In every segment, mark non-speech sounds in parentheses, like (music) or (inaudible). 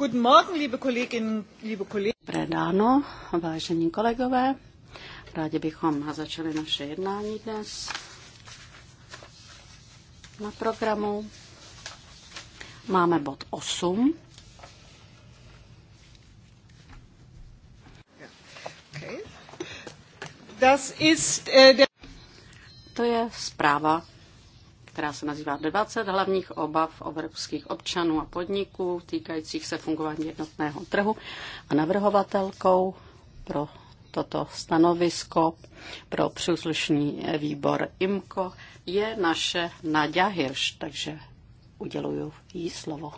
Dobré ráno, vážení kolegové. Rádi bychom začali naše jednání dnes. Na programu máme bod 8. Das ist, äh, der... To je zpráva která se nazývá 20 hlavních obav evropských občanů a podniků týkajících se fungování jednotného trhu. A navrhovatelkou pro toto stanovisko pro příslušný výbor IMKO je naše Nadia Hirš, takže uděluju jí slovo.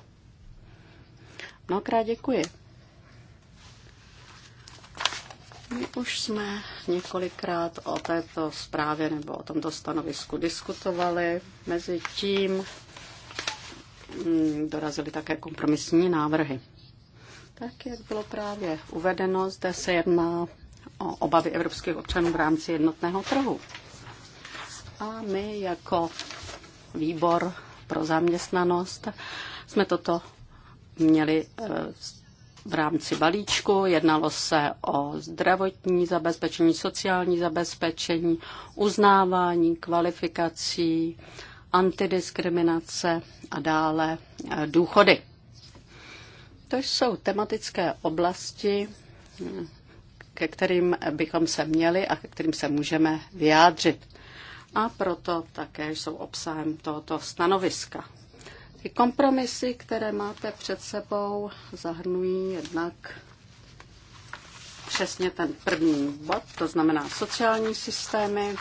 Mnohokrát děkuji. My už jsme několikrát o této zprávě nebo o tomto stanovisku diskutovali. Mezi tím mm, dorazily také kompromisní návrhy. Tak, jak bylo právě uvedeno, zde se jedná o obavy evropských občanů v rámci jednotného trhu. A my jako výbor pro zaměstnanost jsme toto měli eh, v rámci balíčku. Jednalo se o zdravotní zabezpečení, sociální zabezpečení, uznávání kvalifikací, antidiskriminace a dále eh, důchody. To jsou tematické oblasti, hm, ke kterým bychom se měli a ke kterým se můžeme vyjádřit. A proto také jsou obsahem tohoto stanoviska. Ty kompromisy, které máte před sebou, zahrnují jednak přesně ten první bod, to znamená sociální systémy.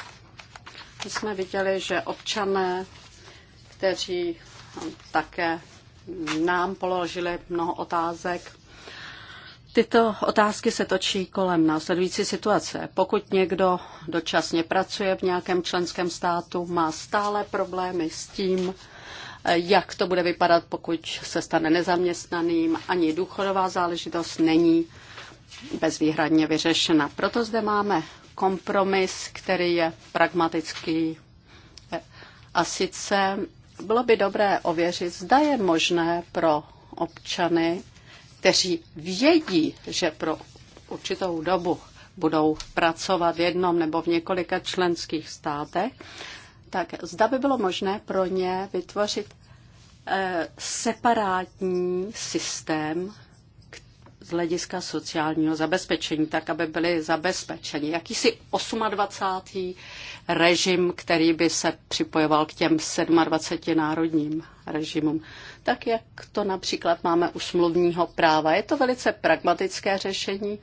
My jsme viděli, že občané, kteří také nám položili mnoho otázek, Tyto otázky se točí kolem následující situace. Pokud někdo dočasně pracuje v nějakém členském státu, má stále problémy s tím, jak to bude vypadat, pokud se stane nezaměstnaným. Ani důchodová záležitost není bezvýhradně vyřešena. Proto zde máme kompromis, který je pragmatický. A sice bylo by dobré ověřit, zda je možné pro občany, kteří vědí, že pro určitou dobu budou pracovat v jednom nebo v několika členských státech, tak zda by bylo možné pro ně vytvořit eh, separátní systém z hlediska sociálního zabezpečení, tak aby byli zabezpečeni. Jakýsi 28. režim, který by se připojoval k těm 27 národním režimům, tak jak to například máme u smluvního práva. Je to velice pragmatické řešení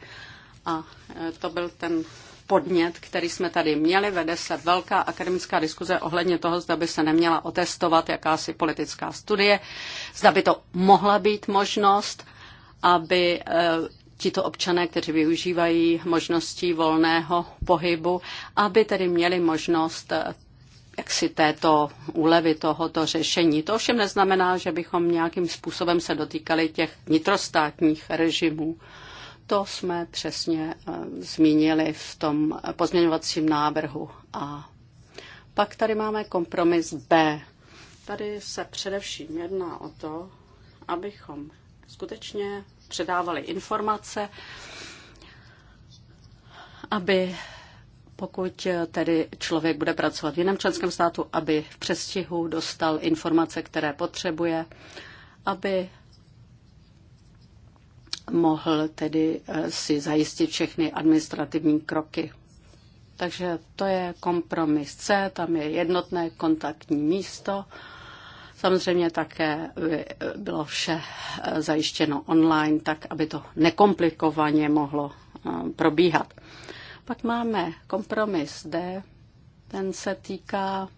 a eh, to byl ten podnět, který jsme tady měli. Vede se velká akademická diskuze ohledně toho, zda by se neměla otestovat jakási politická studie, zda by to mohla být možnost, aby eh, tito občané, kteří využívají možností volného pohybu, aby tedy měli možnost eh, jak si této úlevy, tohoto řešení. To ovšem neznamená, že bychom nějakým způsobem se dotýkali těch nitrostátních režimů. To jsme přesně eh, zmínili v tom pozměňovacím návrhu. A pak tady máme kompromis B. Tady se především jedná o to, abychom skutečně předávali informace, aby pokud eh, tedy člověk bude pracovat v jiném členském státu, aby v přestihu dostal informace, které potřebuje, aby mohl tedy eh, si zajistit všechny administrativní kroky. Takže to je kompromis C, tam je jednotné kontaktní místo. Samozřejmě také by eh, bylo vše eh, zajištěno online, tak aby to nekomplikovaně mohlo probíhat. Pak máme kompromis D, ten se týká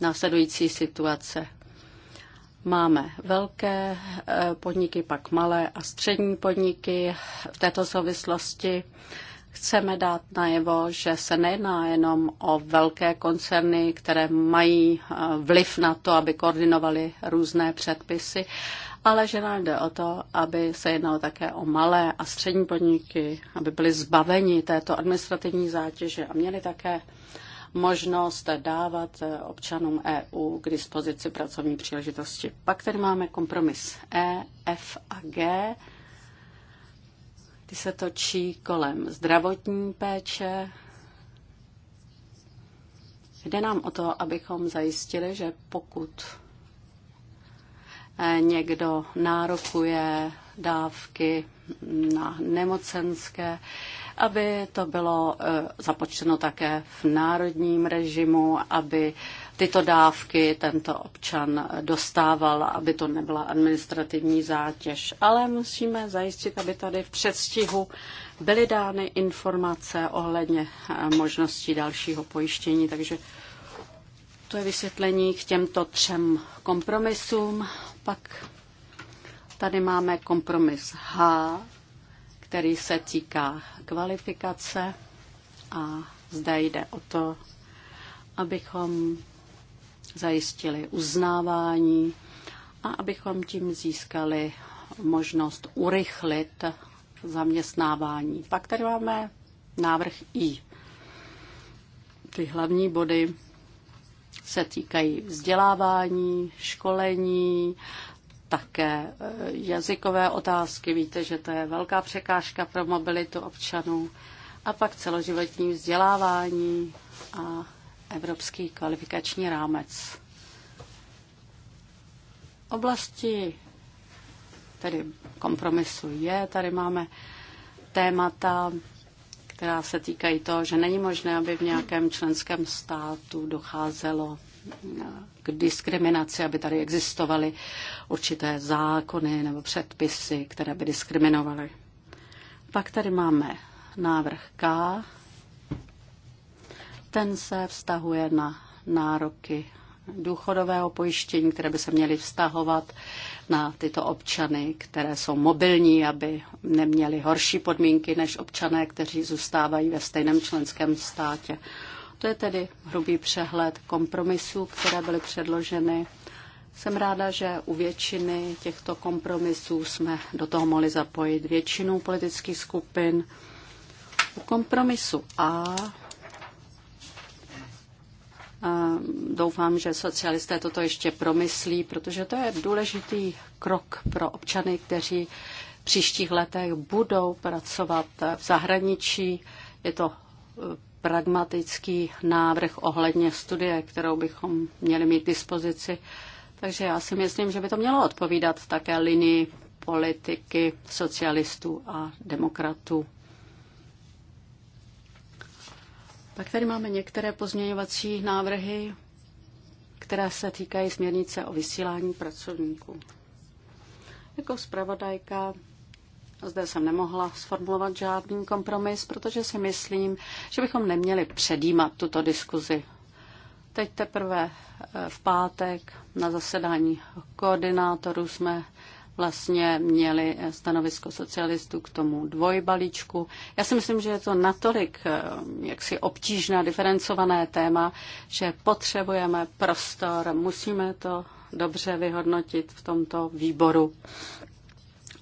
následující situace. Máme velké eh, podniky, pak malé a střední podniky. V této souvislosti chceme dát najevo, že se nejedná jenom o velké koncerny, které mají eh, vliv na to, aby koordinovali různé předpisy, ale že nám jde o to, aby se jednalo také o malé a střední podniky, aby byly zbaveni této administrativní zátěže a měli také možnost dávat eh, občanům EU k dispozici pracovní příležitosti. Pak tady máme kompromis E, F a G. Ty se točí kolem zdravotní péče. Jde nám o to, abychom zajistili, že pokud eh, někdo nárokuje dávky na nemocenské, aby to bylo eh, započteno také v národním režimu, aby tyto dávky tento občan dostával, aby to nebyla administrativní zátěž. Ale musíme zajistit, aby tady v předstihu byly dány informace ohledně eh, možností dalšího pojištění, takže to je vysvětlení k těmto třem kompromisům. Pak tady máme kompromis H, který se týká kvalifikace a zde jde o to, abychom zajistili uznávání a abychom tím získali možnost urychlit zaměstnávání. Pak tady máme návrh I. Ty hlavní body se týkají vzdělávání, školení, také eh, jazykové otázky. Víte, že to je velká překážka pro mobilitu občanů. A pak celoživotní vzdělávání a evropský kvalifikační rámec. Oblasti tedy kompromisu je. Tady máme témata, která se týkají toho, že není možné, aby v nějakém členském státu docházelo k diskriminaci, aby tady existovaly určité zákony nebo předpisy, které by diskriminovaly. Pak tady máme návrh K. Ten se vztahuje na nároky důchodového pojištění, které by se měly vztahovat na tyto občany, které jsou mobilní, aby neměli horší podmínky než občané, kteří zůstávají ve stejném členském státě. To je tedy hrubý přehled kompromisů, které byly předloženy. Jsem ráda, že u většiny těchto kompromisů jsme do toho mohli zapojit většinu politických skupin. U kompromisu A Doufám, že socialisté toto ještě promyslí, protože to je důležitý krok pro občany, kteří v příštích letech budou pracovat v zahraničí. Je to pragmatický návrh ohledně studie, kterou bychom měli mít k dispozici. Takže já si myslím, že by to mělo odpovídat také linii politiky socialistů a demokratů. Pak tady máme některé pozměňovací návrhy, které se týkají směrnice o vysílání pracovníků. Jako zpravodajka zde jsem nemohla sformulovat žádný kompromis, protože si myslím, že bychom neměli předjímat tuto diskuzi. Teď teprve eh, v pátek na zasedání koordinátorů jsme vlastně měli eh, stanovisko socialistů k tomu dvojbalíčku. Já si myslím, že je to natolik eh, jaksi obtížné, diferencované téma, že potřebujeme prostor, musíme to dobře vyhodnotit v tomto výboru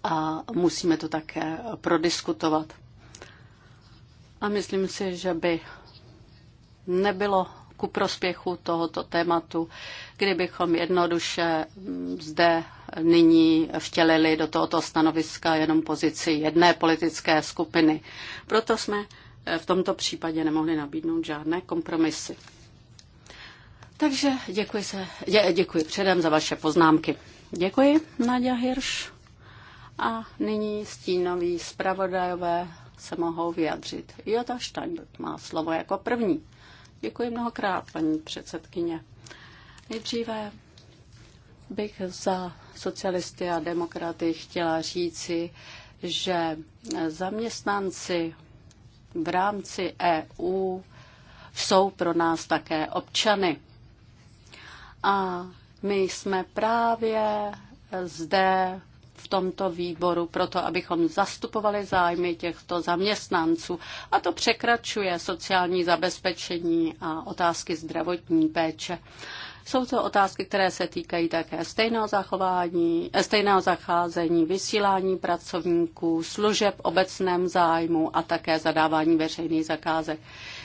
a musíme to také prodiskutovat. A myslím si, že by nebylo ku prospěchu tohoto tématu, kdybychom jednoduše zde nyní vtělili do tohoto stanoviska jenom pozici jedné politické skupiny. Proto jsme eh, v tomto případě nemohli nabídnout žádné kompromisy. Takže děkuji, se, dě, děkuji předem za vaše poznámky. Děkuji, Nadia Hirsch. A nyní stínoví zpravodajové se mohou vyjadřit. Jota Steinberg má slovo jako první. Děkuji mnohokrát, paní předsedkyně. Nejdříve bych za socialisty a demokraty chtěla říci, že zaměstnanci v rámci EU jsou pro nás také občany. A my jsme právě zde tomto výboru proto, abychom zastupovali zájmy těchto zaměstnanců. A to překračuje sociální zabezpečení a otázky zdravotní péče. Jsou to otázky, které se týkají také stejného zachování, stejného zacházení, vysílání pracovníků, služeb obecném zájmu a také zadávání veřejných zakázek.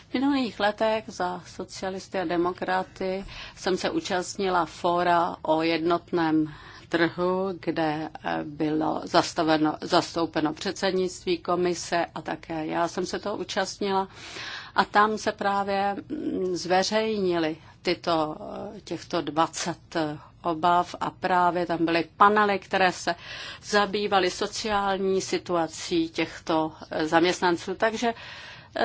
V minulých letech za socialisty a demokraty jsem se účastnila fóra o jednotném trhu, kde eh, bylo zastaveno, zastoupeno předsednictví komise a také já jsem se to účastnila. A tam se právě mm, zveřejnili tyto, eh, těchto 20 eh, obav a právě tam byly panely, které se zabývaly sociální situací těchto zaměstnanců. Takže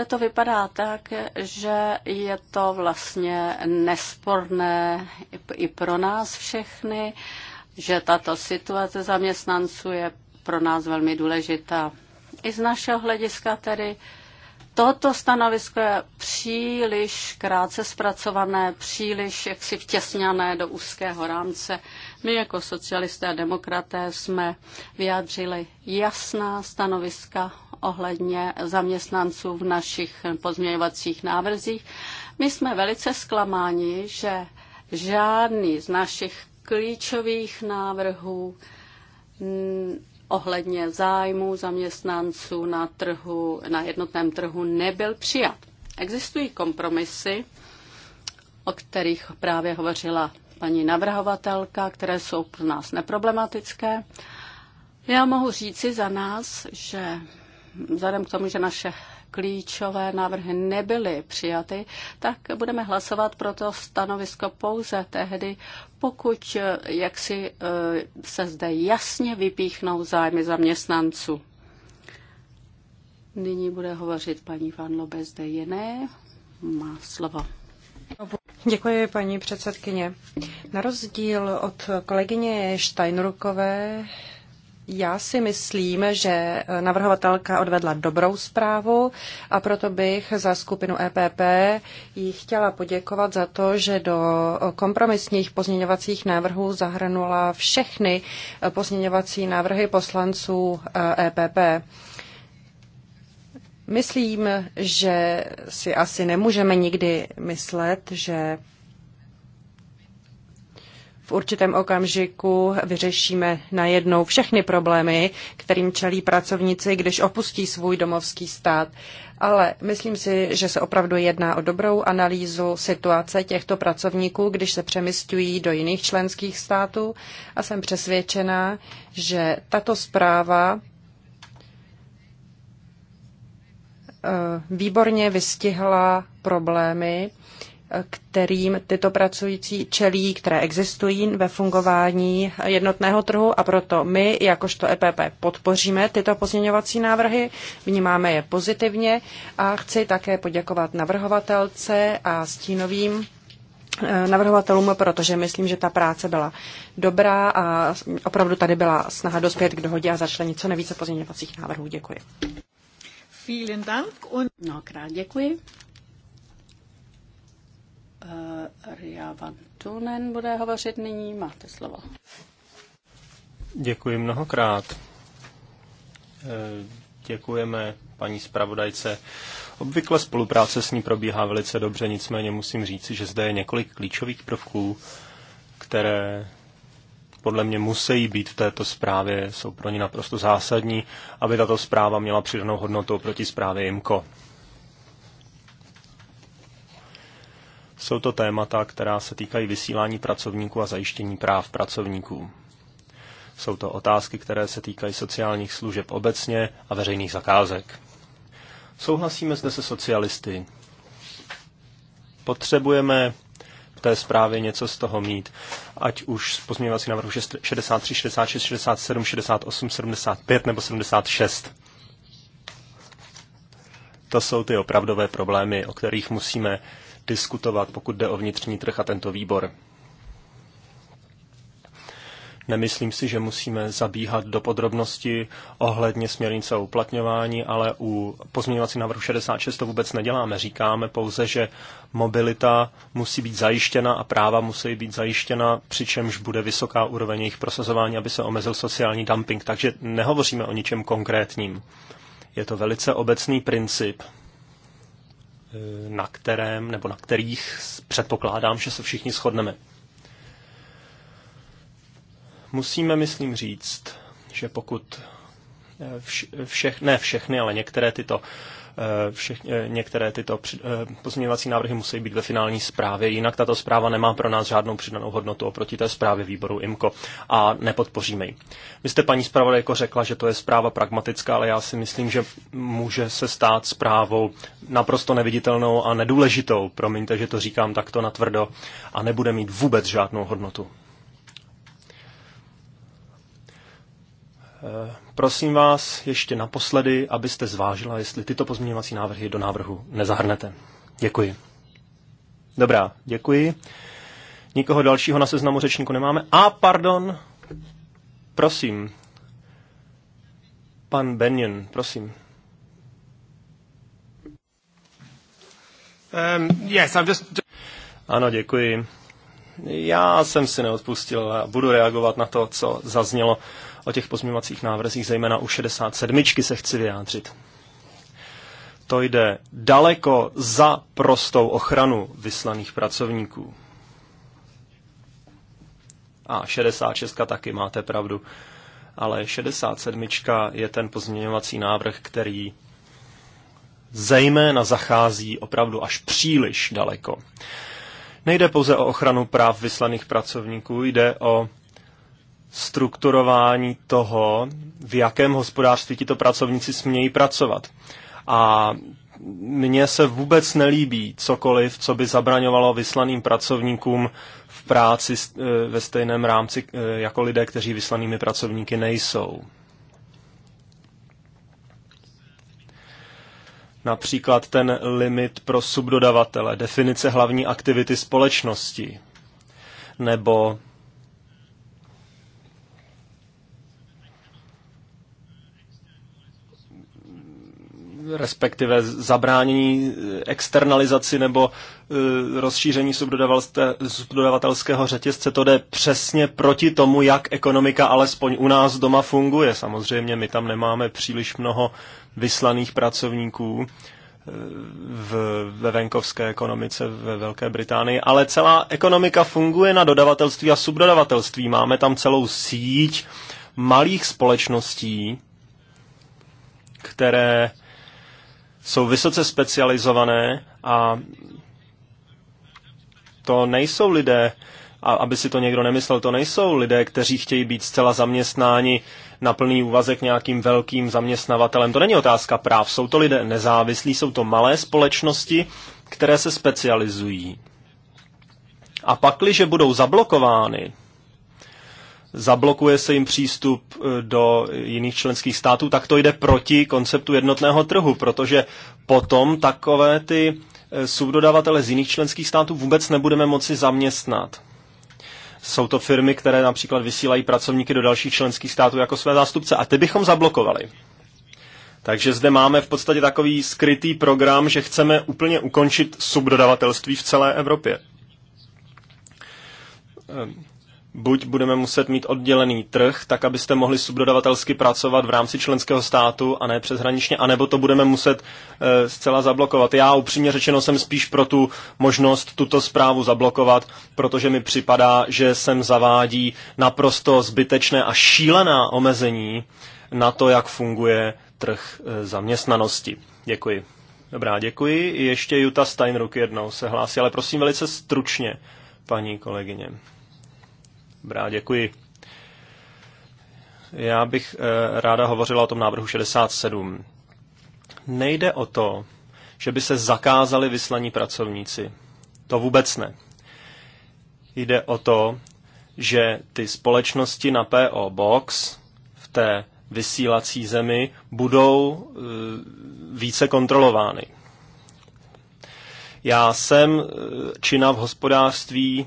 to vypadá tak, že je to vlastně nesporné i pro nás všechny že tato situace zaměstnanců je pro nás velmi důležitá. I z našeho hlediska tedy toto stanovisko je příliš krátce zpracované, příliš jaksi vtěsněné do úzkého rámce. My jako socialisté a demokraté jsme vyjádřili jasná stanoviska ohledně zaměstnanců v našich pozměňovacích návrzích. My jsme velice zklamáni, že žádný z našich klíčových návrhů ohledně zájmu zaměstnanců na trhu, na jednotném trhu nebyl přijat. Existují kompromisy, o kterých právě hovořila paní navrhovatelka, které jsou pro nás neproblematické. Já mohu říci za nás, že vzhledem k tomu, že naše klíčové návrhy nebyly přijaty, tak budeme hlasovat pro to stanovisko pouze tehdy, pokud jaksi eh, se zde jasně vypíchnou zájmy zaměstnanců. Nyní bude hovořit paní Van Lobe zde jiné. Má slovo. Děkuji, paní předsedkyně. Na rozdíl od kolegyně Štajnrukové já si myslím, že navrhovatelka odvedla dobrou zprávu a proto bych za skupinu EPP jí chtěla poděkovat za to, že do kompromisních pozměňovacích návrhů zahrnula všechny pozměňovací návrhy poslanců EPP. Eh, e myslím, že si asi nemůžeme nikdy myslet, že v určitém okamžiku vyřešíme najednou všechny problémy, kterým čelí pracovníci, když opustí svůj domovský stát. Ale myslím si, že se opravdu jedná o dobrou analýzu situace těchto pracovníků, když se přemysťují do jiných členských států a jsem přesvědčená, že tato zpráva eh, výborně vystihla problémy, kterým tyto pracující čelí, které existují ve fungování jednotného trhu a proto my, jakožto EPP, podpoříme tyto pozměňovací návrhy, vnímáme je pozitivně a chci také poděkovat navrhovatelce a stínovým eh, navrhovatelům, protože myslím, že ta práce byla dobrá a opravdu tady byla snaha dospět k dohodě a začlenit co nejvíce pozměňovacích návrhů. Děkuji. Vielen Dank. Und... krát děkuji. Eh, Ria Van Tunen bude hovořit nyní. Máte slovo. Děkuji mnohokrát. Eh, děkujeme paní zpravodajce. Obvykle spolupráce s ní probíhá velice dobře, nicméně musím říct, že zde je několik klíčových prvků, které podle mě musí být v této zprávě, jsou pro ní naprosto zásadní, aby tato zpráva měla přidanou hodnotu proti zprávě IMCO. Jsou to témata, která se týkají vysílání pracovníků a zajištění práv pracovníků. Jsou to otázky, které se týkají sociálních služeb obecně a veřejných zakázek. Souhlasíme zde se socialisty. Potřebujeme v té zprávě něco z toho mít, ať už z pozměňovací návrhu 63, 66, 67, 68, 75 nebo 76. To jsou ty opravdové problémy, o kterých musíme diskutovat, pokud jde o vnitřní trh a tento výbor. Nemyslím si, že musíme zabíhat do podrobnosti ohledně směrnice o uplatňování, ale u pozměňovací návrhu 66 to vůbec neděláme. Říkáme pouze, že mobilita musí být zajištěna a práva musí být zajištěna, přičemž bude vysoká úroveň jejich prosazování, aby se omezil sociální dumping. Takže nehovoříme o ničem konkrétním. Je to velice obecný princip, Eh, na kterém nebo na kterých předpokládám, že se všichni shodneme. Musíme, myslím, říct, že pokud eh, vš- všech, ne všechny, ale některé tyto Eh, všech, eh, některé tyto eh, pozměňovací návrhy musí být ve finální zprávě, jinak tato zpráva nemá pro nás žádnou přidanou hodnotu oproti té zprávě výboru IMCO a nepodpoříme ji. Vy jste, paní zpravodajko, řekla, že to je zpráva pragmatická, ale já si myslím, že může se stát zprávou naprosto neviditelnou a nedůležitou, promiňte, že to říkám takto natvrdo, a nebude mít vůbec žádnou hodnotu. Prosím vás ještě naposledy, abyste zvážila, jestli tyto pozměňovací návrhy do návrhu nezahrnete. Děkuji. Dobrá, děkuji. Nikoho dalšího na seznamu řečníku nemáme. A pardon, prosím. Pan Benjen, prosím. Um, yes, I'm just... Ano, děkuji. Já jsem si neodpustil a budu reagovat na to, co zaznělo o těch pozměňovacích návrzích, zejména u 67 se chci vyjádřit. To jde daleko za prostou ochranu vyslaných pracovníků. A 66 taky máte pravdu. Ale 67 je ten pozměňovací návrh, který zejména zachází opravdu až příliš daleko. Nejde pouze o ochranu práv vyslaných pracovníků, jde o strukturování toho, v jakém hospodářství tito pracovníci smějí pracovat. A mně se vůbec nelíbí cokoliv, co by zabraňovalo vyslaným pracovníkům v práci eh, ve stejném rámci eh, jako lidé, kteří vyslanými pracovníky nejsou. Například ten limit pro subdodavatele, definice hlavní aktivity společnosti, nebo respektive zabránění eh, externalizaci nebo eh, rozšíření subdodavatelského řetězce, to jde přesně proti tomu, jak ekonomika alespoň u nás doma funguje. Samozřejmě my tam nemáme příliš mnoho vyslaných pracovníků eh, v, ve venkovské ekonomice ve Velké Británii, ale celá ekonomika funguje na dodavatelství a subdodavatelství. Máme tam celou síť malých společností, které jsou vysoce specializované a to nejsou lidé, a aby si to někdo nemyslel, to nejsou lidé, kteří chtějí být zcela zaměstnáni na plný úvazek nějakým velkým zaměstnavatelem. To není otázka práv. Jsou to lidé nezávislí, jsou to malé společnosti, které se specializují. A pakliže budou zablokovány zablokuje se jim přístup e, do jiných členských států, tak to jde proti konceptu jednotného trhu, protože potom takové ty e, subdodavatele z jiných členských států vůbec nebudeme moci zaměstnat. Jsou to firmy, které například vysílají pracovníky do dalších členských států jako své zástupce a ty bychom zablokovali. Takže zde máme v podstatě takový skrytý program, že chceme úplně ukončit subdodavatelství v celé Evropě. Ehm, buď budeme muset mít oddělený trh, tak abyste mohli subdodavatelsky pracovat v rámci členského státu a ne přeshraničně, anebo to budeme muset e, zcela zablokovat. Já upřímně řečeno jsem spíš pro tu možnost tuto zprávu zablokovat, protože mi připadá, že sem zavádí naprosto zbytečné a šílená omezení na to, jak funguje trh e, zaměstnanosti. Děkuji. Dobrá, děkuji. Ještě Juta Steinruck jednou se hlásí, ale prosím velice stručně, paní kolegyně. Dobrá, děkuji. Já bych eh, ráda hovořila o tom návrhu 67. Nejde o to, že by se zakázali vyslaní pracovníci. To vůbec ne. Jde o to, že ty společnosti na PO Box v té vysílací zemi budou eh, více kontrolovány. Já jsem eh, čina v hospodářství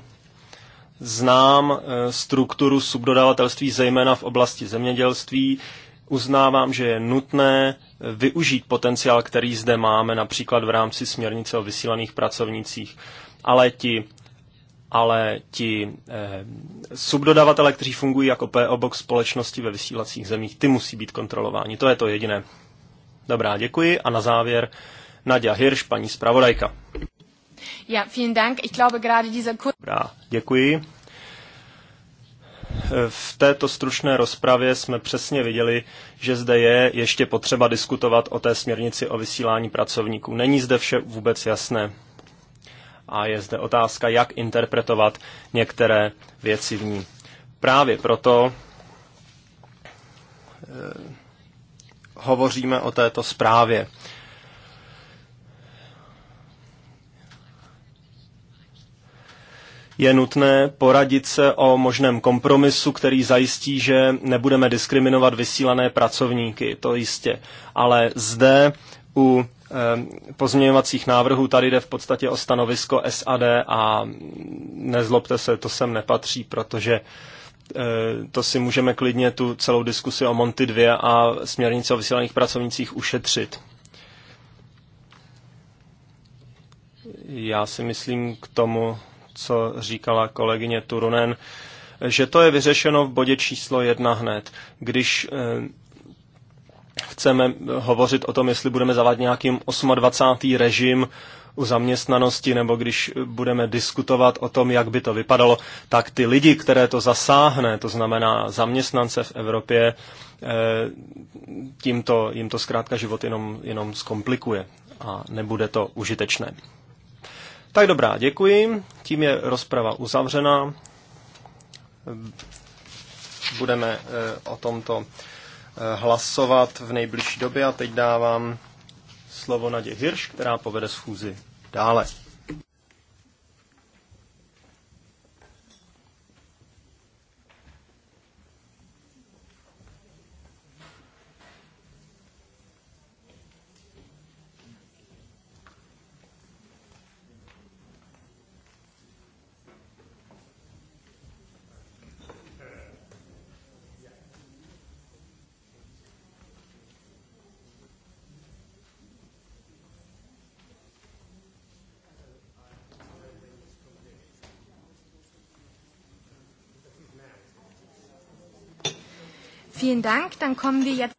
znám eh, strukturu subdodavatelství, zejména v oblasti zemědělství. Uznávám, že je nutné eh, využít potenciál, který zde máme, například v rámci směrnice o vysílaných pracovnících. Ale ti, ale ti eh, subdodavatele, kteří fungují jako PO Box společnosti ve vysílacích zemích, ty musí být kontrolováni. To je to jediné. Dobrá, děkuji. A na závěr Nadia Hirš, paní zpravodajka. Ja, vielen Dank. Ich glaube gerade dieser Kurs. Dobrá, děkuji. V této stručné rozpravě jsme přesně viděli, že zde je ještě potřeba diskutovat o té směrnici o vysílání pracovníků. Není zde vše vůbec jasné. A je zde otázka, jak interpretovat některé věci v ní. Právě proto eh, hovoříme o této zprávě. je nutné poradit se o možném kompromisu, který zajistí, že nebudeme diskriminovat vysílané pracovníky, to jistě. Ale zde u eh, pozměňovacích návrhů tady jde v podstatě o stanovisko SAD a nezlobte se, to sem nepatří, protože eh, to si můžeme klidně tu celou diskusi o Monty 2 a směrnice o vysílaných pracovnicích ušetřit. Já si myslím k tomu co říkala kolegyně Turunen, že to je vyřešeno v bodě číslo jedna hned. Když eh, chceme hovořit o tom, jestli budeme zavádět nějakým 28. režim u zaměstnanosti, nebo když budeme diskutovat o tom, jak by to vypadalo, tak ty lidi, které to zasáhne, to znamená zaměstnance v Evropě, eh, tím to, jim to zkrátka život jenom, jenom zkomplikuje a nebude to užitečné. Tak dobrá, děkuji. Tím je rozprava uzavřena. Budeme eh, o tomto eh, hlasovat v nejbližší době a teď dávám slovo Nadě Hirš, která povede schůzi dále. Vielen Dank, dann kommen wir jetzt...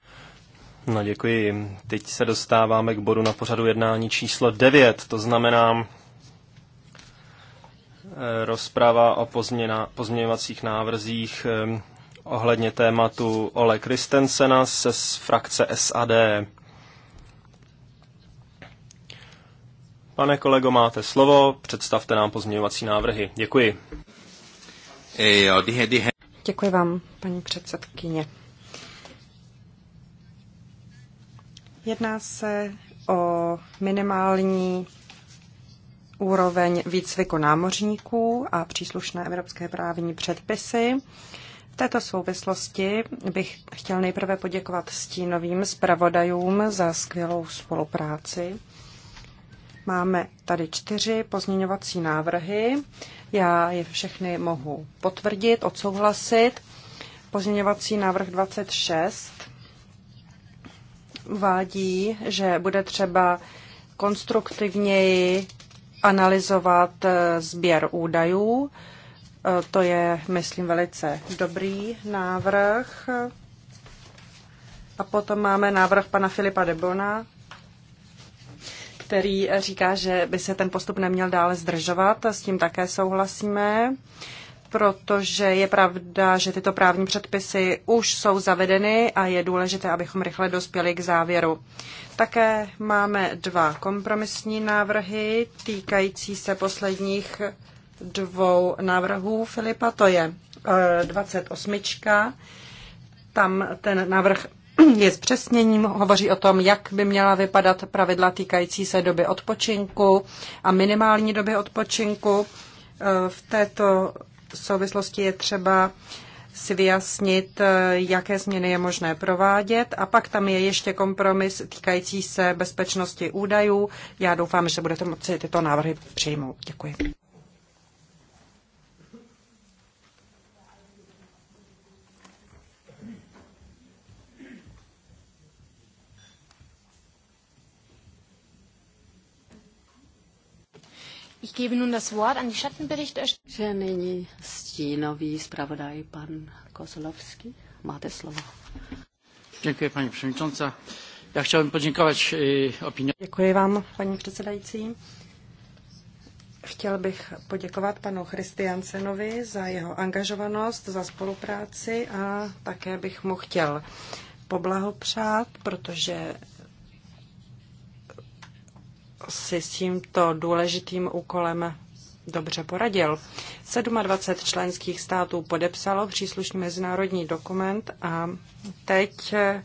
No děkuji. Teď se dostáváme k bodu na pořadu jednání číslo 9, to znamená eh, rozprava o pozměna, pozměňovacích návrzích eh, ohledně tématu Ole Kristensena se z frakce SAD. Pane kolego, máte slovo, představte nám pozměňovací návrhy. Děkuji. Eh, děkuji vám, paní předsedkyně. Jedná se o minimální úroveň výcviku námořníků a příslušné evropské právní předpisy. V této souvislosti bych chtěl nejprve poděkovat stínovým zpravodajům za skvělou spolupráci. Máme tady čtyři pozměňovací návrhy. Já je všechny mohu potvrdit, odsouhlasit. Pozměňovací návrh 26 uvádí, že bude třeba konstruktivněji analyzovat eh, sběr údajů. Eh, to je, myslím, velice dobrý návrh. A potom máme návrh pana Filipa Debona, který říká, že by se ten postup neměl dále zdržovat. S tím také souhlasíme protože je pravda, že tyto právní předpisy už jsou zavedeny a je důležité, abychom rychle dospěli k závěru. Také máme dva kompromisní návrhy týkající se posledních dvou návrhů Filipa, to je 28. Eh, Tam ten návrh (clears throat) je zpřesněním, hovoří o tom, jak by měla vypadat pravidla týkající se doby odpočinku a minimální doby odpočinku. Eh, v této souvislosti je třeba si vyjasnit, eh, jaké změny je možné provádět. A pak tam je ještě kompromis týkající se bezpečnosti údajů. Já doufám, že budete moci tyto návrhy přijmout. Děkuji. Ich gebe nun das Wort an die Schattenberichterstatter. Nyní stínový zpravodaj pan Kozlovský. Máte slovo. Děkuji, paní předsedající. Já chtěl poděkovat eh, opinii. Děkuji vám, paní předsedající. Chtěl bych poděkovat panu Christiansenovi za jeho angažovanost, za spolupráci a také bych mu chtěl poblahopřát, protože si s tímto důležitým úkolem dobře poradil. 27 členských států podepsalo příslušný mezinárodní dokument a teď eh,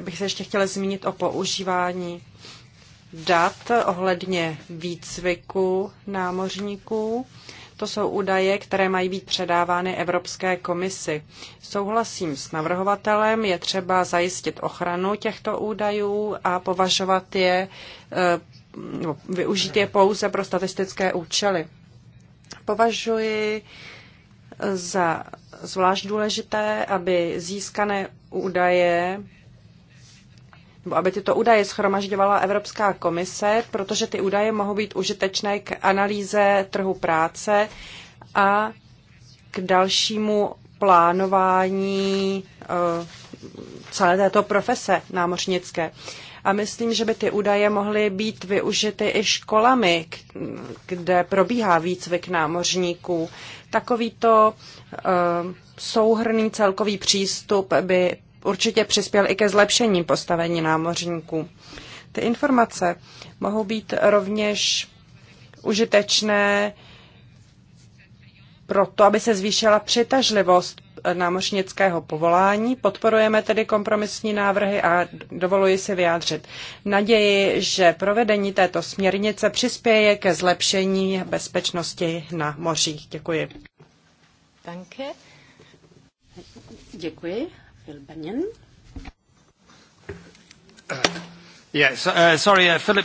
bych se ještě chtěla zmínit o používání dat ohledně výcviku námořníků. To jsou údaje, které mají být předávány Evropské komisi. Souhlasím s navrhovatelem, je třeba zajistit ochranu těchto údajů a považovat je, eh, využít je pouze pro statistické účely. Považuji za zvlášť důležité, aby získané údaje aby tyto údaje schromažďovala Evropská komise, protože ty údaje mohou být užitečné k analýze trhu práce a k dalšímu plánování eh, celé této profese námořnické. A myslím, že by ty údaje mohly být využity i školami, kde probíhá výcvik námořníků. Takovýto eh, souhrný celkový přístup by určitě přispěl i ke zlepšení postavení námořníků. Ty informace mohou být rovněž užitečné pro to, aby se zvýšila přitažlivost námořnického povolání. Podporujeme tedy kompromisní návrhy a dovoluji si vyjádřit naději, že provedení této směrnice přispěje ke zlepšení bezpečnosti na mořích. Děkuji. Danke. Děkuji. Bill Bennion. Uh, uh, uh,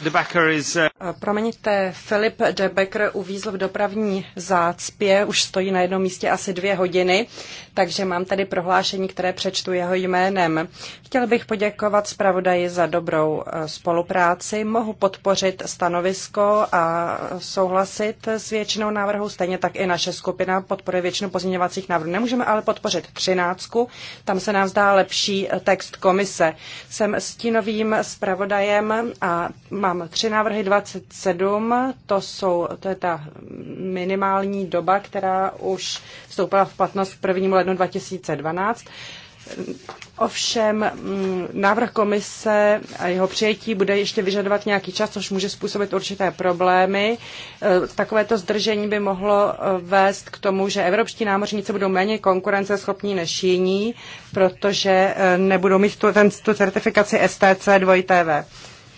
eh, promiňte, Filip de Becker uvízl v dopravní zácpě, už stojí na jednom místě asi dvě hodiny, takže mám tady prohlášení, které přečtu jeho jménem. Chtěl bych poděkovat zpravodaji za dobrou eh, spolupráci, mohu podpořit stanovisko a souhlasit s většinou návrhů, stejně tak i naše skupina podporuje většinu pozměňovacích návrhů. Nemůžeme ale podpořit třináctku, tam se nám zdá lepší eh, text komise. Jsem stínovým zpravodajem zájem a mám tři návrhy 27. To, jsou, to je ta minimální doba, která už vstoupila v platnost k 1. lednu 2012. Ovšem mm, návrh komise a jeho přijetí bude ještě vyžadovat nějaký čas, což může způsobit určité problémy. E, takovéto zdržení by mohlo e, vést k tomu, že evropští námořníci budou méně konkurenceschopní než jiní, protože e, nebudou mít tu, ten, tu certifikaci STC 2TV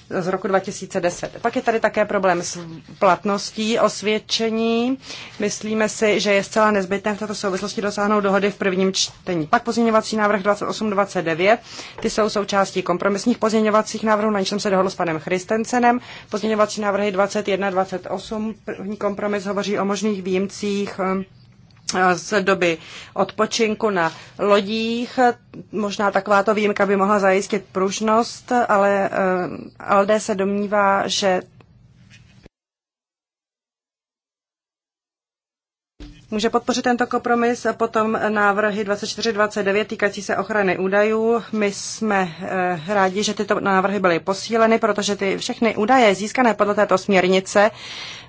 z roku 2010. Pak je tady také problém s platností osvědčení. Myslíme si, že je zcela nezbytné v této souvislosti dosáhnout dohody v prvním čtení. Pak pozměňovací návrh 2829. Ty jsou součástí kompromisních pozměňovacích návrhů, na jsem se dohodl s panem Christensenem. Pozměňovací návrhy 21 28. První kompromis hovoří o možných výjimcích z doby odpočinku na lodích. Možná takováto výjimka by mohla zajistit pružnost, ale eh, ALDE se domnívá, že může podpořit tento kompromis. a Potom návrhy 2429 týkající se ochrany údajů. My jsme eh, rádi, že tyto návrhy byly posíleny, protože ty všechny údaje získané podle této směrnice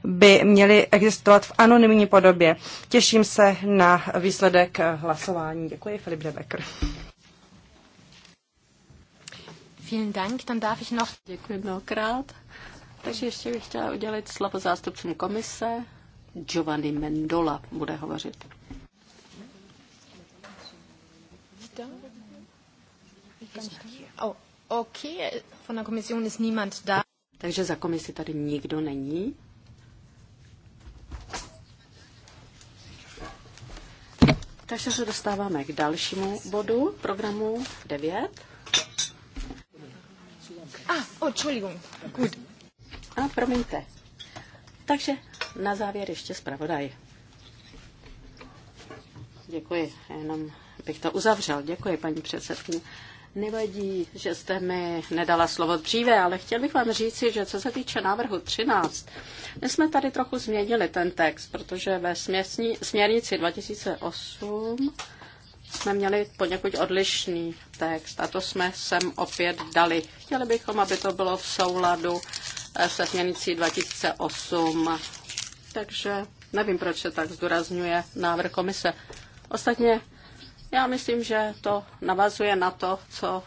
by měly existovat v anonymní podobě. Těším se na výsledek eh, hlasování. Děkuji, Filip Debecker. Vielen Dank, dann darf ich noch... Děkuji mnohokrát. Takže ještě bych chtěla udělit slovo zástupcům komise Giovanni Mendola bude hovořit. Takže za komisi tady nikdo není. Takže se dostáváme k dalšímu bodu programu 9. Ah, oh, Entschuldigung. Gut. A promiňte. Takže na závěr ještě zpravodaj. Děkuji, jenom bych to uzavřel. Děkuji, paní předsedkyně. Nevadí, že jste mi nedala slovo dříve, ale chtěl bych vám říci, že co se týče návrhu 13, my jsme tady trochu změnili ten text, protože ve směrni, směrnici 2008 jsme měli poněkud odlišný text a to jsme sem opět dali. Chtěli bychom, aby to bylo v souladu se směrnicí 2008 takže nevím, proč se tak zdůrazňuje návrh komise. Ostatně já myslím, že to navazuje na to, co e,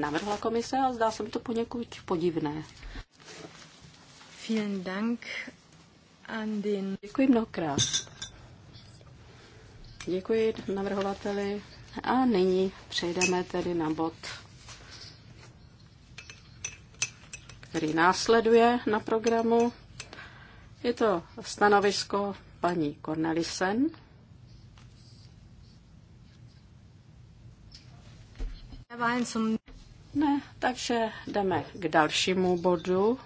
navrhla komise a zdá se mi to poněkud podivné. Vielen Dank an den... Děkuji mnohokrát. Děkuji navrhovateli. A nyní přejdeme tedy na bod, který následuje na programu. Je to stanovisko paní Cornelisen. Ne, takže jdeme k dalšímu bodu.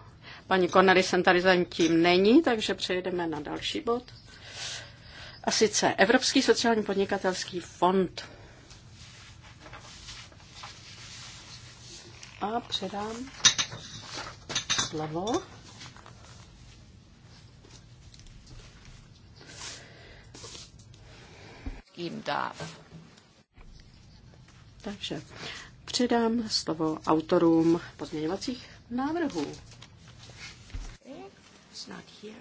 Paní Cornelisen tady zatím není, takže přejdeme na další bod. A sice Evropský sociální podnikatelský fond. A předám slovo. geben darf. Takže předám slovo autorům pozměňovacích návrhů. Okay.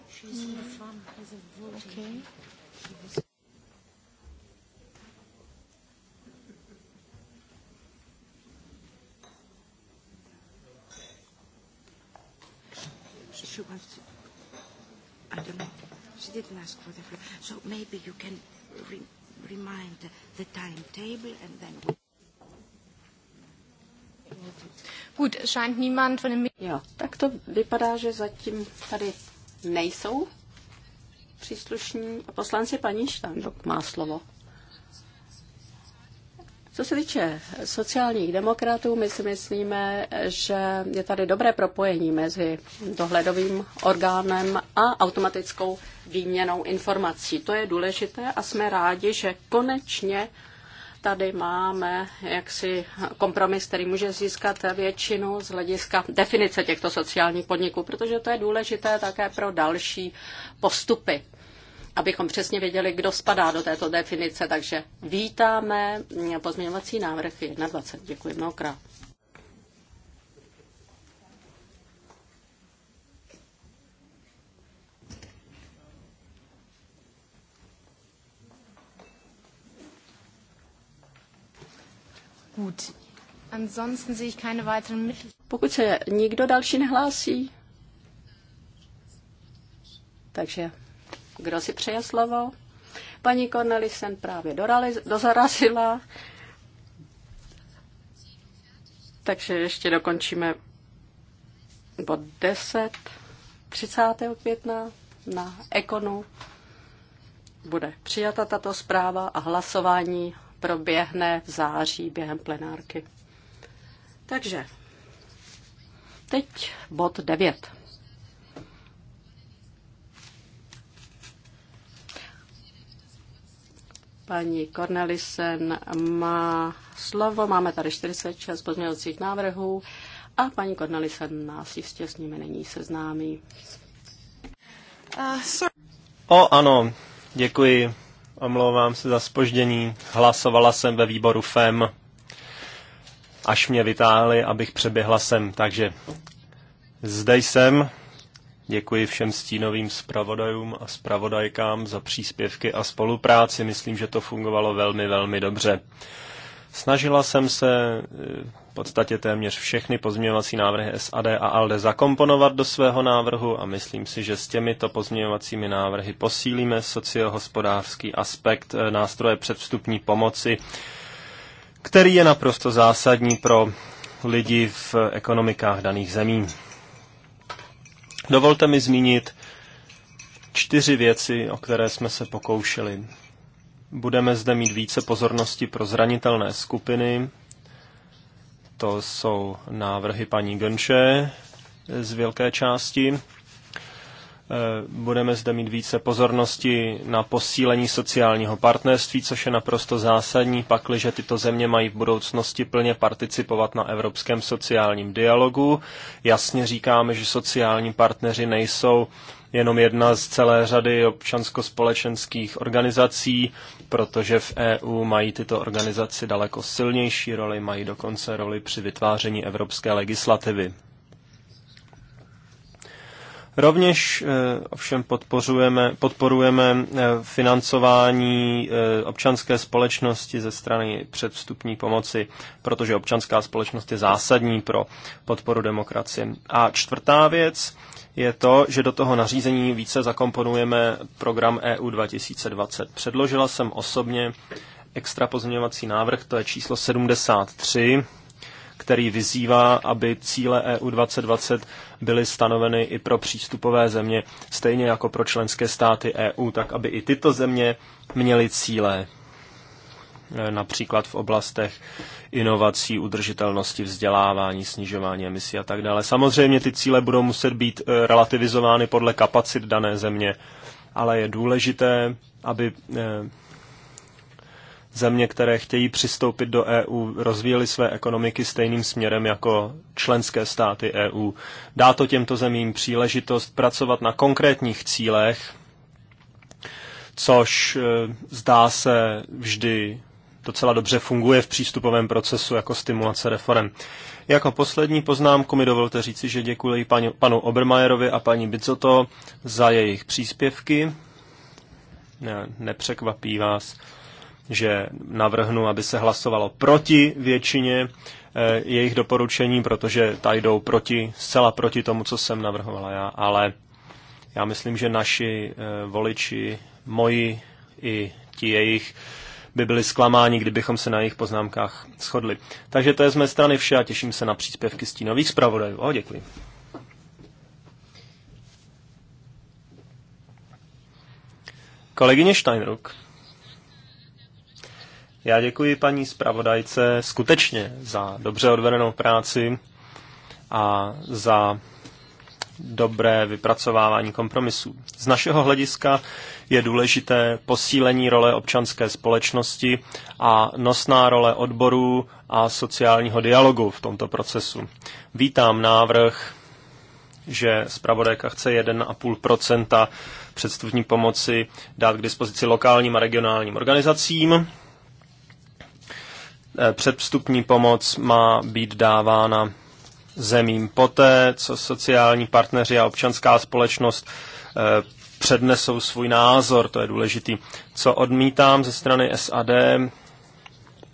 she wants to, I don't know, she didn't ask for the floor. So maybe you can re remind the timetable and then we... Gut, scheint niemand von den... ja, tak to vypadá, že zatím tady nejsou příslušní poslanci. Paní Štandok má slovo. Co se týče sociálních demokratů, my si myslíme, že je tady dobré propojení mezi dohledovým orgánem a automatickou výměnou informací. To je důležité a jsme rádi, že konečně tady máme jaksi kompromis, který může získat většinu z hlediska definice těchto sociálních podniků, protože to je důležité také pro další postupy abychom přesně věděli, kdo spadá do této definice. Takže vítáme pozměňovací návrh 21. Děkuji mnohokrát. Gut. Ansonsten Pokud se nikdo další nehlásí, takže kdo si přeje slovo? Paní Cornelisen právě dorali, dozarazila. Takže ještě dokončíme bod 10. 30. května na Ekonu bude přijata tato zpráva a hlasování proběhne v září během plenárky. Takže teď bod 9. Paní Cornelisen má slovo, máme tady 46 pozměňovacích návrhů a paní Cornelisen nás jistě s nimi není seznámí. Uh, o ano, děkuji. Omlouvám se za spoždění. Hlasovala jsem ve výboru FEM, až mě vytáhli, abych přeběhla sem. Takže zde jsem. Děkuji všem stínovým zpravodajům a zpravodajkám za příspěvky a spolupráci. Myslím, že to fungovalo velmi, velmi dobře. Snažila jsem se e, v podstatě téměř všechny pozměňovací návrhy SAD a ALDE zakomponovat do svého návrhu a myslím si, že s těmito pozměňovacími návrhy posílíme sociohospodářský aspekt e, nástroje předvstupní pomoci, který je naprosto zásadní pro lidi v ekonomikách daných zemí. Dovolte mi zmínit čtyři věci, o které jsme se pokoušeli. Budeme zde mít více pozornosti pro zranitelné skupiny. To jsou návrhy paní Gönše z velké části. Eh, budeme zde mít více pozornosti na posílení sociálního partnerství, což je naprosto zásadní, pakliže tyto země mají v budoucnosti plně participovat na evropském sociálním dialogu. Jasně říkáme, že sociální partneři nejsou jenom jedna z celé řady občanskospolečenských organizací, protože v EU mají tyto organizace daleko silnější roli, mají dokonce roli při vytváření evropské legislativy. Rovněž eh, ovšem podporujeme, podporujeme eh, financování eh, občanské společnosti ze strany předvstupní pomoci, protože občanská společnost je zásadní pro podporu demokracie. A čtvrtá věc je to, že do toho nařízení více zakomponujeme program EU 2020. Předložila jsem osobně extra pozměňovací návrh, to je číslo 73, který vyzývá, aby cíle EU 2020 byly stanoveny i pro přístupové země, stejně jako pro členské státy EU, tak aby i tyto země měly cíle e, například v oblastech inovací, udržitelnosti, vzdělávání, snižování emisí a tak dále. Samozřejmě ty cíle budou muset být e, relativizovány podle kapacit dané země, ale je důležité, aby e, země, které chtějí přistoupit do EU, rozvíjely své ekonomiky stejným směrem jako členské státy EU. Dá to těmto zemím příležitost pracovat na konkrétních cílech, což e, zdá se vždy docela dobře funguje v přístupovém procesu jako stimulace reform. Jako poslední poznámku mi dovolte říci, že děkuji panu, panu Obermajerovi a paní Bicoto za jejich příspěvky. Ne, nepřekvapí vás, že navrhnu, aby se hlasovalo proti většině eh, jejich doporučení, protože ta jdou proti, zcela proti tomu, co jsem navrhovala já, ale já myslím, že naši eh, voliči, moji i ti jejich, by byli zklamáni, kdybychom se na jejich poznámkách shodli. Takže to je z mé strany vše a těším se na příspěvky stínových zpravodajů. O, děkuji. Kolegyně Steinruck. Já děkuji paní zpravodajce skutečně za dobře odvedenou práci a za dobré vypracovávání kompromisů. Z našeho hlediska je důležité posílení role občanské společnosti a nosná role odborů a sociálního dialogu v tomto procesu. Vítám návrh, že zpravodajka chce 1,5 představní pomoci dát k dispozici lokálním a regionálním organizacím Eh, předvstupní pomoc má být dávána zemím poté, co sociální partneři a občanská společnost eh, přednesou svůj názor, to je důležitý. Co odmítám ze strany SAD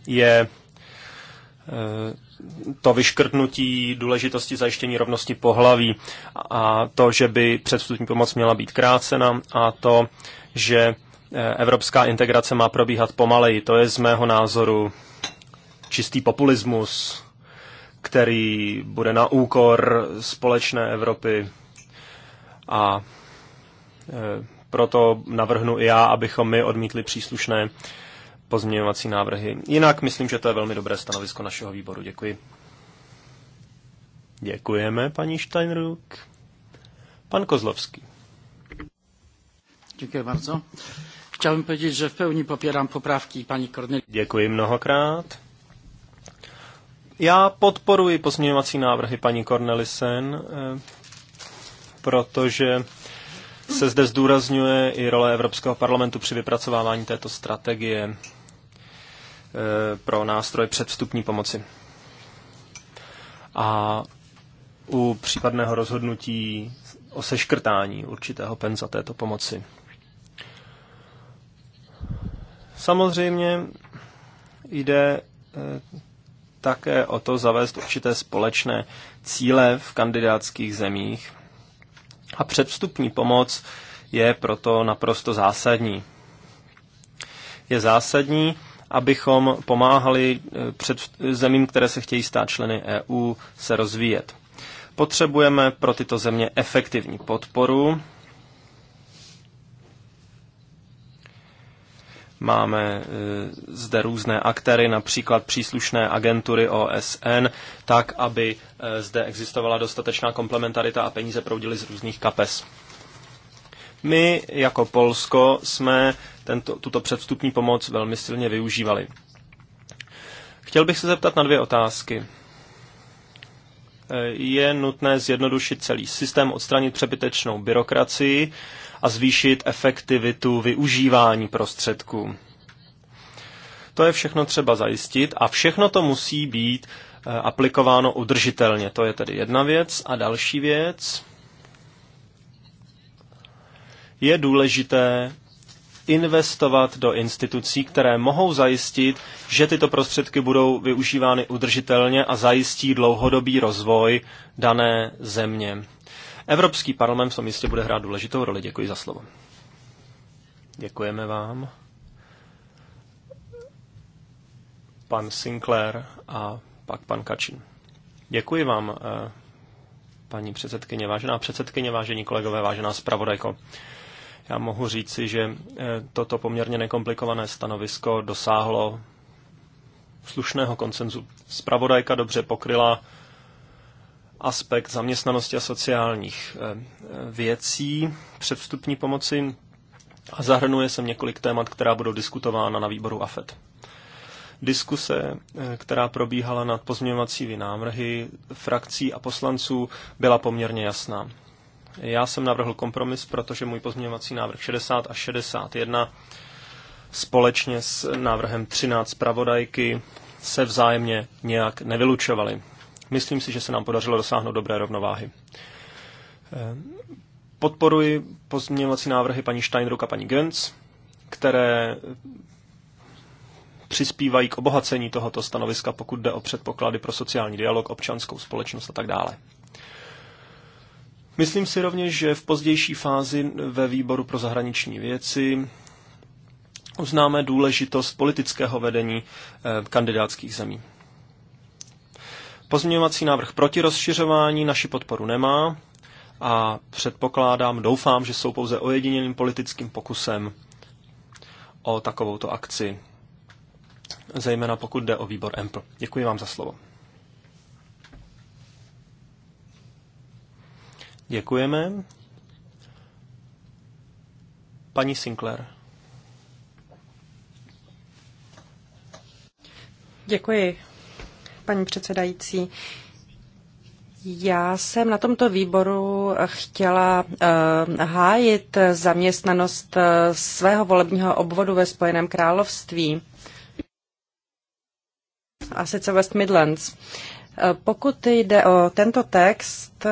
je eh, to vyškrtnutí důležitosti zajištění rovnosti pohlaví a to, že by předvstupní pomoc měla být krácena a to, že evropská integrace má probíhat pomaleji. To je z mého názoru čistý populismus, který bude na úkor společné Evropy. A e, proto navrhnu i já, abychom my odmítli příslušné pozměňovací návrhy. Jinak myslím, že to je velmi dobré stanovisko našeho výboru. Děkuji. Děkujeme, paní Steinruk. Pan Kozlovský. Děkuji bardzo. Chciałbym powiedzieć, że w pełni popieram poprawki pani Korneli. Děkuji mnohokrát. Já podporuji pozměňovací návrhy paní Cornelisen, eh, protože se zde zdůrazňuje i role Evropského parlamentu při vypracovávání této strategie eh, pro nástroj předvstupní pomoci. A u případného rozhodnutí o seškrtání určitého penza této pomoci. Samozřejmě jde eh, také o to zavést určité společné cíle v kandidátských zemích a předvstupní pomoc je proto naprosto zásadní. Je zásadní, abychom pomáhali eh, před zemím, které se chtějí stát členy EU, se rozvíjet. Potřebujeme pro tyto země efektivní podporu, Máme e, zde různé aktéry, například příslušné agentury OSN, tak, aby e, zde existovala dostatečná komplementarita a peníze proudily z různých kapes. My jako Polsko jsme tento, tuto předstupní pomoc velmi silně využívali. Chtěl bych se zeptat na dvě otázky. E, je nutné zjednodušit celý systém, odstranit přebytečnou byrokracii a zvýšit efektivitu využívání prostředků. To je všechno třeba zajistit a všechno to musí být eh, aplikováno udržitelně. To je tedy jedna věc. A další věc je důležité investovat do institucí, které mohou zajistit, že tyto prostředky budou využívány udržitelně a zajistí dlouhodobý rozvoj dané země. Evropský parlament v tom jistě bude hrát důležitou roli. Děkuji za slovo. Děkujeme vám. Pan Sinclair a pak pan Kačín. Děkuji vám, eh, paní předsedkyně, vážená předsedkyně, vážení kolegové, vážená zpravodajko. Já mohu říci, že eh, toto poměrně nekomplikované stanovisko dosáhlo slušného koncenzu. Spravodajka dobře pokryla aspekt zaměstnanosti a sociálních eh, věcí předvstupní pomoci a zahrnuje sem několik témat, která budou diskutována na výboru AFET. Diskuse, eh, která probíhala nad pozměňovacími návrhy frakcí a poslanců, byla poměrně jasná. Já jsem navrhl kompromis, protože můj pozměňovací návrh 60 a 61 společně s návrhem 13 pravodajky se vzájemně nějak nevylučovaly. Myslím si, že se nám podařilo dosáhnout dobré rovnováhy. Eh, podporuji pozměňovací návrhy paní Steinruck a paní Gens, které přispívají k obohacení tohoto stanoviska, pokud jde o předpoklady pro sociální dialog, občanskou společnost a tak dále. Myslím si rovněž, že v pozdější fázi ve výboru pro zahraniční věci uznáme důležitost politického vedení eh, kandidátských zemí. Pozměňovací návrh proti rozšiřování naši podporu nemá a předpokládám, doufám, že jsou pouze ojediněným politickým pokusem o takovouto akci, zejména pokud jde o výbor EMPL. Děkuji vám za slovo. Děkujeme. Paní Sinclair. Děkuji, paní předsedající. Já jsem na tomto výboru chtěla uh, hájit zaměstnanost eh, svého volebního obvodu ve Spojeném království, a sice West Midlands. Eh, pokud jde o tento text,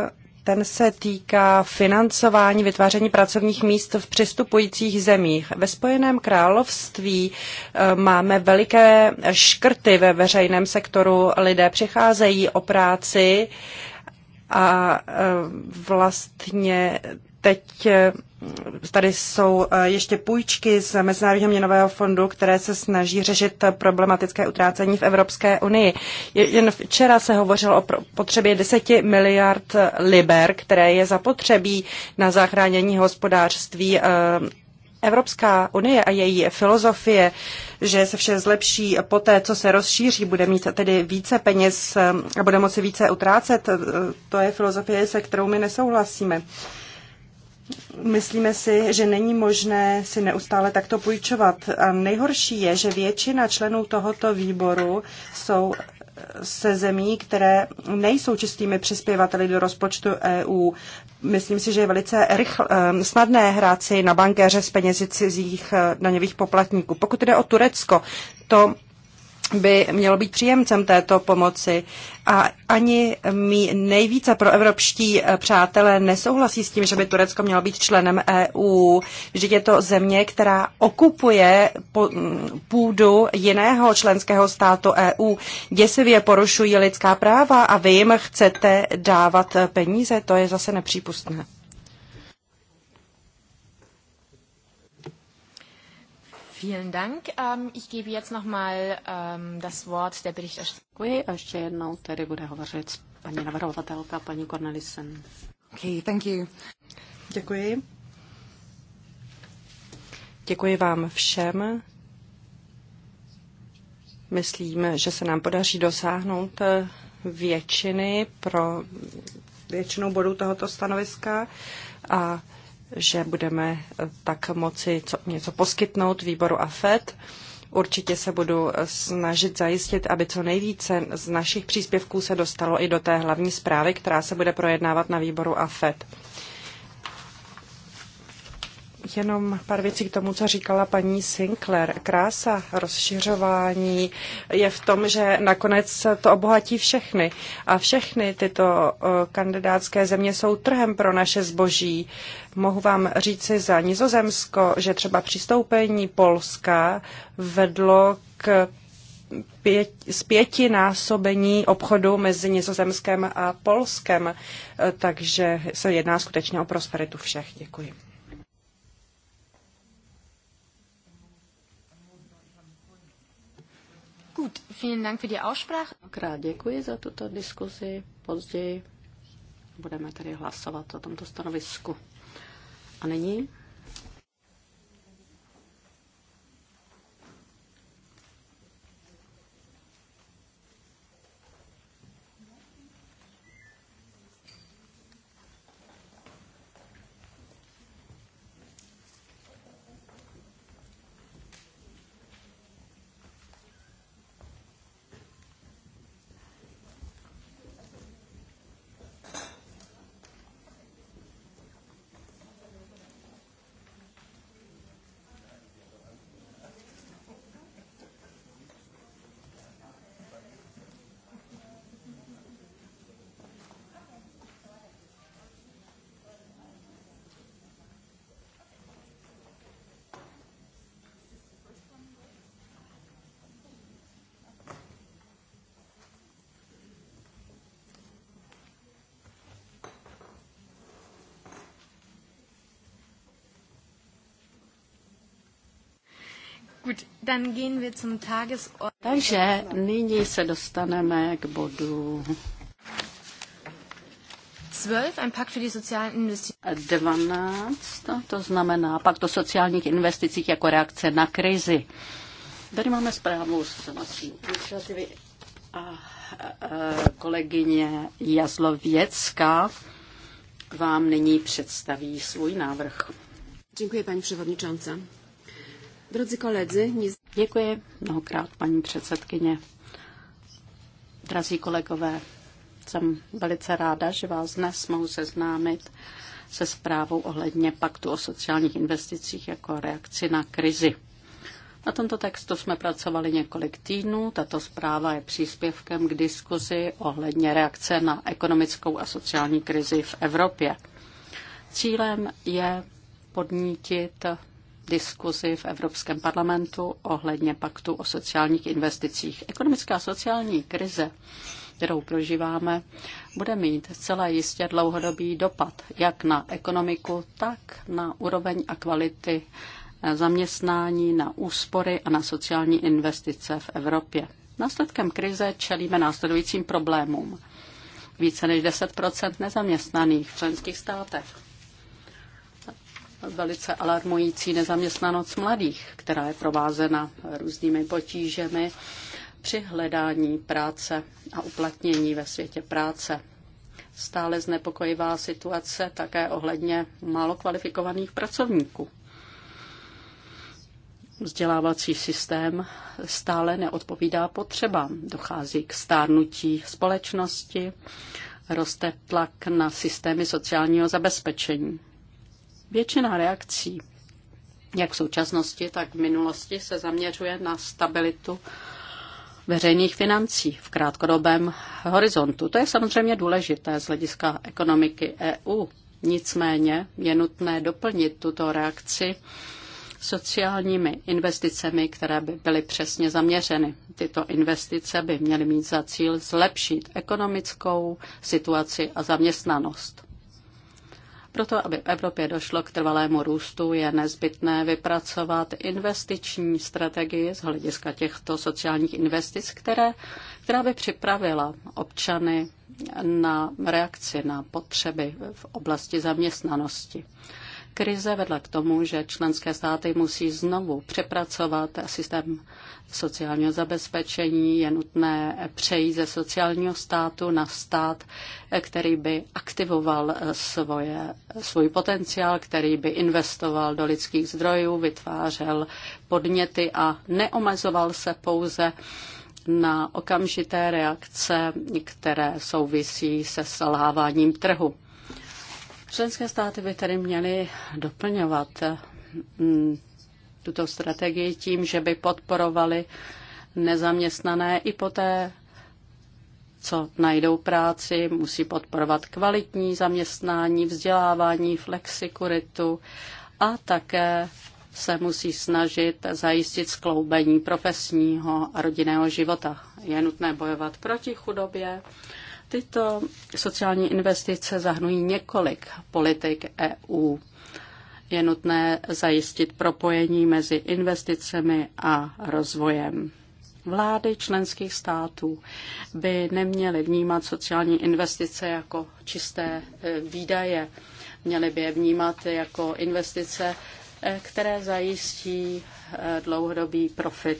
ten se týká financování vytváření pracovních míst v přistupujících zemích. Ve Spojeném království eh, máme veliké škrty ve veřejném sektoru. Lidé přicházejí o práci a eh, vlastně teď eh, tady jsou eh, ještě půjčky z Mezinárodního měnového fondu, které se snaží řešit problematické utrácení v Evropské unii. Jen včera se hovořilo o potřebě 10 miliard liber, které je zapotřebí na zachránění hospodářství eh, Evropská unie a její filozofie, že se vše zlepší po té, co se rozšíří, bude mít tedy více peněz eh, a bude moci více utrácet, to je filozofie, se kterou my nesouhlasíme. Myslíme si, že není možné si neustále takto půjčovat. A nejhorší je, že většina členů tohoto výboru jsou se zemí, které nejsou čistými přispěvateli do rozpočtu EU. Myslím si, že je velice rychl, ehm, snadné hrát si na bankéře z penězi cizích eh, daňových poplatníků. Pokud jde o Turecko, to by mělo být příjemcem této pomoci. A ani mý nejvíce proevropští eh, přátelé nesouhlasí s tím, že by Turecko mělo být členem EU. Vždyť je to země, která okupuje mm, půdu jiného členského státu EU. Děsivě porušují lidská práva a vy jim chcete dávat eh, peníze. To je zase nepřípustné. Vielen Dank. Ähm, ich gebe jetzt nochmal ähm, das Wort der Berichterstatterin. ještě jednou tedy bude hovořit paní navrhovatelka, paní Cornelissen. Okay, thank you. Děkuji. Děkuji vám všem. Myslím, že se nám podaří dosáhnout eh, většiny pro většinu bodů tohoto stanoviska a že budeme tak moci co, něco poskytnout výboru AFED. Určitě se budu snažit zajistit, aby co nejvíce z našich příspěvků se dostalo i do té hlavní zprávy, která se bude projednávat na výboru AFED. Jenom pár věcí k tomu, co říkala paní Sinclair. Krása rozšiřování je v tom, že nakonec to obohatí všechny. A všechny tyto eh, kandidátské země jsou trhem pro naše zboží. Uh, Mohu vám říci za Nizozemsko, že třeba přistoupení Polska vedlo k pět, z násobení obchodu mezi Nizozemskem a Polskem. Eh, takže se jedná skutečně o prosperitu všech. Děkuji. Gut, vielen Dank für die Aussprache. Krát děkuji za tuto diskuzi. Později budeme tedy hlasovat o tomto stanovisku. A nyní Takže nyní se dostaneme k bodu 12, 12, to znamená pakt o sociálních investicích jako reakce na krizi. Tady máme zprávu z naší iniciativy a, a, a kolegyně Jazlověcka vám nyní představí svůj návrh. Děkuji, paní předsedající. Drodzy koledzy, nie... děkuji mnohokrát paní předsedkyně. Drazí kolegové, jsem velice ráda, že vás dnes mohu seznámit se zprávou ohledně paktu o sociálních investicích jako reakci na krizi. Na tomto textu jsme pracovali několik týdnů. Tato zpráva je příspěvkem k diskuzi ohledně reakce na ekonomickou a sociální krizi v Evropě. Cílem je podnítit diskuzi v Evropském parlamentu ohledně paktu o sociálních investicích. Ekonomická a sociální krize, kterou prožíváme, bude mít celé jistě dlouhodobý dopad jak na ekonomiku, tak na úroveň a kvality eh, zaměstnání, na úspory a na sociální investice v Evropě. Následkem krize čelíme následujícím problémům. Více než 10 nezaměstnaných v členských státech velice alarmující nezaměstnanost mladých, která je provázena různými potížemi při hledání práce a uplatnění ve světě práce. Stále znepokojivá situace také ohledně málo kvalifikovaných pracovníků. Vzdělávací systém stále neodpovídá potřebám. Dochází k stárnutí společnosti, roste tlak na systémy sociálního zabezpečení. Většina reakcí, jak v současnosti, tak v minulosti, se zaměřuje na stabilitu veřejných financí v krátkodobém horizontu. To je samozřejmě důležité z hlediska ekonomiky EU. Nicméně je nutné doplnit tuto reakci sociálními investicemi, které by byly přesně zaměřeny. Tyto investice by měly mít za cíl zlepšit ekonomickou situaci a zaměstnanost. Proto, aby v Evropě došlo k trvalému růstu, je nezbytné vypracovat investiční strategii z hlediska těchto sociálních investic, které, která by připravila občany na reakci na potřeby v oblasti zaměstnanosti. Krize vedla k tomu, že členské státy musí znovu přepracovat systém sociálního zabezpečení. Je nutné přejít ze sociálního státu na stát, který by aktivoval svoje, svůj potenciál, který by investoval do lidských zdrojů, vytvářel podněty a neomezoval se pouze na okamžité reakce, které souvisí se selháváním trhu. Členské státy by tedy měly doplňovat mm, tuto strategii tím, že by podporovali nezaměstnané i poté, co najdou práci, musí podporovat kvalitní zaměstnání, vzdělávání, flexikuritu a také se musí snažit zajistit skloubení profesního a rodinného života. Je nutné bojovat proti chudobě Tyto sociální investice zahnují několik politik EU. Je nutné zajistit propojení mezi investicemi a rozvojem. Vlády členských států by neměly vnímat sociální investice jako čisté e, výdaje. Měly by je vnímat jako investice, e, které zajistí e, dlouhodobý profit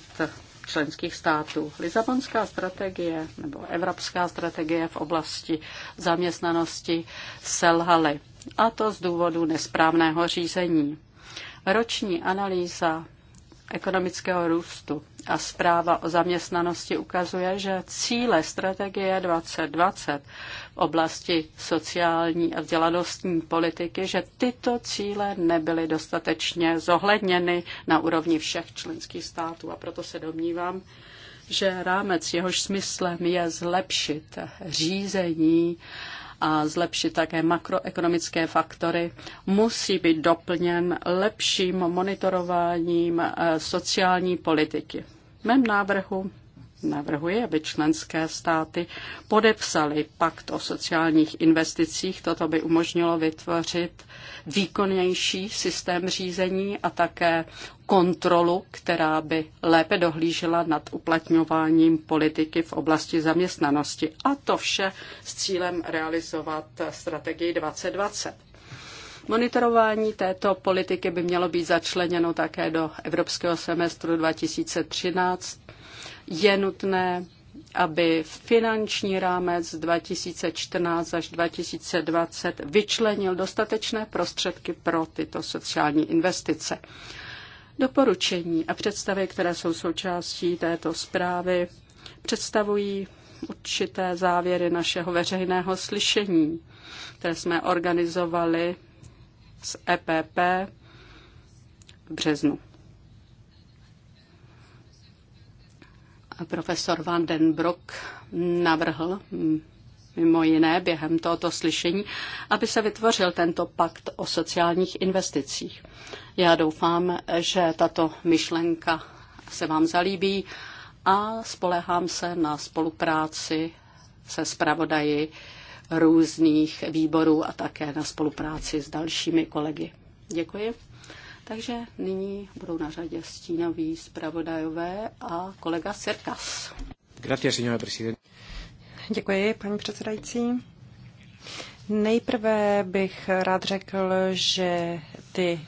členských států. Lisabonská strategie nebo evropská strategie v oblasti zaměstnanosti selhaly, a to z důvodu nesprávného řízení. Roční analýza ekonomického růstu a zpráva o zaměstnanosti ukazuje, že cíle strategie 2020 v oblasti sociální a vzdělanostní politiky, že tyto cíle nebyly dostatečně zohledněny na úrovni všech členských států. A proto se domnívám, že rámec jehož smyslem je zlepšit řízení a zlepšit také makroekonomické faktory, musí být doplněn lepším monitorováním eh, sociální politiky mém návrhu navrhuji, aby členské státy podepsaly pakt o sociálních investicích. Toto by umožnilo vytvořit výkonnější systém řízení a také kontrolu, která by lépe dohlížela nad uplatňováním politiky v oblasti zaměstnanosti. A to vše s cílem realizovat strategii 2020. Monitorování této politiky by mělo být začleněno také do evropského semestru 2013. Je nutné aby finanční rámec 2014 až 2020 vyčlenil dostatečné prostředky pro tyto sociální investice. Doporučení a představy, které jsou součástí této zprávy, představují určité závěry našeho veřejného slyšení, které jsme organizovali z EPP v březnu. profesor Van den Broek navrhl hm, mimo jiné během tohoto slyšení, aby se vytvořil tento pakt o sociálních investicích. Já doufám, že tato myšlenka se vám zalíbí a spolehám se na spolupráci se spravodaji různých výborů a také na spolupráci s dalšími kolegy. Děkuji. Takže nyní budou na řadě stínoví zpravodajové a kolega Sirkas. Děkuji, paní předsedající. Nejprve bych rád řekl, že ty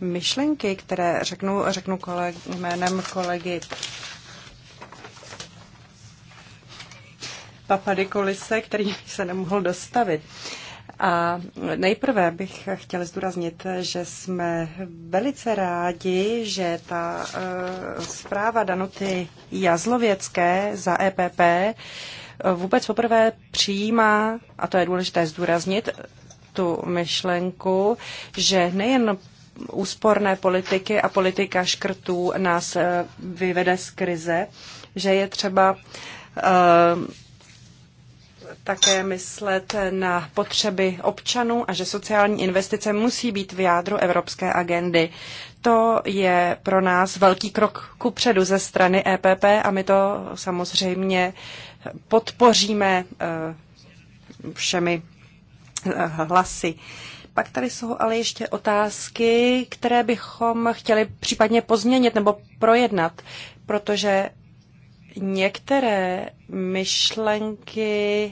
myšlenky, které řeknu, řeknu koleg, jménem kolegy Kolise, který (laughs) se nemohl dostavit. A nejprve bych chtěla zdůraznit, že jsme velice rádi, že ta eh, zpráva Danuty Jazlověcké za EPP eh, vůbec poprvé přijímá, a to je důležité zdůraznit, tu myšlenku, že nejen úsporné politiky a politika škrtů nás eh, vyvede z krize, že je třeba také myslet na potřeby občanů a že sociální investice musí být v jádru evropské agendy. To je pro nás velký krok ku předu ze strany EPP a my to samozřejmě podpoříme eh, všemi eh, hlasy. Pak tady jsou ale ještě otázky, které bychom chtěli případně pozměnit nebo projednat, protože některé myšlenky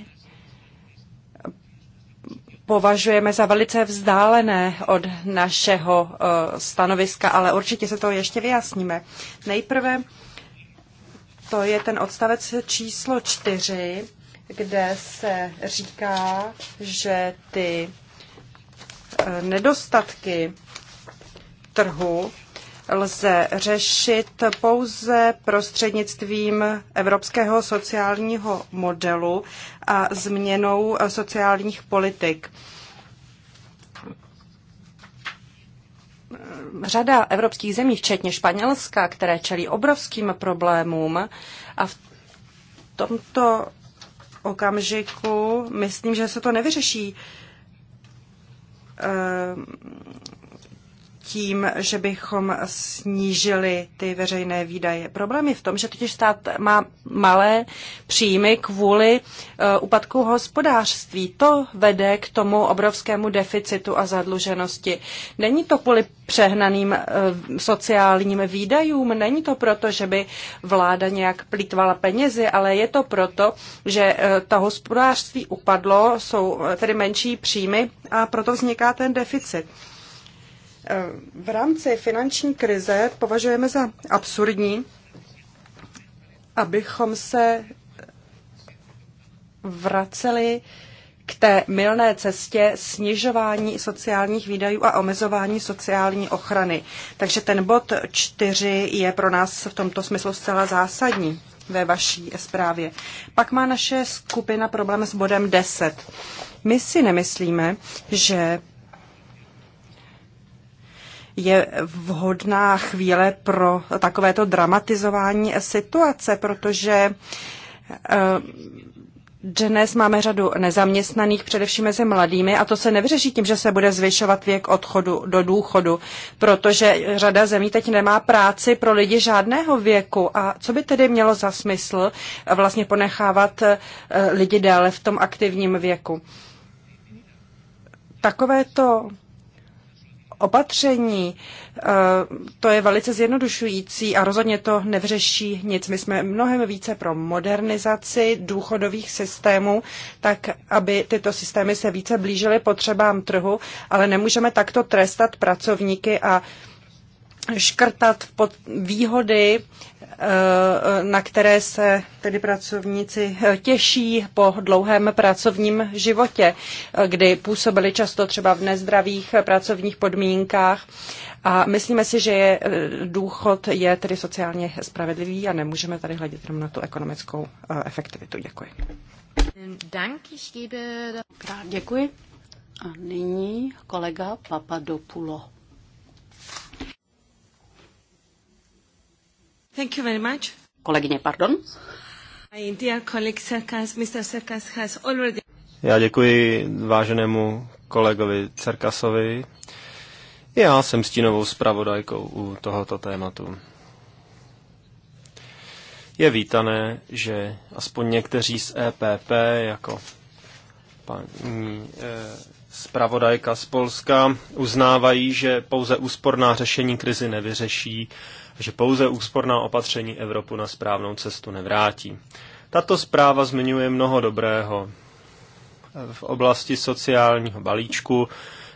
považujeme za velice vzdálené od našeho eh, stanoviska, ale určitě se to ještě vyjasníme. Nejprve to je ten odstavec číslo čtyři, kde se říká, že ty eh, nedostatky trhu lze řešit pouze prostřednictvím evropského sociálního modelu a změnou sociálních politik. Řada evropských zemí, včetně Španělska, které čelí obrovským problémům a v tomto okamžiku myslím, že se to nevyřeší ehm, tím, že bychom snížili ty veřejné výdaje. Problém je v tom, že totiž stát má malé příjmy kvůli uh, úpadku hospodářství. To vede k tomu obrovskému deficitu a zadluženosti. Není to kvůli přehnaným uh, sociálním výdajům, není to proto, že by vláda nějak plítvala penězi, ale je to proto, že uh, to hospodářství upadlo, jsou uh, tedy menší příjmy a proto vzniká ten deficit. V rámci finanční krize považujeme za absurdní, abychom se vraceli k té milné cestě snižování sociálních výdajů a omezování sociální ochrany. Takže ten bod čtyři je pro nás v tomto smyslu zcela zásadní ve vaší zprávě. Pak má naše skupina problém s bodem 10. My si nemyslíme, že je vhodná chvíle pro takovéto dramatizování situace, protože eh, dnes máme řadu nezaměstnaných, především mezi mladými, a to se nevřeší tím, že se bude zvyšovat věk odchodu do důchodu, protože řada zemí teď nemá práci pro lidi žádného věku. A co by tedy mělo za smysl eh, vlastně ponechávat eh, lidi déle v tom aktivním věku? Takovéto opatření, eh, to je velice zjednodušující a rozhodně to nevřeší nic. My jsme mnohem více pro modernizaci důchodových systémů, tak aby tyto systémy se více blížily potřebám trhu, ale nemůžeme takto trestat pracovníky a škrtat pod výhody, eh, na které se tedy pracovníci eh, těší po dlouhém pracovním životě, eh, kdy působili často třeba v nezdravých pracovních podmínkách. A myslíme si, že je, důchod je tedy sociálně spravedlivý a nemůžeme tady hledět jenom na tu ekonomickou efektivitu. Děkuji. Děkuji. A nyní kolega Papadopulo. Thank you very much. Kolegyně, pardon. Já děkuji váženému kolegovi Cerkasovi. Já jsem stínovou zpravodajkou u tohoto tématu. Je vítané, že aspoň někteří z EPP, jako paní eh, zpravodajka z Polska uznávají, že pouze úsporná řešení krizi nevyřeší že pouze úsporná opatření Evropu na správnou cestu nevrátí. Tato zpráva zmiňuje mnoho dobrého v oblasti sociálního balíčku,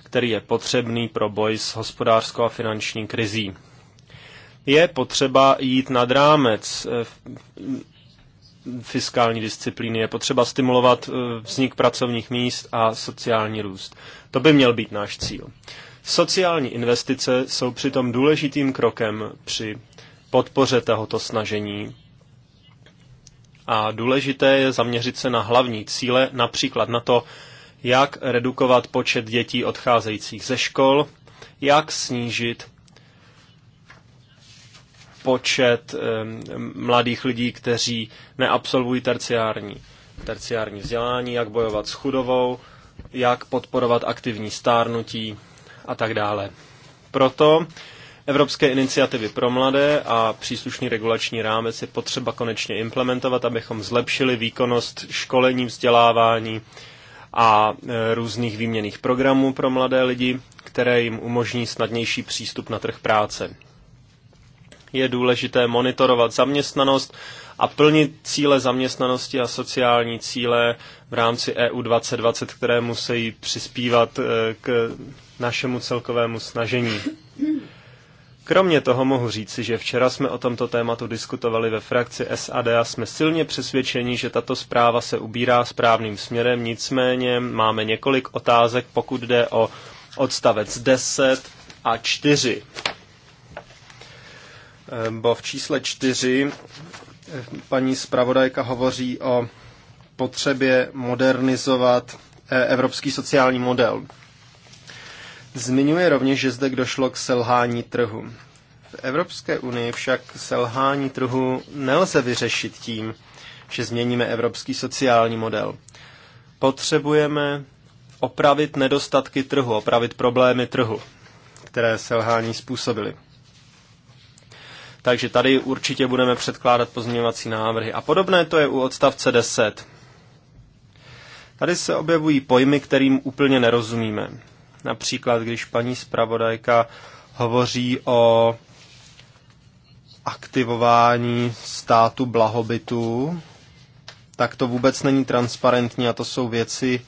který je potřebný pro boj s hospodářskou a finanční krizí. Je potřeba jít nad rámec eh, fiskální disciplíny, je potřeba stimulovat eh, vznik pracovních míst a sociální růst. To by měl být náš cíl. Sociální investice jsou přitom důležitým krokem při podpoře tohoto snažení a důležité je zaměřit se na hlavní cíle, například na to, jak redukovat počet dětí odcházejících ze škol, jak snížit počet mladých lidí, kteří neabsolvují terciární, terciární vzdělání, jak bojovat s chudovou, jak podporovat aktivní stárnutí a tak dále. Proto evropské iniciativy pro mladé a příslušný regulační rámec je potřeba konečně implementovat, abychom zlepšili výkonnost školení, vzdělávání a e, různých výměných programů pro mladé lidi, které jim umožní snadnější přístup na trh práce. Je důležité monitorovat zaměstnanost, a plnit cíle zaměstnanosti a sociální cíle v rámci EU 2020, které musí přispívat eh, k našemu celkovému snažení. Kromě toho mohu říci, že včera jsme o tomto tématu diskutovali ve frakci SAD a jsme silně přesvědčeni, že tato zpráva se ubírá správným směrem, nicméně máme několik otázek, pokud jde o odstavec 10 a 4. Ehm, bo v čísle 4 Paní zpravodajka hovoří o potřebě modernizovat eh, evropský sociální model. Zmiňuje rovněž, že zde došlo k selhání trhu. V Evropské unii však selhání trhu nelze vyřešit tím, že změníme evropský sociální model. Potřebujeme opravit nedostatky trhu, opravit problémy trhu, které selhání způsobily. Takže tady určitě budeme předkládat pozměňovací návrhy. A podobné to je u odstavce 10. Tady se objevují pojmy, kterým úplně nerozumíme. Například, když paní zpravodajka hovoří o aktivování státu blahobytu, tak to vůbec není transparentní a to jsou věci,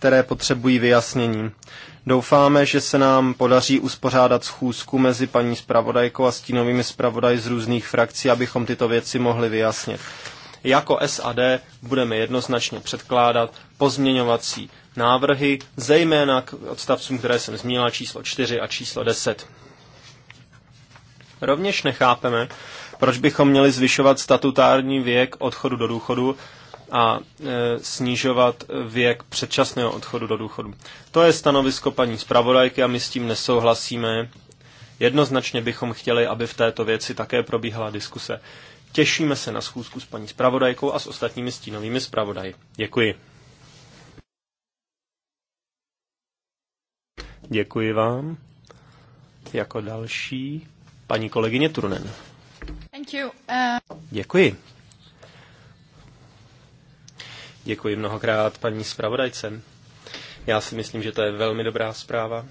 které potřebují vyjasnění. Doufáme, že se nám podaří uspořádat schůzku mezi paní zpravodajkou a stínovými zpravodaj z různých frakcí, abychom tyto věci mohli vyjasnit. Jako SAD budeme jednoznačně předkládat pozměňovací návrhy, zejména k odstavcům, které jsem zmínila, číslo 4 a číslo 10. Rovněž nechápeme, proč bychom měli zvyšovat statutární věk odchodu do důchodu, a e, snižovat věk předčasného odchodu do důchodu. To je stanovisko paní zpravodajky a my s tím nesouhlasíme. Jednoznačně bychom chtěli, aby v této věci také probíhala diskuse. Těšíme se na schůzku s paní zpravodajkou a s ostatními stínovými zpravodaji. Děkuji. Děkuji vám. Jako další paní kolegyně Turnen. Thank you. Uh... Děkuji. Děkuji mnohokrát paní zpravodajce. Já si myslím, že to je velmi dobrá zpráva.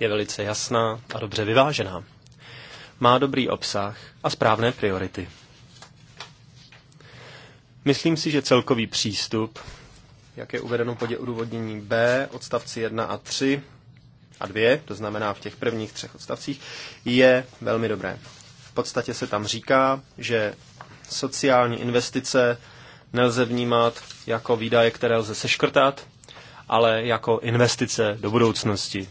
Je velice jasná a dobře vyvážená. Má dobrý obsah a správné priority. Myslím si, že celkový přístup, jak je uvedeno v bodě odůvodnění B, odstavci 1 a 3 a 2, to znamená v těch prvních třech odstavcích, je velmi dobré. V podstatě se tam říká, že sociální investice nelze vnímat jako výdaje, které lze seškrtat, ale jako investice do budoucnosti.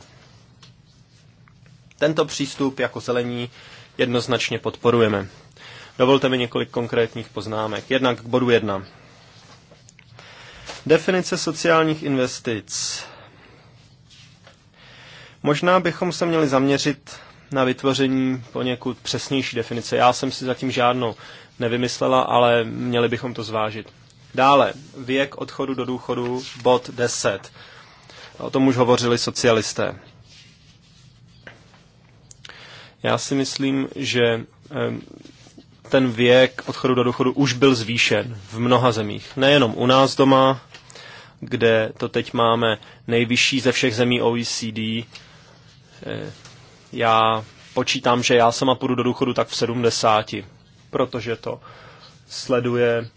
Tento přístup jako zelení jednoznačně podporujeme. Dovolte mi několik konkrétních poznámek. Jednak k bodu jedna. Definice sociálních investic. Možná bychom se měli zaměřit na vytvoření poněkud přesnější definice. Já jsem si zatím žádnou nevymyslela, ale měli bychom to zvážit. Dále, věk odchodu do důchodu, bod 10. O tom už hovořili socialisté. Já si myslím, že ten věk odchodu do důchodu už byl zvýšen v mnoha zemích. Nejenom u nás doma, kde to teď máme nejvyšší ze všech zemí OECD. Eh, já počítám, že já sama půjdu do důchodu tak v 70 protože to sleduje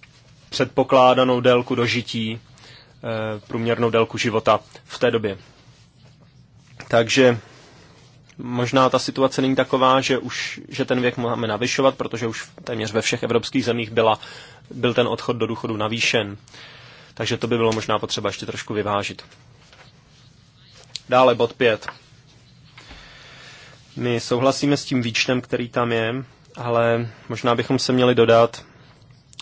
předpokládanou délku dožití, eh, průměrnou délku života v té době. Takže možná ta situace není taková, že už že ten věk máme navyšovat, protože už téměř ve všech evropských zemích byla, byl ten odchod do důchodu navýšen. Takže to by bylo možná potřeba ještě trošku vyvážit. Dále bod 5. My souhlasíme s tím výčtem, který tam je, ale možná bychom se měli dodat,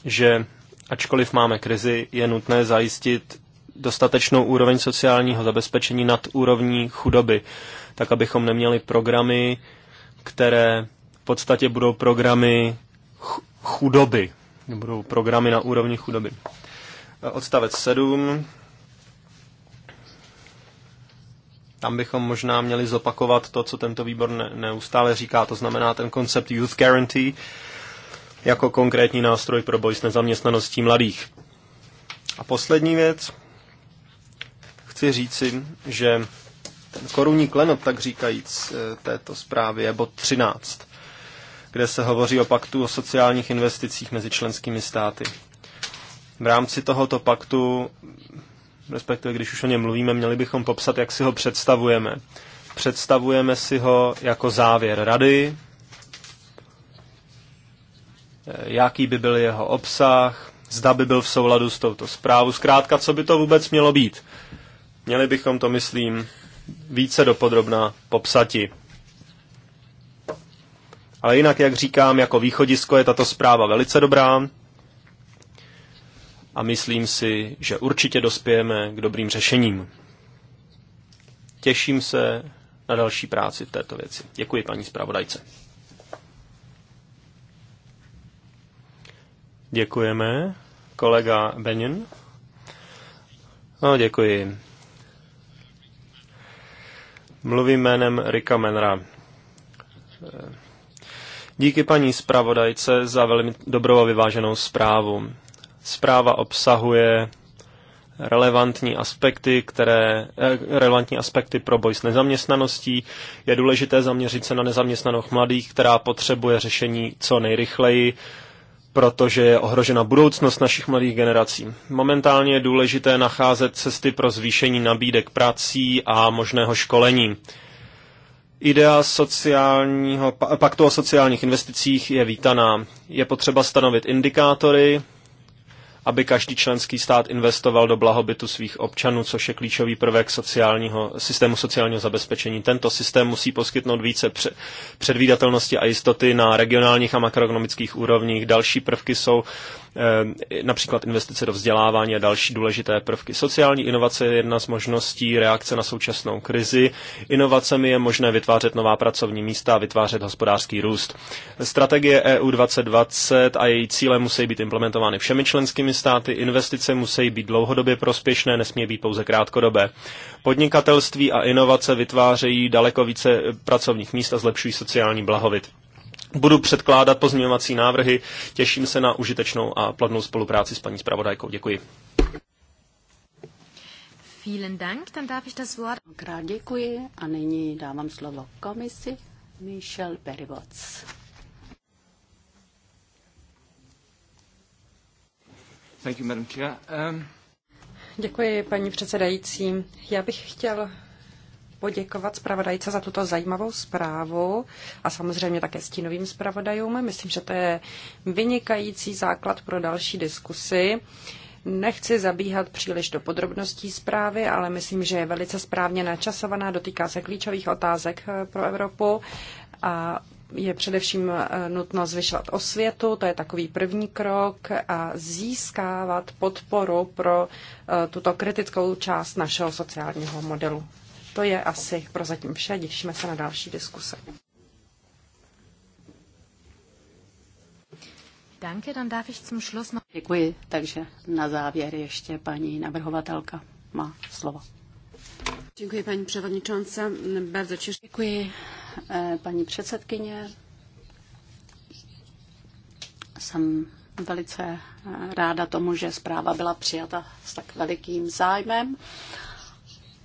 že ačkoliv máme krizi, je nutné zajistit dostatečnou úroveň sociálního zabezpečení nad úrovní chudoby, tak abychom neměli programy, které v podstatě budou programy chudoby, budou programy na úrovni chudoby. Odstavec 7. Tam bychom možná měli zopakovat to, co tento výbor ne, neustále říká, to znamená ten koncept Youth Guarantee jako konkrétní nástroj pro boj s nezaměstnaností mladých. A poslední věc, chci říci, že ten korunní klenot, tak říkajíc, eh, této zprávy je bod 13, kde se hovoří o paktu o sociálních investicích mezi členskými státy. V rámci tohoto paktu respektive když už o něm mluvíme, měli bychom popsat, jak si ho představujeme. Představujeme si ho jako závěr rady, eh, jaký by byl jeho obsah, zda by byl v souladu s touto zprávou, zkrátka, co by to vůbec mělo být. Měli bychom to, myslím, více dopodrobná popsati. Ale jinak, jak říkám, jako východisko je tato zpráva velice dobrá a myslím si, že určitě dospějeme k dobrým řešením. Těším se na další práci v této věci. Děkuji paní zpravodajce. Děkujeme. Kolega Benin. No, děkuji. Mluvím jménem Rika Menra. Díky paní zpravodajce za velmi dobrou a vyváženou zprávu. Zpráva obsahuje relevantní aspekty, které, eh, relevantní aspekty pro boj s nezaměstnaností. Je důležité zaměřit se na nezaměstnanost mladých, která potřebuje řešení co nejrychleji, protože je ohrožena budoucnost našich mladých generací. Momentálně je důležité nacházet cesty pro zvýšení nabídek prací a možného školení. Idea sociálního, paktu o sociálních investicích je vítaná. Je potřeba stanovit indikátory, aby každý členský stát investoval do blahobytu svých občanů, což je klíčový prvek sociálního, systému sociálního zabezpečení. Tento systém musí poskytnout více předvídatelnosti a jistoty na regionálních a makroekonomických úrovních. Další prvky jsou Eh, například investice do vzdělávání a další důležité prvky. Sociální inovace je jedna z možností reakce na současnou krizi. Inovacemi je možné vytvářet nová pracovní místa a vytvářet hospodářský růst. Strategie EU 2020 a její cíle musí být implementovány všemi členskými státy. Investice musí být dlouhodobě prospěšné, nesmí být pouze krátkodobé. Podnikatelství a inovace vytvářejí daleko více pracovních míst a zlepšují sociální blahobyt. Budu předkládat pozměňovací návrhy. Těším se na užitečnou a plodnou spolupráci s paní zpravodajkou. Děkuji. Vielen Dank, dann darf ich das Wort. Krát děkuji a nyní dávám slovo komisi Michel Perivoc. Thank you, Madam Chair. Um... Děkuji, paní předsedající. Já bych chtěl poděkovat zpravodajce za tuto zajímavou zprávu a samozřejmě také stínovým zpravodajům. Myslím, že to je vynikající základ pro další diskusy. Nechci zabíhat příliš do podrobností zprávy, ale myslím, že je velice správně načasovaná, dotýká se klíčových otázek eh, pro Evropu a je především eh, nutno zvyšovat osvětu, to je takový první krok, a získávat podporu pro eh, tuto kritickou část našeho sociálního modelu. To je asi pro zatím vše. Těšíme se na další diskuse. Děkuji, takže na závěr ještě paní navrhovatelka má slovo. Děkuji, paní převodničance, Bardzo těž... Děkuji, eh, paní předsedkyně. Jsem velice eh, ráda tomu, že zpráva byla přijata s tak velikým zájmem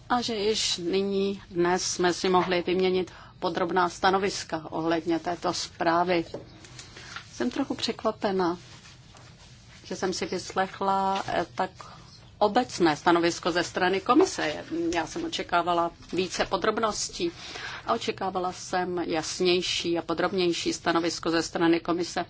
a že již nyní dnes jsme si mohli vyměnit podrobná stanoviska ohledně této zprávy. Jsem trochu překvapena, že jsem si vyslechla eh, tak obecné stanovisko ze strany komise. Já jsem očekávala více podrobností a očekávala jsem jasnější a podrobnější stanovisko ze strany komise,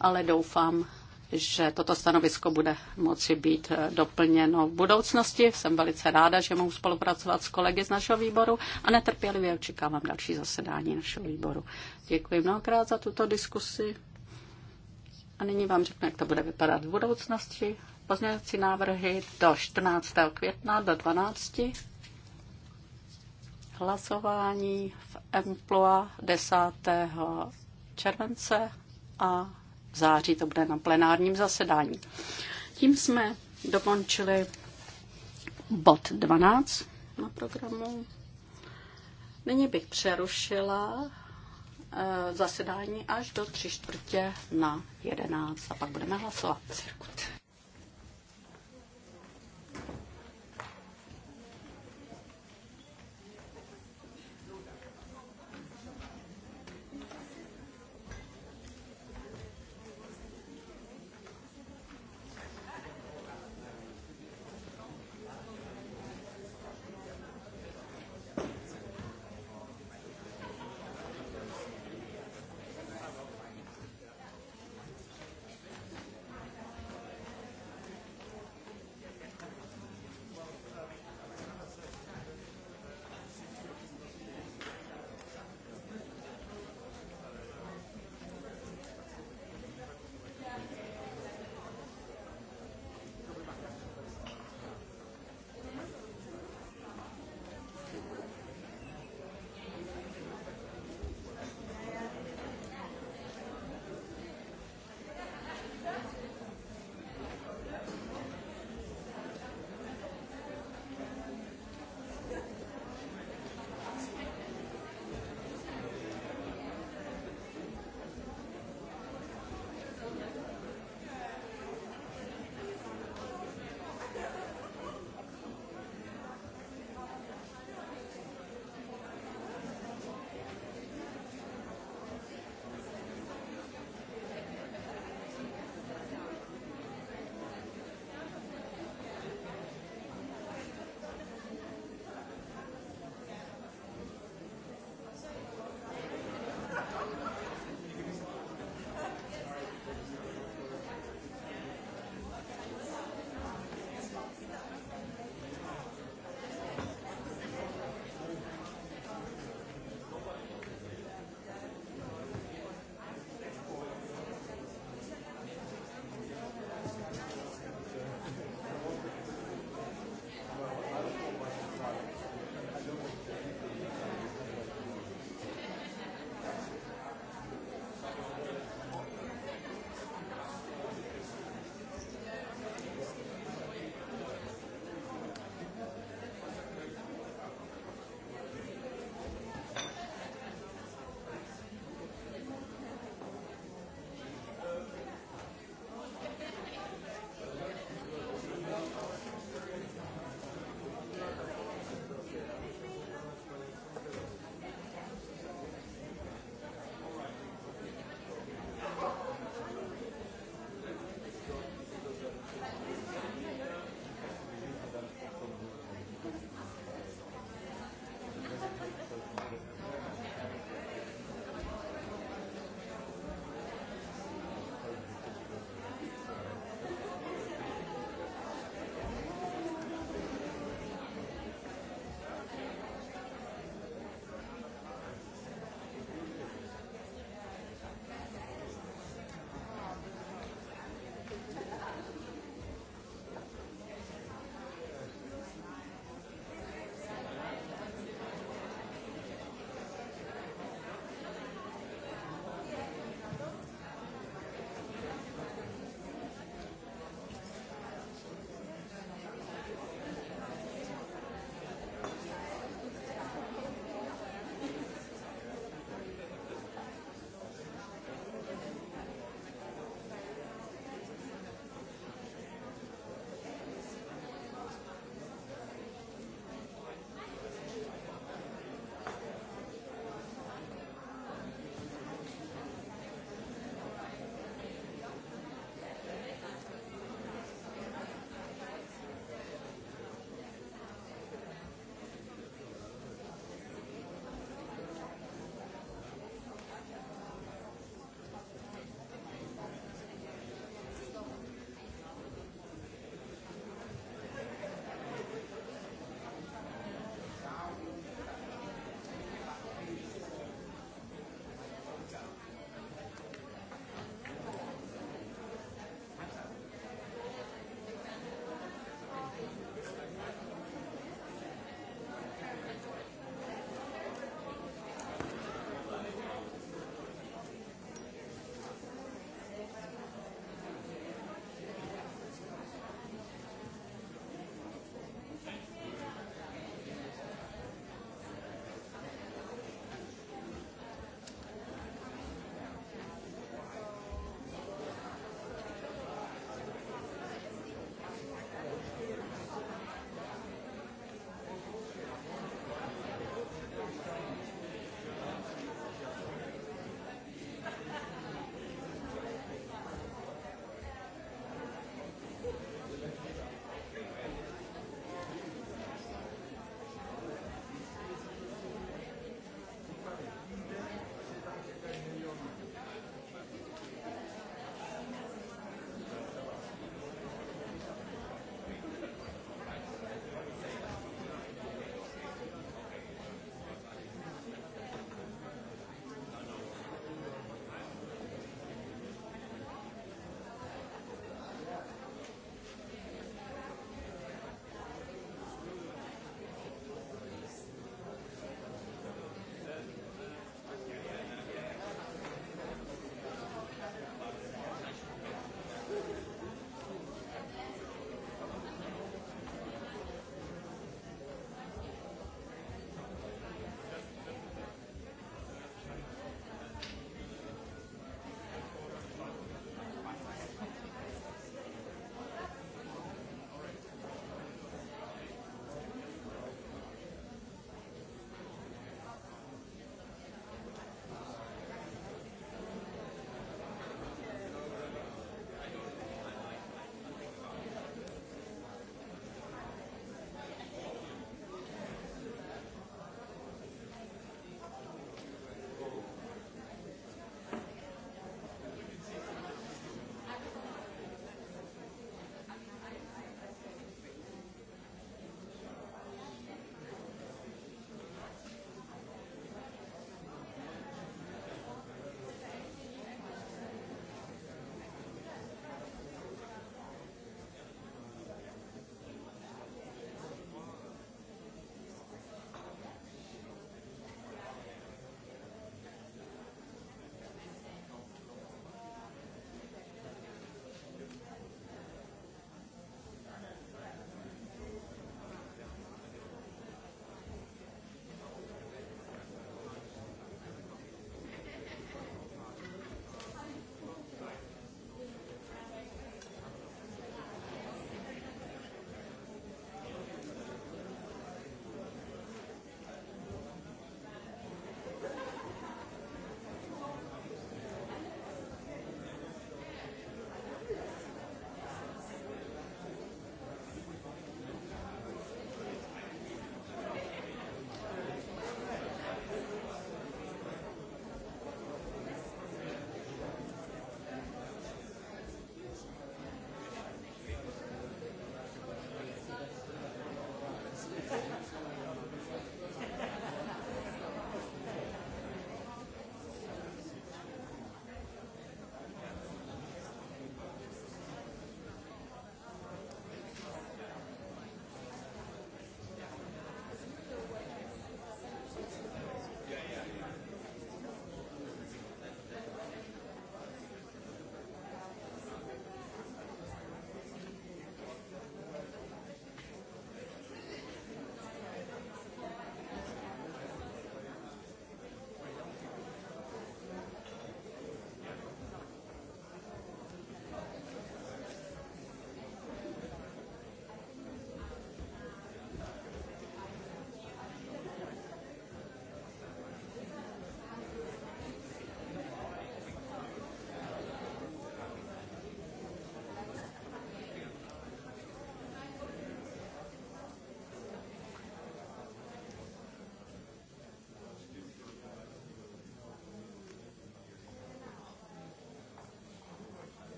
ale doufám, že toto stanovisko bude moci být eh, doplněno v budoucnosti. Jsem velice ráda, že mohu spolupracovat s kolegy z našeho výboru a netrpělivě očekávám další zasedání našeho výboru. Děkuji mnohokrát za tuto diskusi a nyní vám řeknu, jak to bude vypadat v budoucnosti. Pozměňovací návrhy do 14. května do 12 hlasování v Emploa 10. července a v září to bude na plenárním zasedání. Tím jsme dokončili bod 12 na programu. Nyní bych přerušila eh, zasedání až do tři čtvrtě na 11 a pak budeme hlasovat.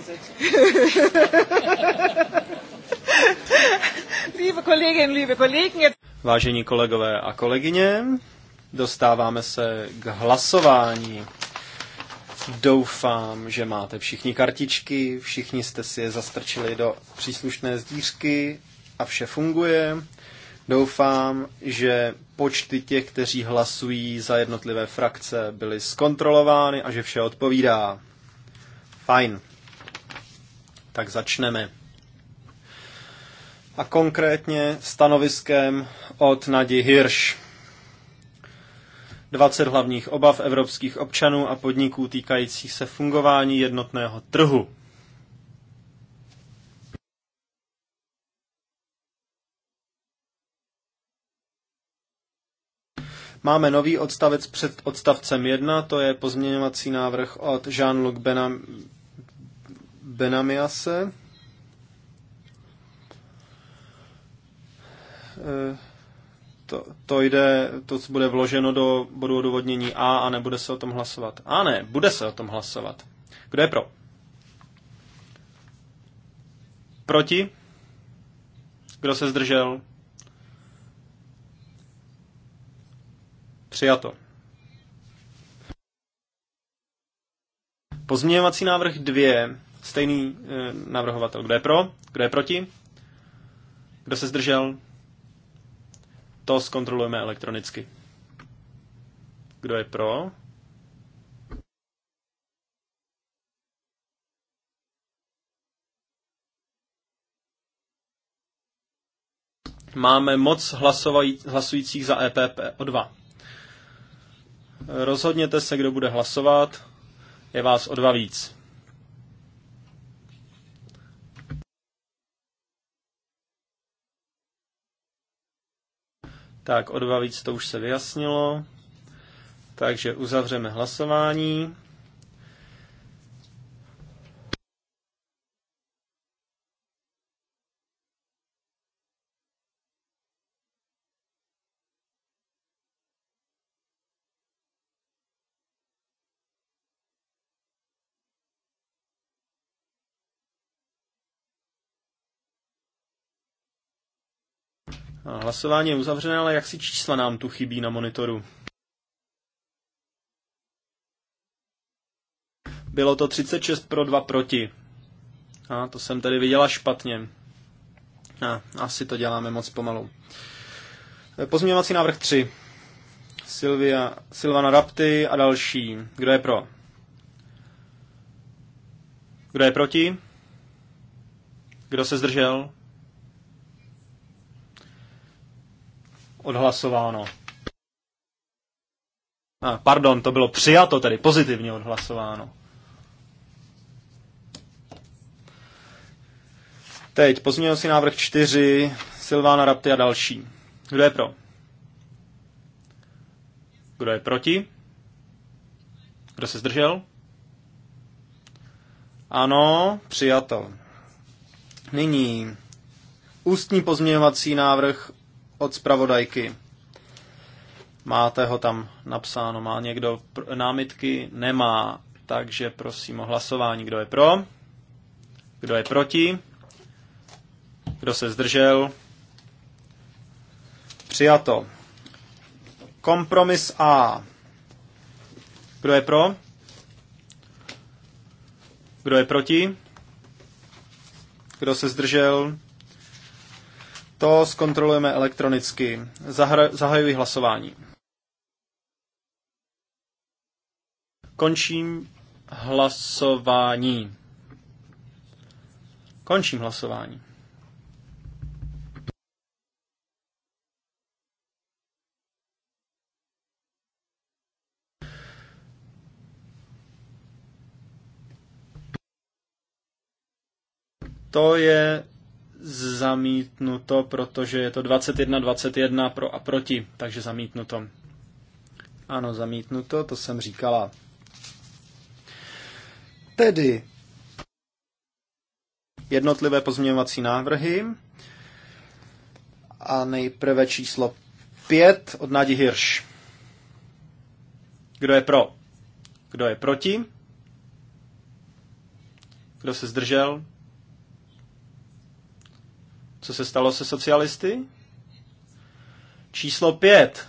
Übersetzung. (laughs) liebe Kolleginnen, liebe Kollegen, jetzt... Vážení kolegové a kolegyně, dostáváme se k hlasování. Doufám, že máte všichni kartičky, všichni jste si je zastrčili do příslušné zdířky a vše funguje. Doufám, že počty těch, kteří hlasují za jednotlivé frakce, byly zkontrolovány a že vše odpovídá. Fajn tak začneme. A konkrétně stanoviskem od Nadi Hirsch. 20 hlavních obav evropských občanů a podniků týkajících se fungování jednotného trhu. Máme nový odstavec před odstavcem 1, to je pozměňovací návrh od Jean-Luc Benamiase. Eh, to, to jde, to bude vloženo do bodu odůvodnění A a nebude se o tom hlasovat. A ne, bude se o tom hlasovat. Kdo je pro? Proti? Kdo se zdržel? Přijato. Pozměňovací návrh 2 Stejný eh, navrhovatel. Kdo je pro? Kdo je proti? Kdo se zdržel? To zkontrolujeme elektronicky. Kdo je pro? Máme moc hlasujících za EPP o dva. Rozhodněte se, kdo bude hlasovat. Je vás o dva víc. Tak o dva víc to už se vyjasnilo. Takže uzavřeme hlasování. Hlasování je uzavřené, ale jak si čísla nám tu chybí na monitoru? Bylo to 36 pro 2 proti. A to jsem tady viděla špatně. A, asi to děláme moc pomalu. Eh, pozměňovací návrh 3. Silvia, Silvana Rapty a další. Kdo je pro? Kdo je proti? Kdo se zdržel? Odhlasováno. A, pardon, to bylo přijato, tedy pozitivně odhlasováno. Teď pozměnil si návrh 4, Silvána Rapty a další. Kdo je pro? Kdo je proti? Kdo se zdržel? Ano, přijato. Nyní ústní pozměňovací návrh od zpravodajky. Máte ho tam napsáno. Má někdo námitky? Nemá. Takže prosím o hlasování. Kdo je pro? Kdo je proti? Kdo se zdržel? Přijato. Kompromis A. Kdo je pro? Kdo je proti? Kdo se zdržel? To zkontrolujeme elektronicky. zahajuji hlasování. Končím hlasování. Končím hlasování. To je zamítnuto, protože je to 21-21 pro a proti, takže zamítnuto. Ano, zamítnuto, to jsem říkala. Tedy jednotlivé pozměňovací návrhy a nejprve číslo 5 od Nadi Hirš. Kdo je pro? Kdo je proti? Kdo se zdržel? Co se stalo se socialisty? Číslo pět.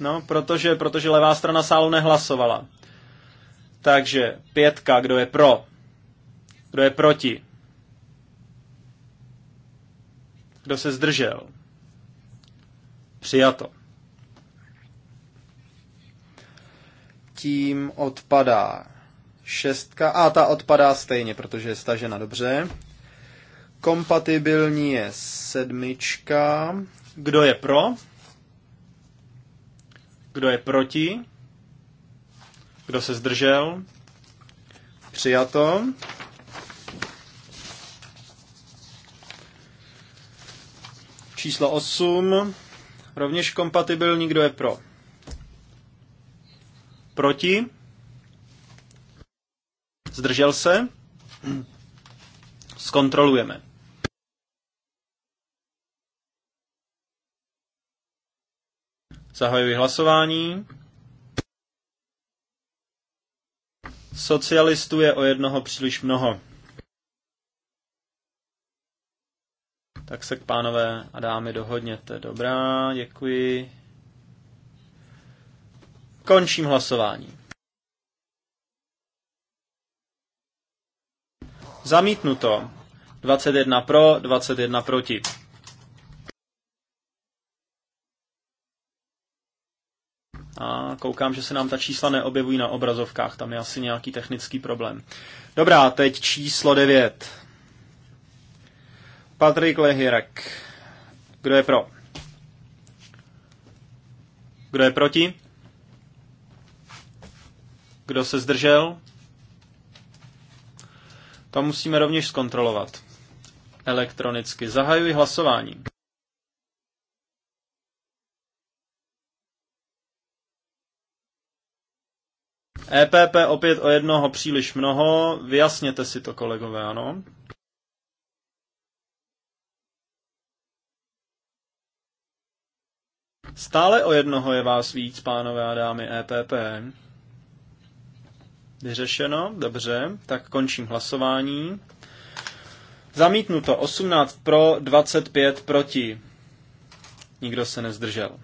No, protože, protože levá strana sálu nehlasovala. Takže pětka, kdo je pro? Kdo je proti? Kdo se zdržel? Přijato. Tím odpadá šestka. A ta odpadá stejně, protože je stažena dobře. Kompatibilní je sedmička. Kdo je pro? Kdo je proti? Kdo se zdržel? Přijato. Číslo 8. Rovněž kompatibilní. Kdo je pro? Proti? Zdržel se? Zkontrolujeme. Zahajuji hlasování. Socialistů je o jednoho příliš mnoho. Tak se k pánové a dámy dohodněte. Dobrá, děkuji. Končím hlasování. Zamítnuto. 21 pro, 21 proti. A koukám, že se nám ta čísla neobjevují na obrazovkách, tam je asi nějaký technický problém. Dobrá, teď číslo 9. Patrik Lehirek. Kdo je pro? Kdo je proti? Kdo se zdržel? To musíme rovněž zkontrolovat. Elektronicky. Zahajuji hlasování. EPP opět o jednoho příliš mnoho. Vyjasněte si to, kolegové, ano? Stále o jednoho je vás víc, pánové a dámy EPP. Vyřešeno, dobře, tak končím hlasování. Zamítnuto 18 pro, 25 proti. Nikdo se nezdržel.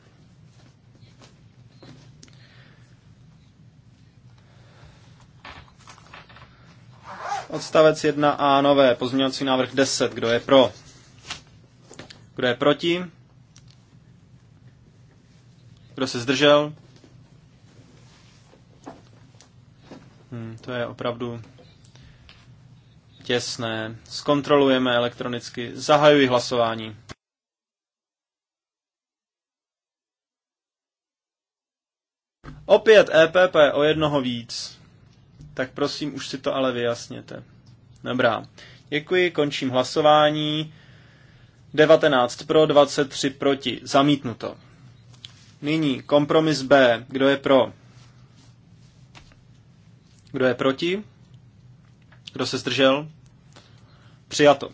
Odstavec 1a nové, pozměňovací návrh 10. Kdo je pro? Kdo je proti? Kdo se zdržel? Hmm, to je opravdu těsné. Zkontrolujeme elektronicky. Zahajuji hlasování. Opět EPP o jednoho víc tak prosím už si to ale vyjasněte. Dobrá. Děkuji, končím hlasování. 19 pro, 23 proti. Zamítnuto. Nyní kompromis B. Kdo je pro? Kdo je proti? Kdo se zdržel? Přijato.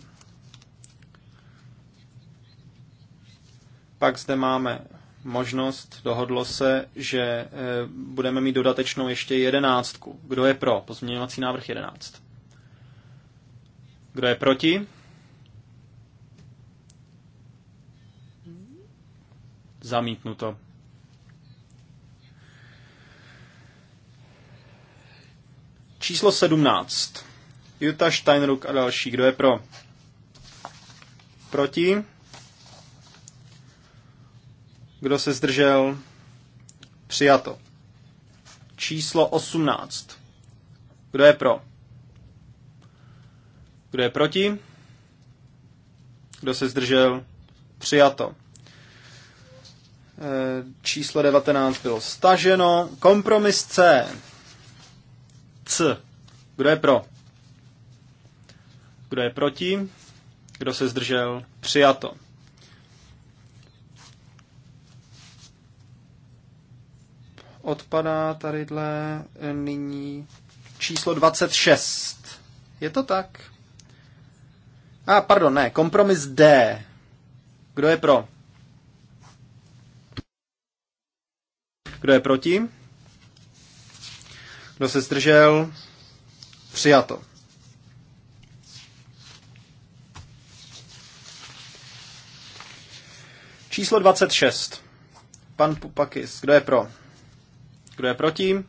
Pak zde máme možnost, dohodlo se, že eh, budeme mít dodatečnou ještě jedenáctku. Kdo je pro? Pozměňovací návrh jedenáct. Kdo je proti? Zamítnuto. Číslo 17. Jutta Steinruck a další. Kdo je pro? Proti? Kdo se zdržel? Přijato. Číslo 18. Kdo je pro? Kdo je proti? Kdo se zdržel? Přijato. E, číslo 19 bylo staženo. Kompromis C. C. Kdo je pro? Kdo je proti? Kdo se zdržel? Přijato. odpadá tadyhle eh, nyní číslo 26. Je to tak? A, ah, pardon, ne, kompromis D. Kdo je pro? Kdo je proti? Kdo se zdržel? Přijato. Číslo 26. Pan Pupakis, kdo je pro? Kdo je proti?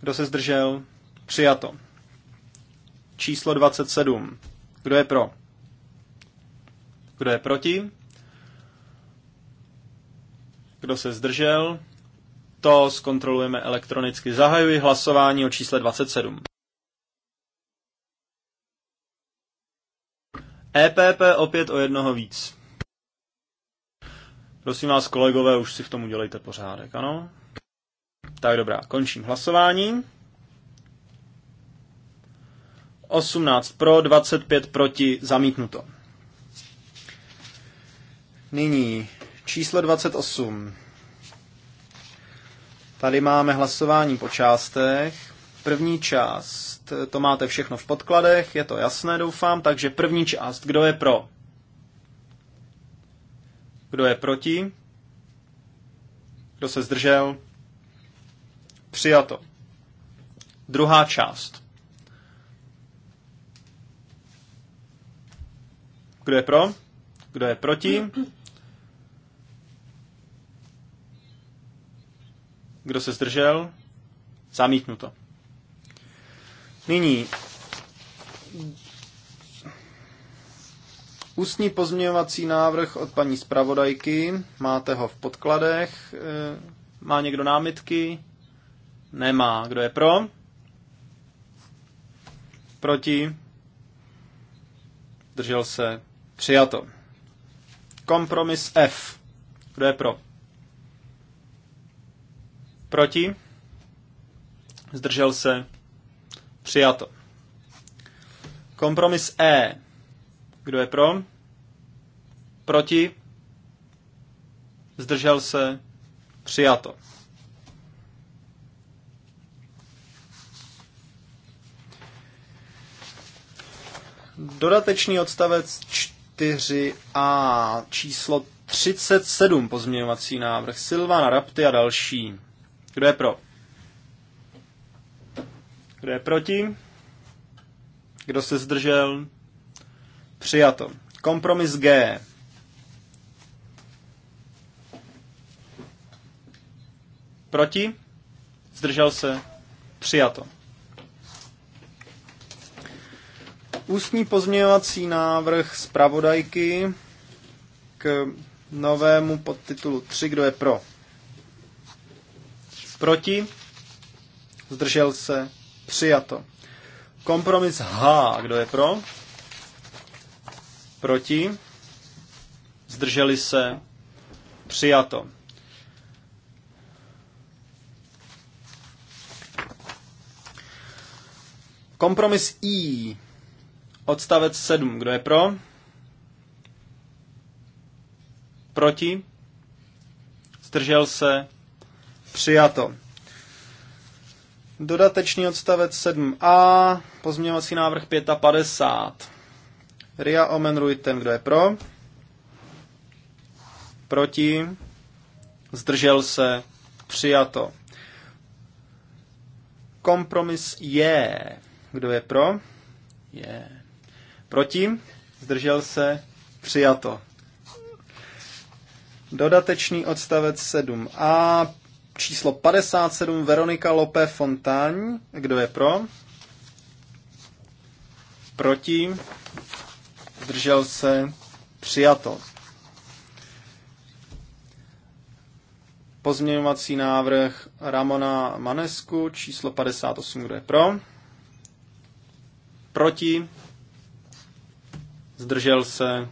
Kdo se zdržel? Přijato. Číslo 27. Kdo je pro? Kdo je proti? Kdo se zdržel? To zkontrolujeme elektronicky. Zahajuji hlasování o čísle 27. EPP opět o jednoho víc. Prosím vás, kolegové, už si v tom udělejte pořádek, ano? Tak dobrá, končím hlasování. 18 pro, 25 proti, zamítnuto. Nyní číslo 28. Tady máme hlasování po částech. První část, to máte všechno v podkladech, je to jasné, doufám. Takže první část, kdo je pro? Kdo je proti? Kdo se zdržel? Přijato. Druhá část. Kdo je pro? Kdo je proti? Kdo se zdržel? Zamítnuto. Nyní ústní pozměňovací návrh od paní zpravodajky. Máte ho v podkladech. Eh, má někdo námitky? Nemá. Kdo je pro? Proti? Držel se. Přijato. Kompromis F. Kdo je pro? Proti? Zdržel se. Přijato. Kompromis E. Kdo je pro? Proti? Zdržel se? Přijato. Dodatečný odstavec 4a, číslo 37, pozměňovací návrh, Silvana Rapty a další. Kdo je pro? Kdo je proti? Kdo se zdržel? Přijato. Kompromis G. Proti? Zdržel se? Přijato. Ústní pozměňovací návrh zpravodajky k novému podtitulu 3. Kdo je pro? Proti? Zdržel se? Přijato. Kompromis H. Kdo je pro? Proti? Zdrželi se? Přijato. Kompromis I. Odstavec 7. Kdo je pro? Proti? Zdržel se? Přijato. Dodatečný odstavec 7a, pozměňovací návrh 55. Ria Omenruiten, kdo je pro? Proti? Zdržel se? Přijato. Kompromis je. Kdo je pro? Je. Proti? Zdržel se? Přijato. Dodatečný odstavec 7a, číslo 57, Veronika Lope Fontáň. Kdo je pro? Proti? Zdržel se? Přijato. Pozměňovací návrh Ramona Manesku, číslo 58, kdo je pro? Proti? zdržel se.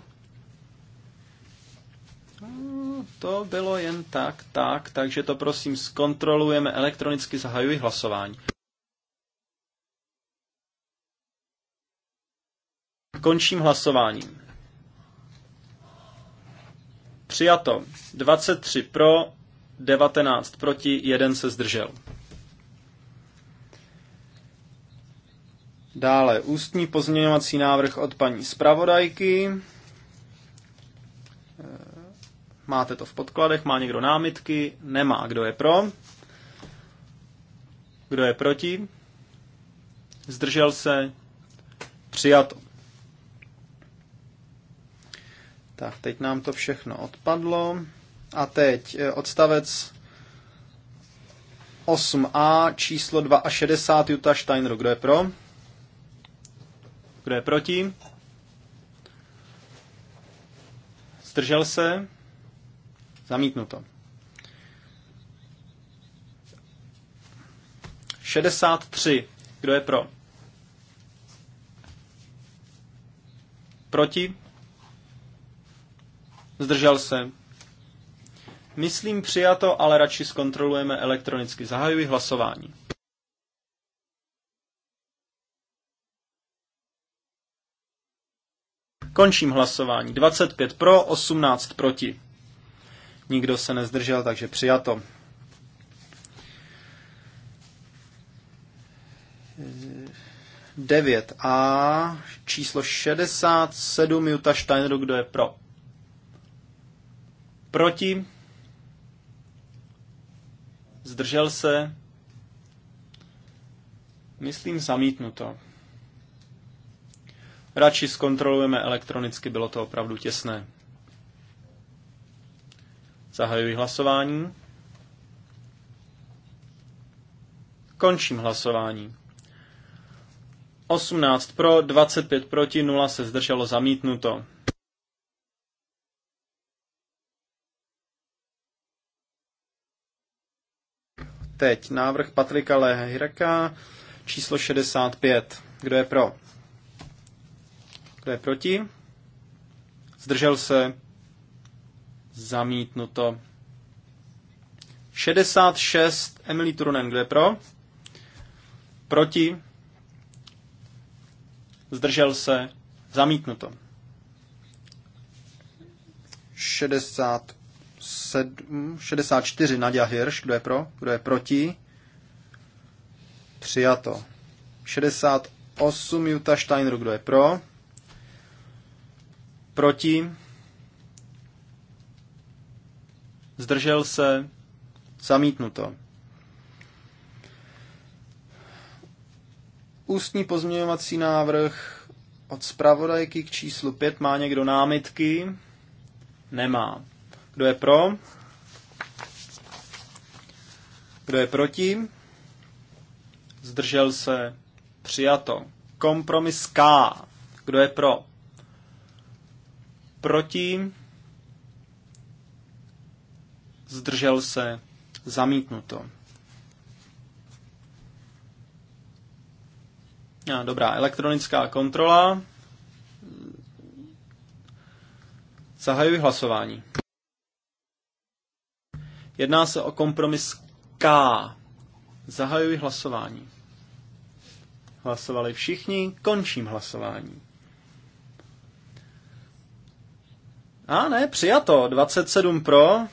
No, to bylo jen tak, tak, takže to prosím zkontrolujeme elektronicky, zahajuji hlasování. Končím hlasování. Přijato. 23 pro, 19 proti, 1 se zdržel. Dále ústní pozměňovací návrh od paní zpravodajky. Eh, máte to v podkladech, má někdo námitky? Nemá. Kdo je pro? Kdo je proti? Zdržel se? Přijato. Tak, teď nám to všechno odpadlo. A teď eh, odstavec 8a číslo 62 Juta Steiner. Kdo je pro? Kdo je proti? Zdržel se? Zamítnuto. 63. Kdo je pro? Proti? Zdržel se. Myslím přijato, ale radši zkontrolujeme elektronicky. Zahajuji hlasování. Končím hlasování. 25 pro, 18 proti. Nikdo se nezdržel, takže přijato. Devět a číslo 67 Juta Steineru, kdo je pro? Proti? Zdržel se? Myslím zamítnuto. Radši zkontrolujeme elektronicky, bylo to opravdu těsné. Zahajuji hlasování. Končím hlasování. 18 pro, 25 proti, 0 se zdrželo zamítnuto. Teď návrh Patrika Lehyreka, číslo 65. Kdo je pro? Kdo je proti? Zdržel se? Zamítnuto. 66 Emily Turunen, kdo je pro? Proti? Zdržel se? Zamítnuto. 67, 64 Nadia Hirsch, kdo je pro? Kdo je proti? Přijato. 68 Juta Steinru, kdo je pro? Proti? Zdržel se? Zamítnuto. Ústní pozměňovací návrh od zpravodajky k číslu 5. Má někdo námitky? Nemá. Kdo je pro? Kdo je proti? Zdržel se? Přijato. Kompromis K. Kdo je pro? Proti? Zdržel se? Zamítnuto. A, dobrá, elektronická kontrola. Zahajuji hlasování. Jedná se o kompromis K. Zahajuji hlasování. Hlasovali všichni, končím hlasování. A ne, přijato. 27 pro,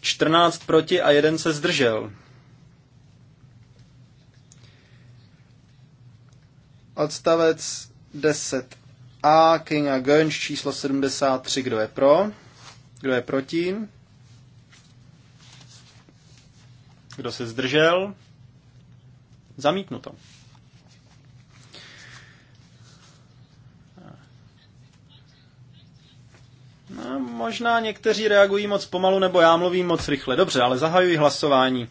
14 proti a jeden se zdržel. Odstavec 10a, King a Gönč, číslo 73, kdo je pro, kdo je proti, kdo se zdržel, zamítnuto. Možná někteří reagují moc pomalu, nebo já mluvím moc rychle. Dobře, ale zahajuji hlasování.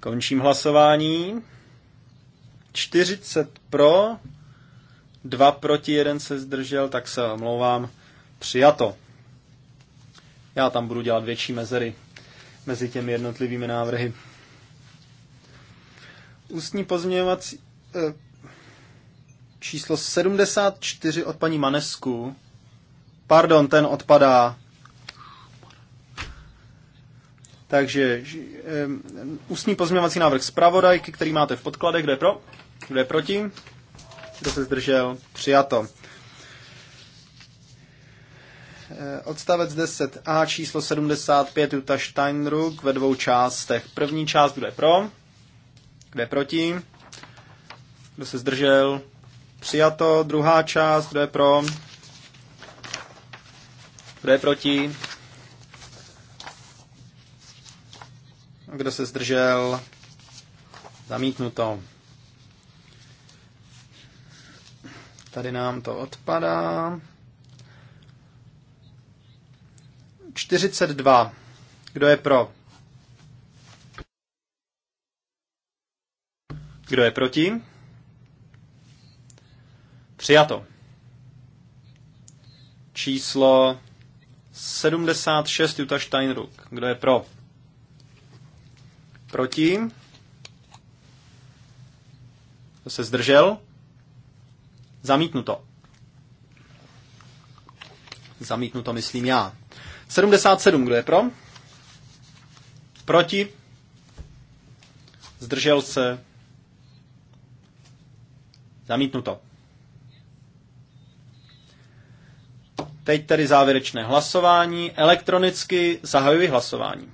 Končím hlasování. 40 pro, 2 proti, 1 se zdržel, tak se omlouvám. Přijato. Já tam budu dělat větší mezery mezi těmi jednotlivými návrhy. Ústní pozměňovací, eh, číslo 74 od paní Manesku. Pardon, ten odpadá. Takže um, ústní pozměňovací návrh zpravodajky, který máte v podkladech, je pro, je proti, kdo se zdržel, přijato. Eh, odstavec 10a číslo 75 Juta Steinruck ve dvou částech. První část, je pro, je proti, kdo se zdržel, Přijato druhá část, kdo je pro? Kdo je proti? Kdo se zdržel? Zamítnuto. Tady nám to odpadá. 42. Kdo je pro? Kdo je proti? Přijato. Číslo 76 Jutta Steinruck. Kdo je pro? Proti? Kdo se zdržel? Zamítnuto. Zamítnuto, myslím já. 77, kdo je pro? Proti? Zdržel se? Zamítnuto. Teď tedy závěrečné hlasování. Elektronicky zahajuji hlasování.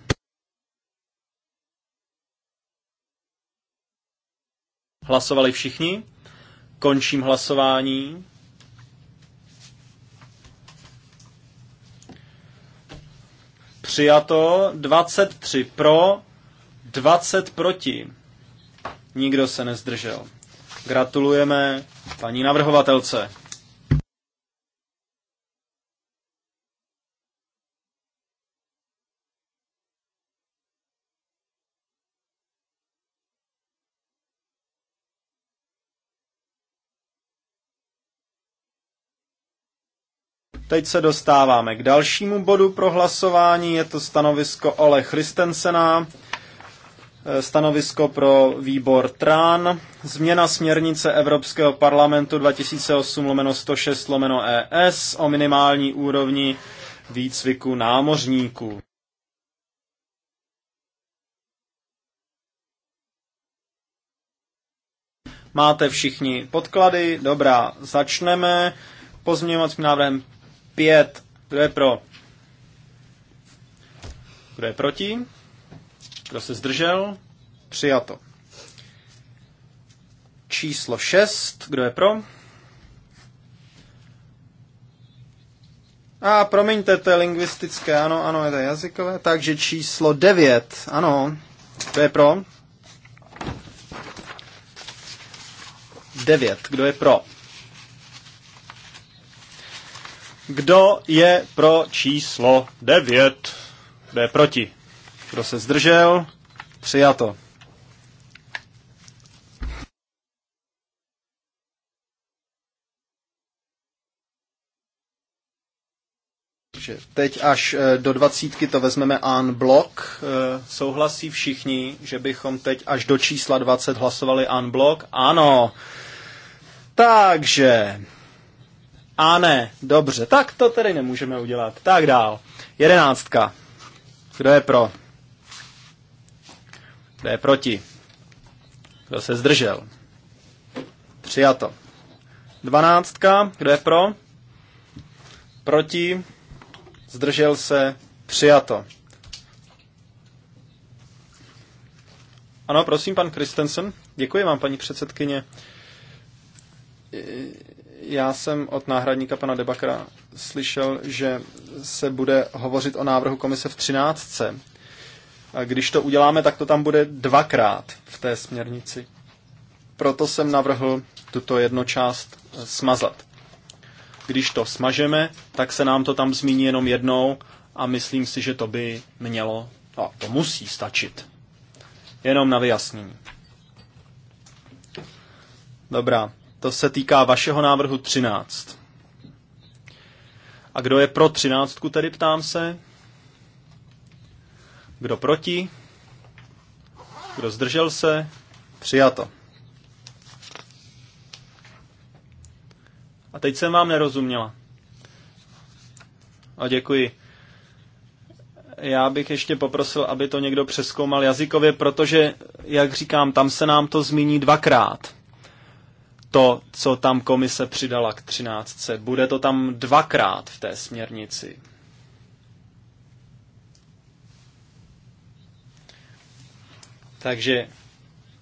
Hlasovali všichni? Končím hlasování. Přijato 23 pro, 20 proti. Nikdo se nezdržel. Gratulujeme paní navrhovatelce. Teď se dostáváme k dalšímu bodu pro hlasování. Je to stanovisko Ole Christensena, e, stanovisko pro výbor TRAN, změna směrnice Evropského parlamentu 2008-106-ES e o minimální úrovni výcviku námořníků. Máte všichni podklady? Dobrá, začneme pozměňovacím návrhem 5. Kdo je pro? Kdo je proti? Kdo se zdržel? Přijato. Číslo 6. Kdo je pro? A promiňte, to je lingvistické, ano, ano, je to jazykové. Takže číslo 9, ano, kdo je pro? 9, kdo je pro? Kdo je pro číslo 9? Kdo je proti? Kdo se zdržel? Přijato. Takže teď až eh, do dvacítky to vezmeme an blok. Eh, souhlasí všichni, že bychom teď až do čísla 20 hlasovali an blok? Ano. Takže a ne, dobře, tak to tedy nemůžeme udělat. Tak dál. Jedenáctka. Kdo je pro? Kdo je proti? Kdo se zdržel? Přijato. Dvanáctka. Kdo je pro? Proti? Zdržel se? Přijato. Ano, prosím, pan Kristensen. Děkuji vám, paní předsedkyně. Já jsem od náhradníka pana Debakra slyšel, že se bude hovořit o návrhu komise v třináctce. A když to uděláme, tak to tam bude dvakrát v té směrnici. Proto jsem navrhl tuto jednu část eh, smazat. Když to smažeme, tak se nám to tam zmíní jenom jednou a myslím si, že to by mělo, a to musí stačit. Jenom na vyjasnění. Dobrá. To se týká vašeho návrhu 13. A kdo je pro 13, tedy ptám se? Kdo proti? Kdo zdržel se? Přijato. A teď jsem vám nerozuměla. A děkuji. Já bych ještě poprosil, aby to někdo přeskoumal jazykově, protože, jak říkám, tam se nám to zmíní dvakrát to, co tam komise přidala k 13. Bude to tam dvakrát v té směrnici. Takže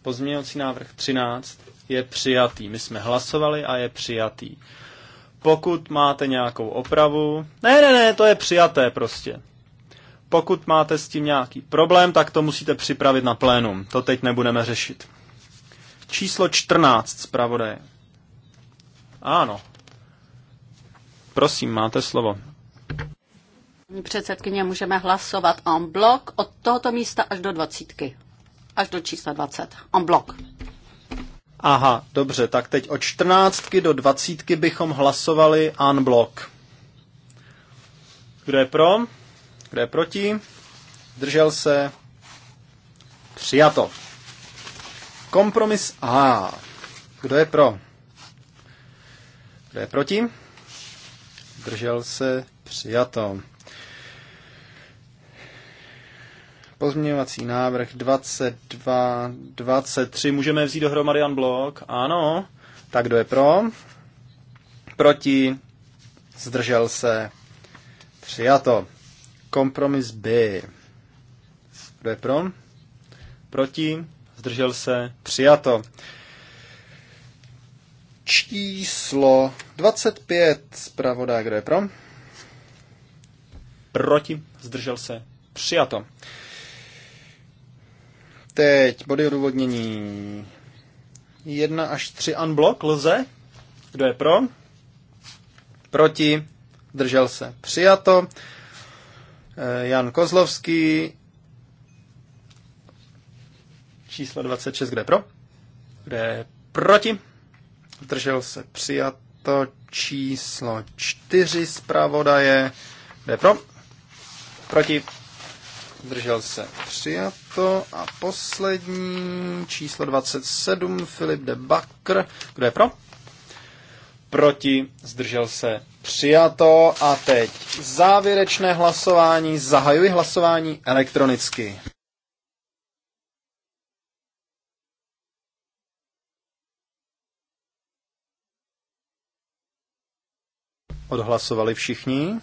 pozměňovací návrh 13 je přijatý. My jsme hlasovali a je přijatý. Pokud máte nějakou opravu... Ne, ne, ne, to je přijaté prostě. Pokud máte s tím nějaký problém, tak to musíte připravit na plénum. To teď nebudeme řešit. Číslo 14 zpravodaje. Ano. Prosím, máte slovo. Předsedkyně, můžeme hlasovat en blok od tohoto místa až do dvacítky. Až do čísla 20. En blok. Aha, dobře, tak teď od čtrnáctky do dvacítky bychom hlasovali en blok. Kdo je pro? Kdo je proti? Držel se? Přijato. Kompromis A. Kdo je pro? Kdo je proti? Držel se přijato. Pozměňovací návrh 22, 23. Můžeme vzít dohromady blok? Ano. Tak kdo je pro? Proti? Zdržel se? Přijato. Kompromis B. Kdo je pro? Proti? zdržel se, přijato. Číslo 25, zpravodá, kdo je pro? Proti, zdržel se, přijato. Teď body odůvodnění. 1 až 3 unblock lze. Kdo je pro? Proti, držel se. Přijato. Eh, Jan Kozlovský, Číslo 26, kde pro? Kde proti? Zdržel se přijato číslo 4 zpravodaje. Kde pro? Proti? Zdržel se přijato. A poslední číslo 27, Filip de Bakr. Kdo je pro? Proti? Zdržel se přijato. A teď závěrečné hlasování. Zahajuji hlasování elektronicky. Odhlasovali všichni?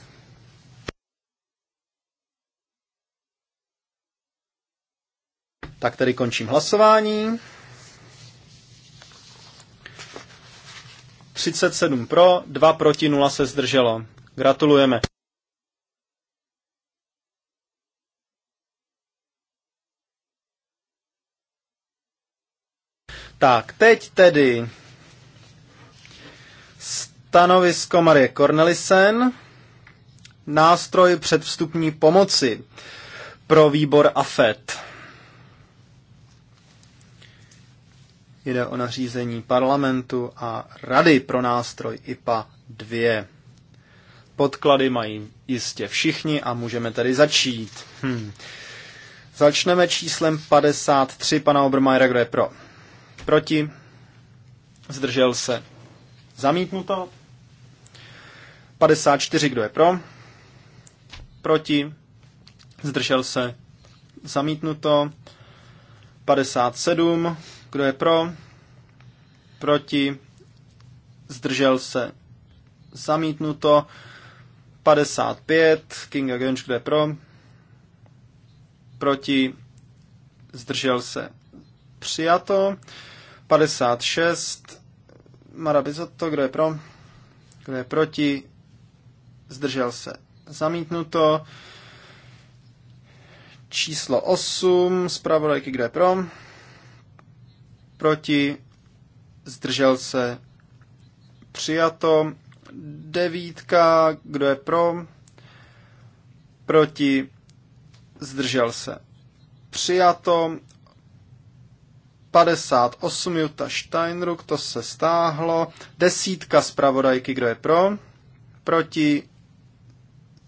Tak tedy končím hlasování. 37 pro, 2 proti, 0 se zdrželo. Gratulujeme. Tak, teď tedy Stanovisko Marie Cornelisen. Nástroj předvstupní pomoci pro výbor AFET. Jde o nařízení parlamentu a rady pro nástroj IPA 2. Podklady mají jistě všichni a můžeme tedy začít. Hm. Začneme číslem 53 pana Obermajera, kdo je pro. Proti. Zdržel se. Zamítnuto. 54, kdo je pro? Proti? Zdržel se? Zamítnuto. 57, kdo je pro? Proti? Zdržel se? Zamítnuto. 55, king Gönč, kdo je pro? Proti? Zdržel se? Přijato. 56, Mara Bizotto, kdo je pro? Kdo je proti? zdržel se zamítnuto. Číslo 8, zpravodajky, kde je pro, proti, zdržel se přijato. Devítka, kdo je pro, proti, zdržel se přijato. 58 Juta Steinruck, to se stáhlo. Desítka zpravodajky, kdo je pro? Proti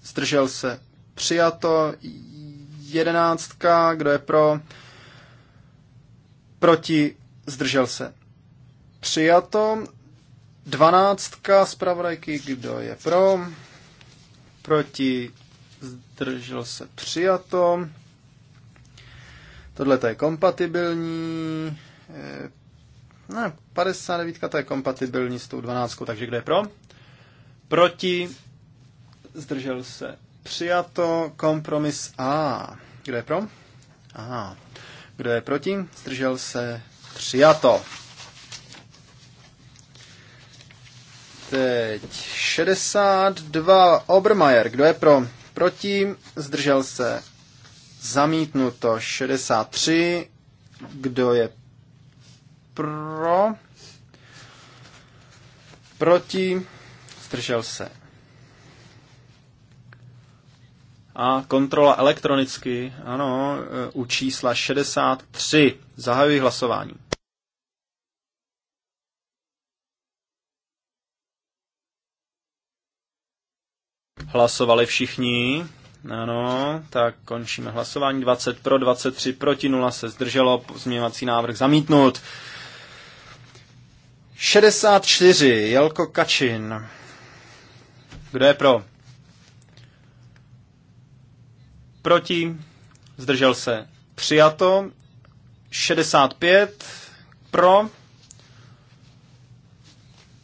zdržel se přijato, jedenáctka, kdo je pro, proti, zdržel se přijato, dvanáctka zpravodajky, kdo je pro, proti, zdržel se přijato, tohle to je kompatibilní, eh, ne, 59 to je kompatibilní s tou 12, takže kdo je pro? Proti, zdržel se, přijato. Kompromis A. Kdo je pro? A. Kdo je proti? Zdržel se, přijato. Teď 62 Obermajer. Kdo je pro? Proti? Zdržel se. Zamítnuto 63. Kdo je pro? Proti? Zdržel se. A kontrola elektronicky, ano, u čísla 63. Zahajuji hlasování. Hlasovali všichni. Ano, tak končíme hlasování. 20 pro, 23 proti, 0 se zdrželo, pozměňovací návrh zamítnut. 64, Jelko Kačin. Kdo je pro? proti, zdržel se přijato, 65 pro,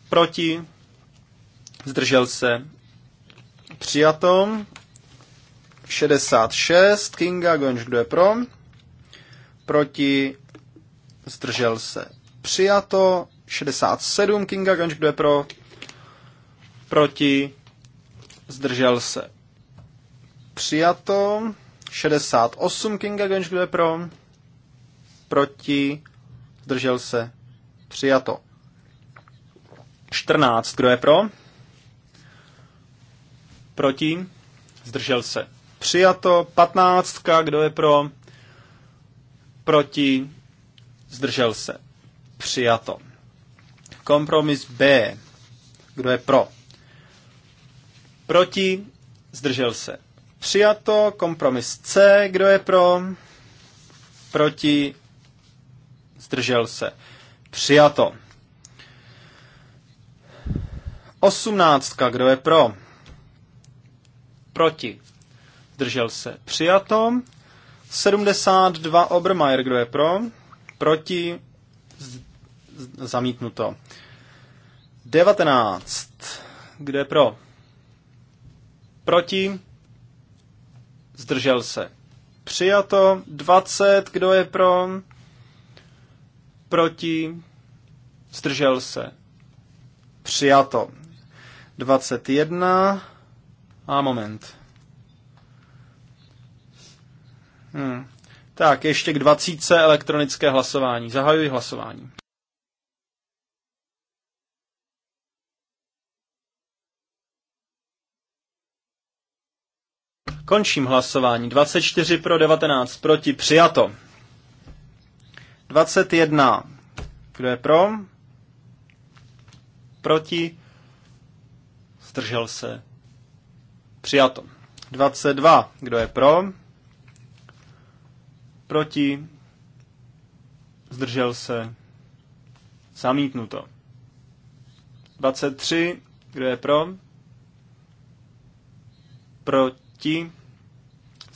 proti, zdržel se přijato, 66 Kinga Gonč, kdo je pro, proti, zdržel se přijato, 67 Kinga Gonč, kdo je pro, proti, zdržel se Přijato. 68 Kinga Gönč, kdo je pro? Proti. Zdržel se. Přijato. 14, kdo je pro? Proti. Zdržel se. Přijato. 15, kdo je pro? Proti. Zdržel se. Přijato. Kompromis B. Kdo je pro? Proti. Zdržel se. Přijato. Kompromis C. Kdo je pro? Proti? Zdržel se. Přijato. Osmnáctka. Kdo je pro? Proti. Zdržel se. Přijato. 72 Obermeier, kdo je pro? Proti. zamítnuto. 19. Kdo je pro? Proti. Zdržel se. Přijato. 20. Kdo je pro? Proti. Zdržel se. Přijato. 21. A moment. Hmm. Tak, ještě k 20. elektronické hlasování. Zahajuji hlasování. Končím hlasování. 24 pro 19 proti přijato. 21. Kdo je pro? Proti? Zdržel se. Přijato. 22. Kdo je pro? Proti? Zdržel se. Zamítnuto. 23. Kdo je pro? Proti?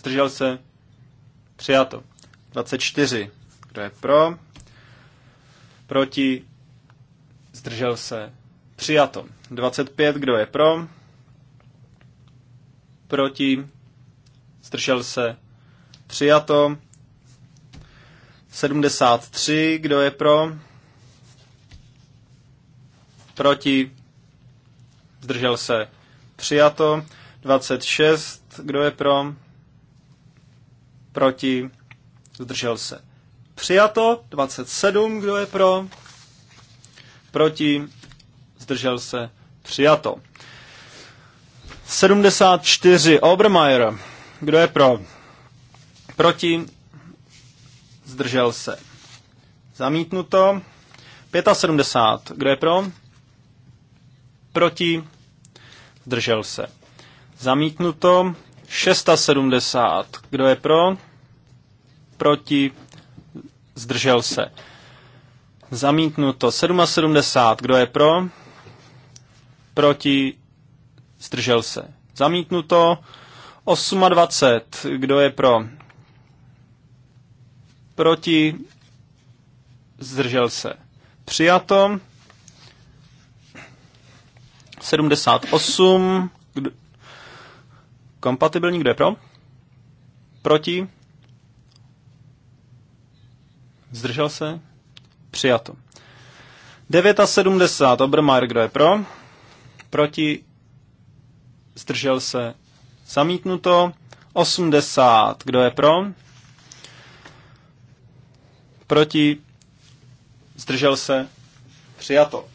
zdržel se, přijato. 24, kdo je pro, proti, zdržel se, přijato. 25, kdo je pro, proti, zdržel se, přijato. 73, kdo je pro, proti, zdržel se, přijato. 26, kdo je pro, proti, zdržel se. Přijato, 27, kdo je pro, proti, zdržel se, přijato. 74, Obermeier, kdo je pro, proti, zdržel se. Zamítnuto. 75, kdo je pro, proti, zdržel se. Zamítnuto. 670, kdo je pro, proti, zdržel se. Zamítnuto 77, kdo je pro, proti, zdržel se. Zamítnuto 28, kdo je pro, proti, zdržel se. Přijato 78, kdo, kompatibilní, kdo je pro, proti, Zdržel se? Přijato. 79 Obermeier, kdo je pro? Proti? Zdržel se? Zamítnuto. 80, kdo je pro? Proti? Zdržel se? Přijato.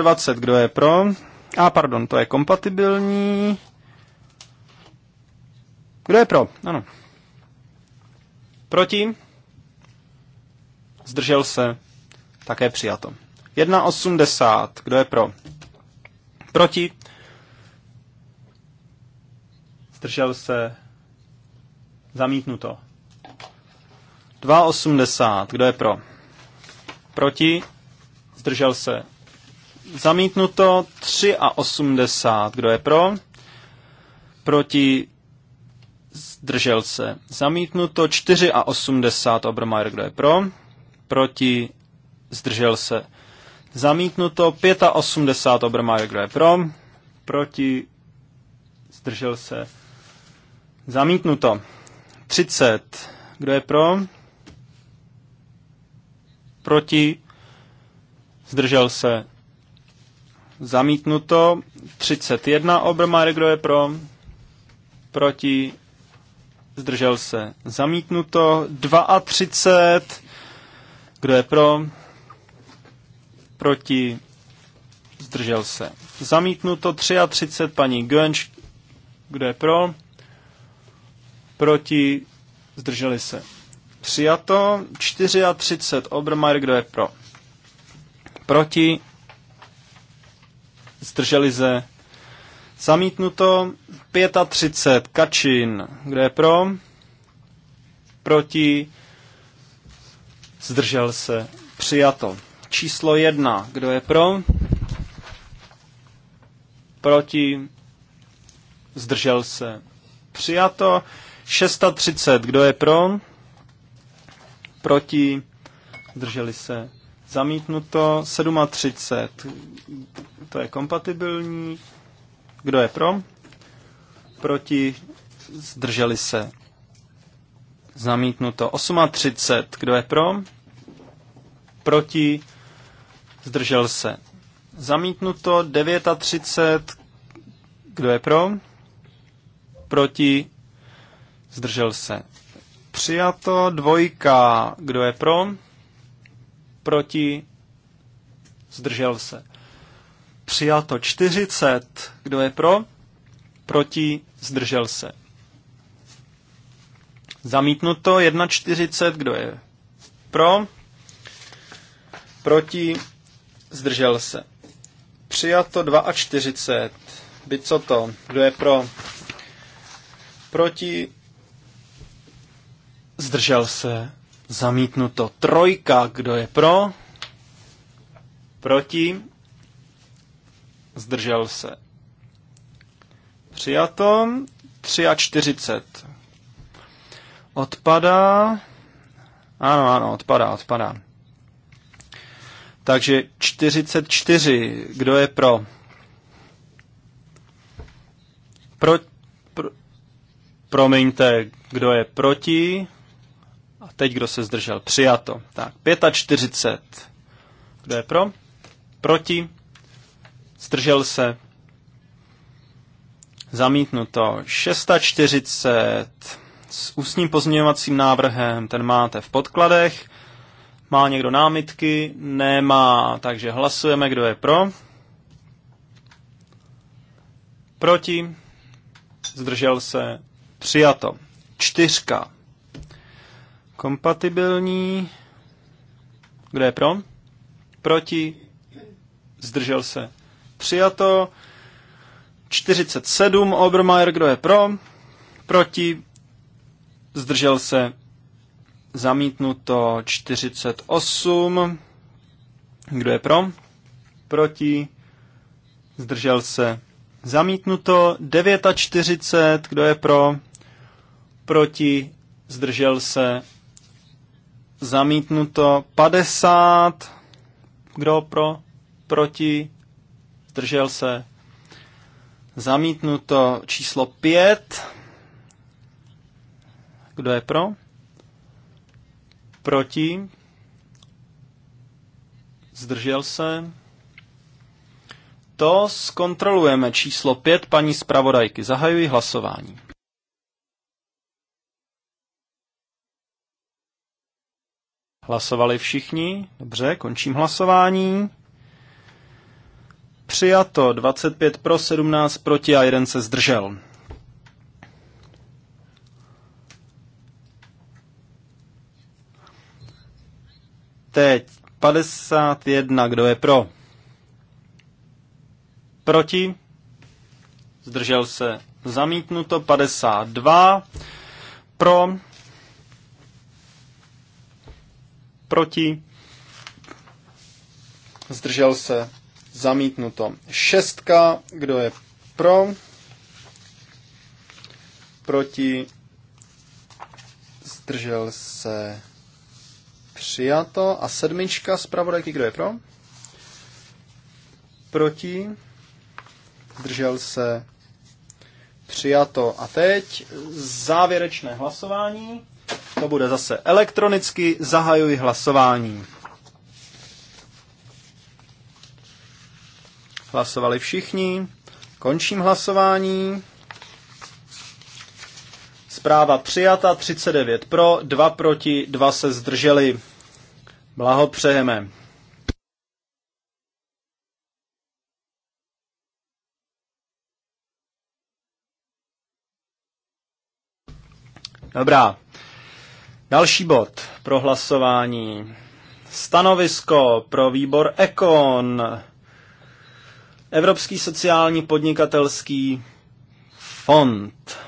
29, kdo je pro? A ah, pardon, to je kompatibilní. Kdo je pro? Ano. Proti? Zdržel se? Také přijato. 1,80. Kdo je pro? Proti? Zdržel se? Zamítnuto. 2,80. Kdo je pro? Proti? Zdržel se? Zamítnuto. 3,80. Kdo je pro? Proti? Zdržel se? Zamítnuto. 4,80. Obermajer. Kdo je pro? proti, zdržel se. Zamítnuto 85 Obermajer, kdo je pro, proti, zdržel se. Zamítnuto 30, kdo je pro, proti, zdržel se. Zamítnuto 31 Obermajer, kdo je pro, proti, zdržel se. Zamítnuto 32 kdo je pro? Proti? Zdržel se. Zamítnuto 33 paní Gönč. Kdo je pro? Proti? Zdrželi se. Přijato 34 Obermeier. Kdo je pro? Proti? Zdrželi se. Zamítnuto 35 Kačin. Kdo je pro? Proti? zdržel se, přijato. Číslo jedna, kdo je pro? Proti, zdržel se, přijato. 630, kdo je pro? Proti, zdrželi se, zamítnuto. 37, to je kompatibilní. Kdo je pro? Proti, zdrželi se, zamítnuto. 38, kdo je pro? proti, zdržel se. Zamítnuto 39, kdo je pro, proti, zdržel se. Přijato dvojka, kdo je pro, proti, zdržel se. Přijato 40, kdo je pro, proti, zdržel se. Zamítnuto 1,40, kdo je pro, proti, zdržel se. Přijato 42, Byť co to, kdo je pro, proti, zdržel se, zamítnuto. Trojka, kdo je pro, proti, zdržel se. Přijato 43. Odpadá. Ano, ano, odpadá, odpadá. Takže 44, kdo je pro? pro, pro promiňte, kdo je proti? A teď, kdo se zdržel? Přijato. Tak, 45. Kdo je pro? Proti? Zdržel se? Zamítnuto. 640 s ústním pozměňovacím návrhem, ten máte v podkladech. Má někdo námitky? Nemá. Takže hlasujeme, kdo je pro. Proti? Zdržel se? Přijato. Čtyřka. Kompatibilní. Kdo je pro? Proti? Zdržel se? Přijato. 47 Obermeier, kdo je pro? Proti? Zdržel se? Zamítnuto 48. Kdo je pro? Proti? Zdržel se. Zamítnuto 49. Kdo je pro? Proti? Zdržel se. Zamítnuto 50. Kdo pro? Proti? Zdržel se. Zamítnuto číslo 5. Kdo je pro? Proti? Zdržel se? To zkontrolujeme. Číslo 5 paní zpravodajky. Zahajuji hlasování. Hlasovali všichni? Dobře, končím hlasování. Přijato 25 pro, 17 proti a jeden se zdržel. teď 51, kdo je pro? Proti? Zdržel se zamítnuto 52. Pro? Proti? Zdržel se zamítnuto šestka, kdo je pro? Proti? Zdržel se Přijato. A sedmička zpravodajky, kdo je pro? Proti. držel se. Přijato. A teď závěrečné hlasování. To bude zase elektronicky. Zahajuji hlasování. Hlasovali všichni. Končím hlasování. Zpráva přijata, 39 pro, 2 proti, 2 se zdrželi. Blahopřejeme. Dobrá. Další bod pro hlasování. Stanovisko pro výbor Ekon. Evropský sociální podnikatelský fond.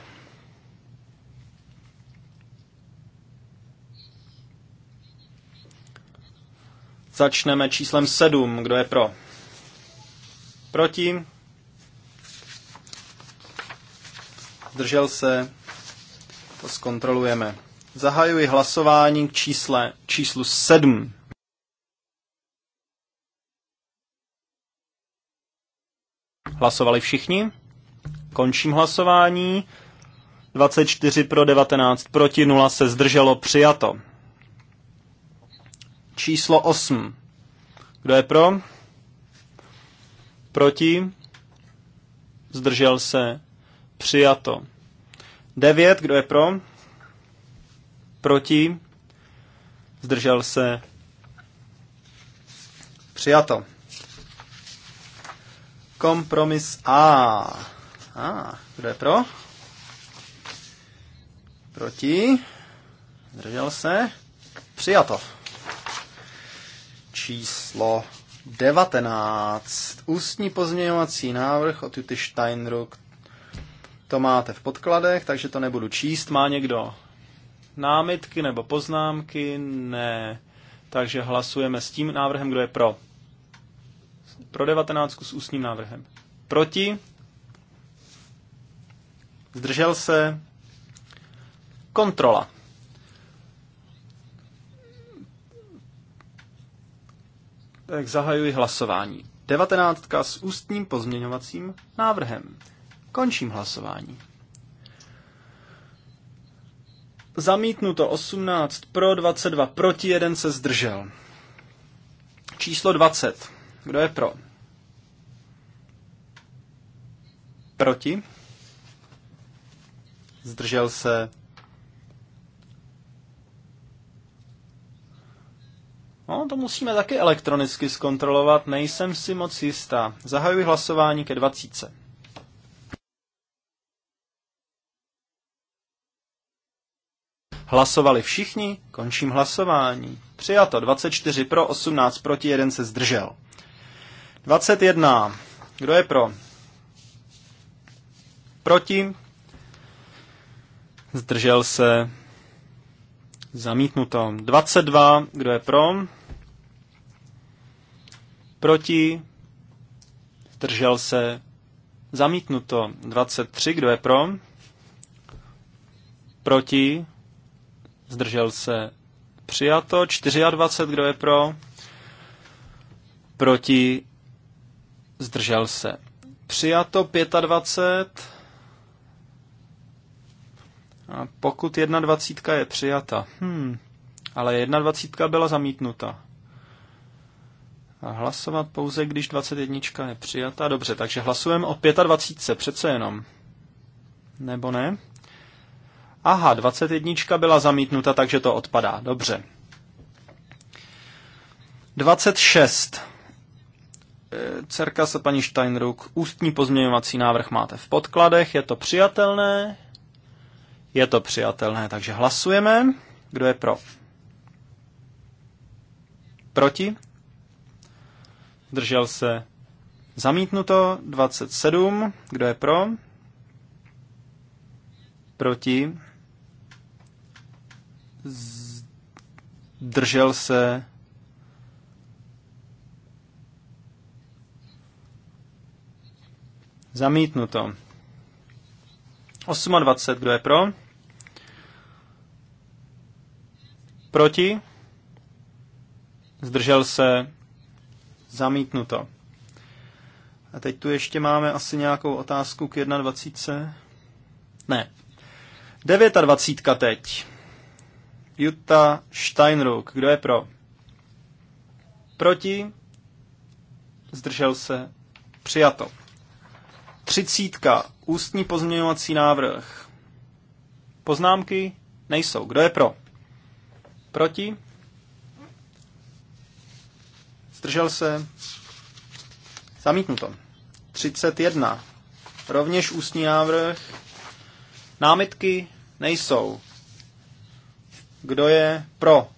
Začneme číslem 7. Kdo je pro? Proti? Zdržel se? To zkontrolujeme. Zahajuji hlasování k čísle, číslu 7. Hlasovali všichni? Končím hlasování. 24 pro 19 proti 0 se zdrželo přijato číslo 8. Kdo je pro? Proti? Zdržel se? Přijato. 9. Kdo je pro? Proti? Zdržel se? Přijato. Kompromis A. A. Kdo je pro? Proti? Zdržel se? Přijato číslo 19. Ústní pozměňovací návrh od Juty Steinruck. To máte v podkladech, takže to nebudu číst. Má někdo námitky nebo poznámky? Ne. Takže hlasujeme s tím návrhem, kdo je pro. Pro 19 s ústním návrhem. Proti? Zdržel se? Kontrola. Tak zahajuji hlasování. Devatenáctka s ústním pozměňovacím návrhem. Končím hlasování. Zamítnuto 18 pro, 22 proti, 1 se zdržel. Číslo 20. Kdo je pro? Proti? Zdržel se to musíme taky elektronicky zkontrolovat, nejsem si moc jistá. Zahajuji hlasování ke 20. Hlasovali všichni, končím hlasování. Přijato 24 pro, 18 proti, 1 se zdržel. 21. Kdo je pro? Proti? Zdržel se. Zamítnuto. 22. Kdo je pro? Proti? Zdržel se? Zamítnuto. 23. Kdo je pro? Proti? Zdržel se? Přijato. 24. Kdo je pro? Proti? Zdržel se? Přijato. 25. A pokud 21 je přijata, hmm, ale 21 byla zamítnuta hlasovat pouze, když 21 je přijata. Dobře, takže hlasujeme o 25 přece jenom. Nebo ne? Aha, 21 byla zamítnuta, takže to odpadá. Dobře. 26. Eh, Cerka se paní Steinruck. Ústní pozměňovací návrh máte v podkladech. Je to přijatelné? Je to přijatelné, takže hlasujeme. Kdo je pro? Proti? zdržel se. Zamítnuto 27. Kdo je pro? Proti? zdržel se. Zamítnuto. 28. Kdo je pro? Proti? Zdržel se Zamítnuto. A teď tu ještě máme asi nějakou otázku k 21. Ne. 29. teď. Jutta Steinruck. Kdo je pro? Proti? Zdržel se? Přijato. Třicítka. Ústní pozměňovací návrh. Poznámky nejsou. Kdo je pro? Proti? Zdržel se? Zamítnuto. 31. Rovněž ústní návrh. Námitky nejsou. Kdo je pro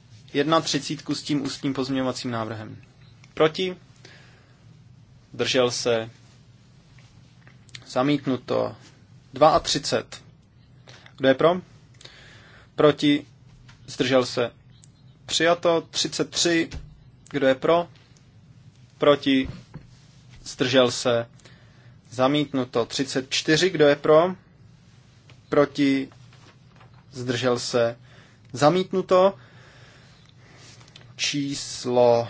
31 s tím ústním pozměňovacím návrhem? Proti? Držel se. Zamítnuto. 32. Kdo je pro? Proti? Zdržel se. Přijato. 33. Kdo je pro? proti, zdržel se, zamítnuto. 34, kdo je pro, proti, zdržel se, zamítnuto. Číslo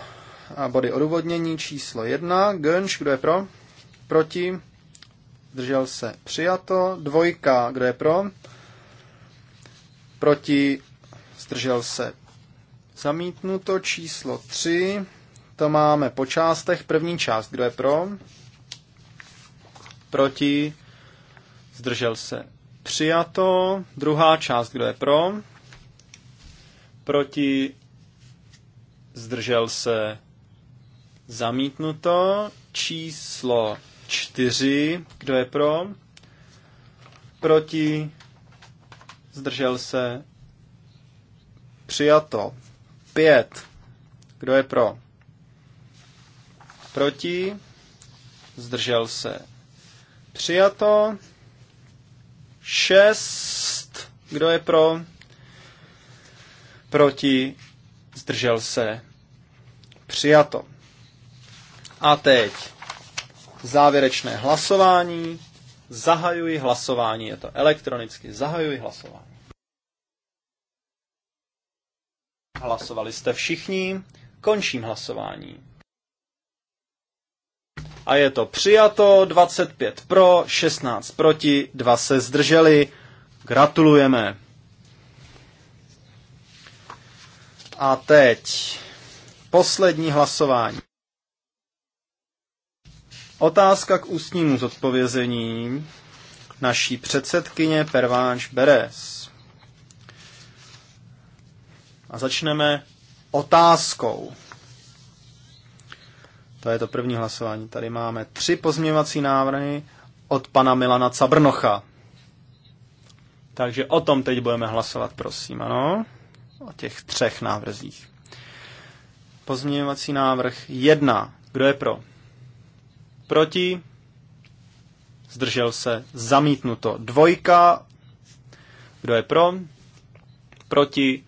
a body odůvodnění číslo 1. Gönč, kdo je pro? Proti. Zdržel se. Přijato. Dvojka, kdo je pro? Proti. Zdržel se. Zamítnuto. Číslo 3. To máme po částech. První část, kdo je pro? Proti? Zdržel se. Přijato. Druhá část, kdo je pro? Proti? Zdržel se. Zamítnuto. Číslo čtyři, kdo je pro? Proti? Zdržel se. Přijato. Pět. Kdo je pro? Proti? Zdržel se. Přijato. Šest. Kdo je pro? Proti? Zdržel se. Přijato. A teď závěrečné hlasování. Zahajuji hlasování. Je to elektronicky. Zahajuji hlasování. Hlasovali jste všichni. Končím hlasování. A je to přijato, 25 pro, 16 proti, dva se zdrželi. Gratulujeme. A teď poslední hlasování. Otázka k ústnímu zodpovězení naší předsedkyně Pervánš Beres. A začneme otázkou. To je to první hlasování. Tady máme tři pozměňovací návrhy od pana Milana Cabrnocha. Takže o tom teď budeme hlasovat, prosím, ano? O těch třech návrzích. Pozměňovací návrh 1. Kdo je pro? Proti? Zdržel se? Zamítnuto. Dvojka. Kdo je pro? Proti?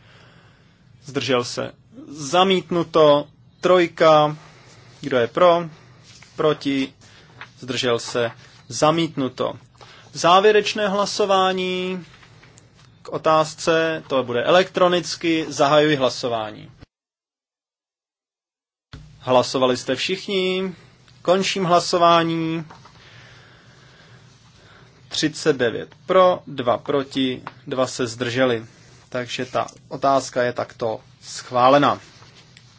Zdržel se? Zamítnuto. Trojka. Kdo je pro? Proti? Zdržel se? Zamítnuto. Závěrečné hlasování k otázce, to bude elektronicky, zahajuji hlasování. Hlasovali jste všichni, končím hlasování. 39 pro, 2 proti, 2 se zdrželi. Takže ta otázka je takto schválena.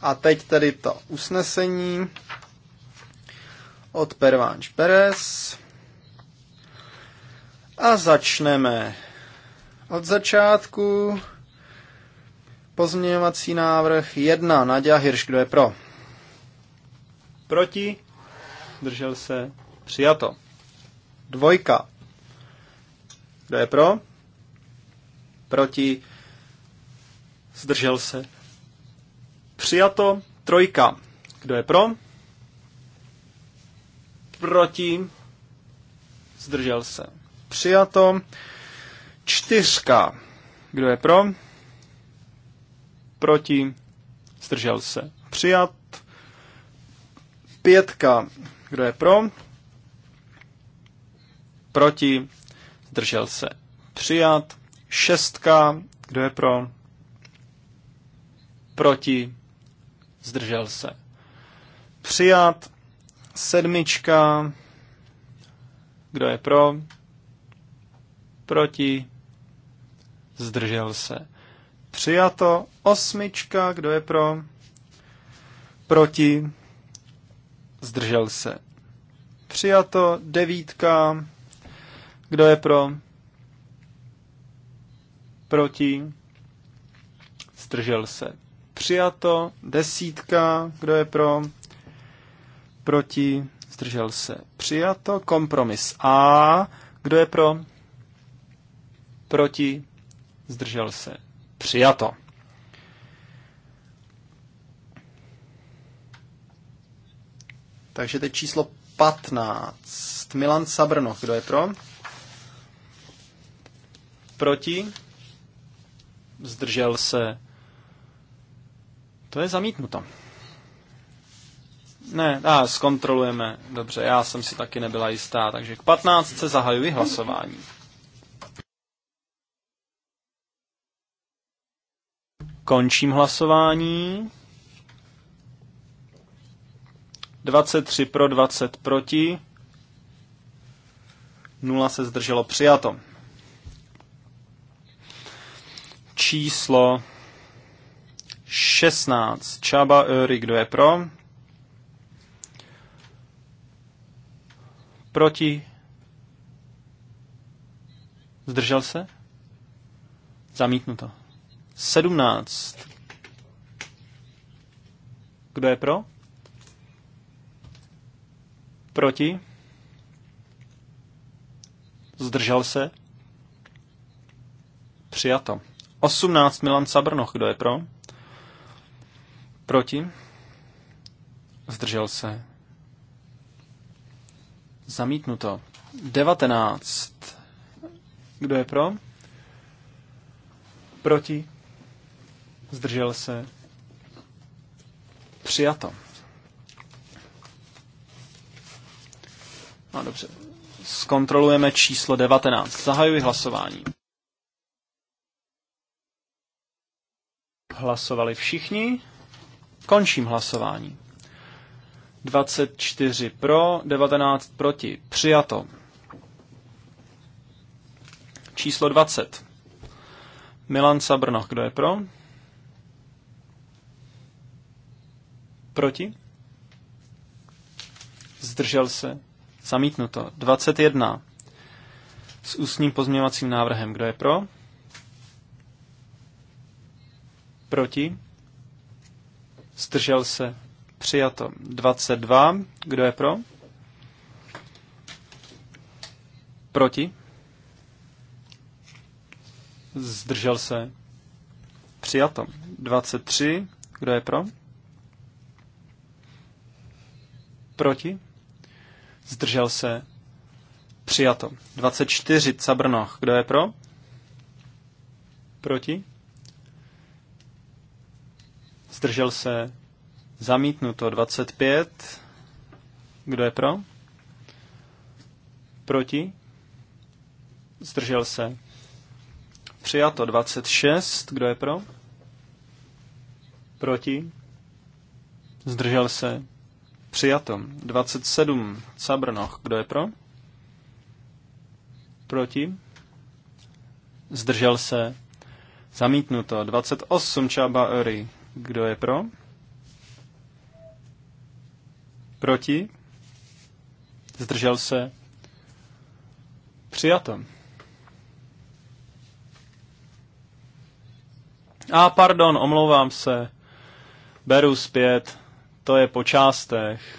A teď tedy to usnesení od Pervánč Perez. A začneme od začátku. Pozměňovací návrh 1. Nadia Hirš, kdo je pro? Proti? Držel se? Přijato. Dvojka. Kdo je pro? Proti? Zdržel se? Přijato. Trojka. Kdo je pro? Proti. Zdržel se. Přijato. Čtyřka. Kdo je pro? Proti. Zdržel se. Přijat. Pětka. Kdo je pro? Proti. Zdržel se. Přijat. Šestka. Kdo je pro? Proti zdržel se. Přijat sedmička, kdo je pro, proti, zdržel se. Přijato osmička, kdo je pro, proti, zdržel se. Přijato devítka, kdo je pro, proti, zdržel se přijato. Desítka, kdo je pro, proti, zdržel se, přijato. Kompromis A, kdo je pro, proti, zdržel se, přijato. Takže teď číslo 15. Milan Sabrno, kdo je pro? Proti? Zdržel se. To je zamítnuto. Ne, a zkontrolujeme. Dobře, já jsem si taky nebyla jistá, takže k 15 se zahajuji hlasování. Končím hlasování. 23 pro, 20 proti. 0 se zdrželo přijato. Číslo 16. Čaba Öry, kdo je pro? Proti? Zdržel se? Zamítnuto. 17. Kdo je pro? Proti? Zdržel se? Přijato. 18. Milan Sabrnoch, kdo je pro? Proti? Zdržel se. Zamítnuto. 19. Kdo je pro? Proti? Zdržel se. Přijato. No dobře. Zkontrolujeme číslo 19. Zahajuji hlasování. Hlasovali všichni. Končím hlasování. 24 pro, 19 proti. Přijato. Číslo 20. Milan Sabrnoch, kdo je pro? Proti? Zdržel se? Zamítnuto. 21. S ústním pozměňovacím návrhem, kdo je pro? Proti? Zdržel se? Přijato. 22. Kdo je pro? Proti? Zdržel se? Přijato. 23. Kdo je pro? Proti? Zdržel se? Přijato. 24. Cabrnoch. Kdo je pro? Proti? zdržel se, zamítnuto 25, kdo je pro, proti, zdržel se, přijato 26, kdo je pro, proti, zdržel se, přijato 27, Cabrnoch, kdo je pro, proti, zdržel se, zamítnuto 28, Čaba Öry, kdo je pro? Proti? Zdržel se? Přijato. A pardon, omlouvám se. Beru zpět. To je po částech.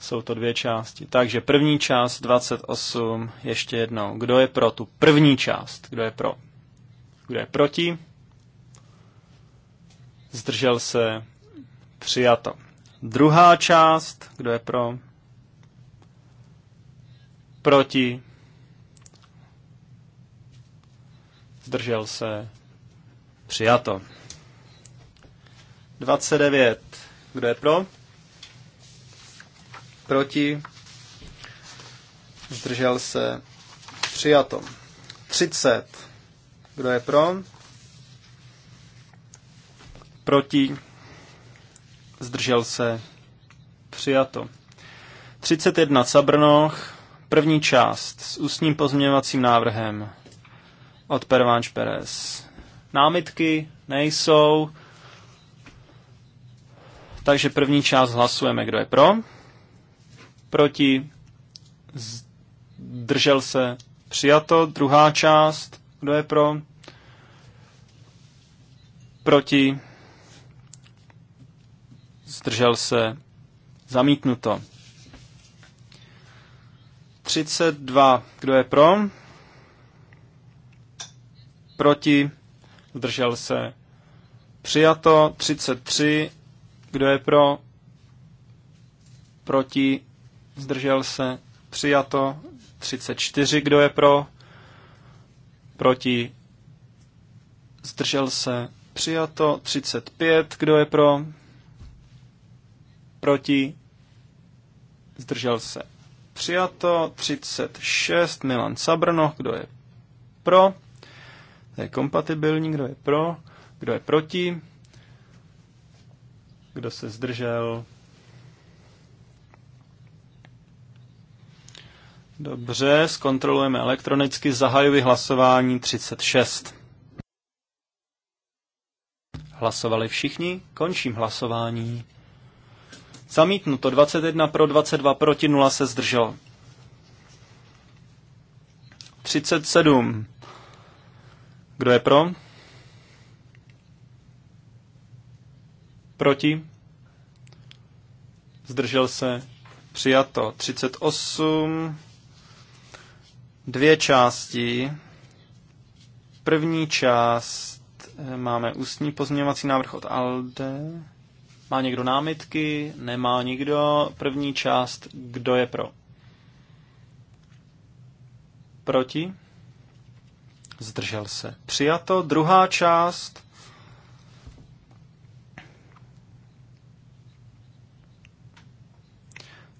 Jsou to dvě části. Takže první část 28, ještě jednou. Kdo je pro tu první část? Kdo je pro? Kdo je proti? zdržel se, přijato. Druhá část, kdo je pro, proti, zdržel se, přijato. 29. Kdo je pro? Proti? Zdržel se? Přijato. 30. Kdo je pro? proti, zdržel se, přijato. 31 Cabrnoch, první část s ústním pozměňovacím návrhem od Pervánč Perez. Námitky nejsou, takže první část hlasujeme, kdo je pro, proti, zdržel se, přijato, druhá část, kdo je pro, proti, zdržel se, zamítnuto. 32, kdo je pro? Proti, zdržel se, přijato. 33, kdo je pro? Proti, zdržel se, přijato. 34, kdo je pro? Proti, zdržel se, přijato. 35, kdo je pro? proti, zdržel se přijato, 36 Milan Sabrno, kdo je pro, to je kompatibilní, kdo je pro, kdo je proti, kdo se zdržel. Dobře, zkontrolujeme elektronicky, zahajuji hlasování 36. Hlasovali všichni, končím hlasování. Zamítnuto 21 pro 22 proti 0 se zdrželo. 37. Kdo je pro? Proti? Zdržel se? Přijato. 38. Dvě části. První část eh, máme ústní pozměňovací návrh od ALDE. Má někdo námitky? Nemá nikdo. První část, kdo je pro? Proti? Zdržel se. Přijato. Druhá část.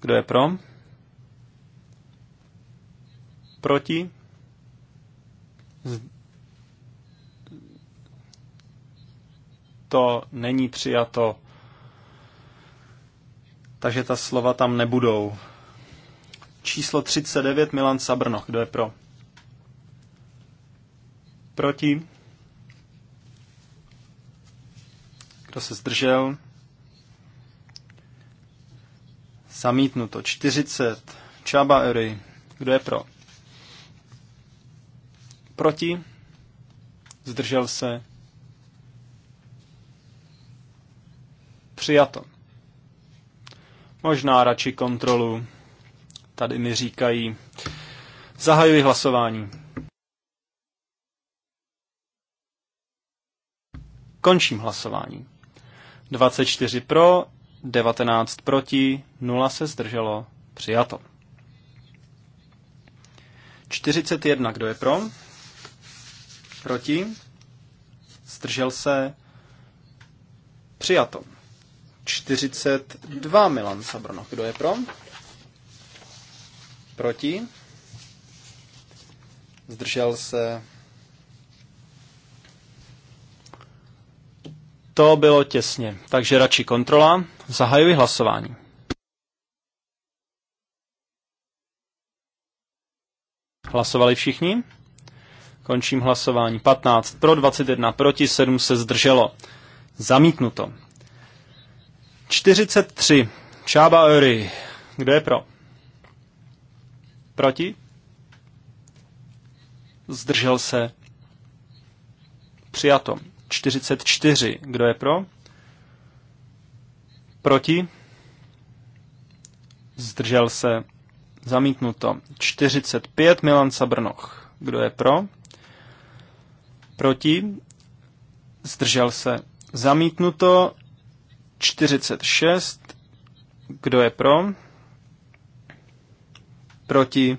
Kdo je pro? Proti? To není přijato takže ta slova tam nebudou. Číslo 39 Milan Sabrno. Kdo je pro? Proti? Kdo se zdržel? Zamítnuto. 40. Čaba Ery. Kdo je pro? Proti? Zdržel se? Přijato. Možná radši kontrolu. Tady mi říkají. Zahajuji hlasování. Končím hlasování. 24 pro, 19 proti, 0 se zdrželo, přijato. 41, kdo je pro? Proti? Zdržel se? Přijato. 42 Milan Sabrno. Kdo je pro? Proti? Zdržel se. To bylo těsně, takže radši kontrola. Zahajuji hlasování. Hlasovali všichni? Končím hlasování. 15 pro, 21 proti, 7 se zdrželo. Zamítnuto. 43. Čába Öry. Kdo je pro? Proti? Zdržel se. Přijato. 44. Kdo je pro? Proti? Zdržel se. Zamítnuto. 45. Milan Sabrnoch. Kdo je pro? Proti? Zdržel se. Zamítnuto. 46. Kdo je pro? Proti?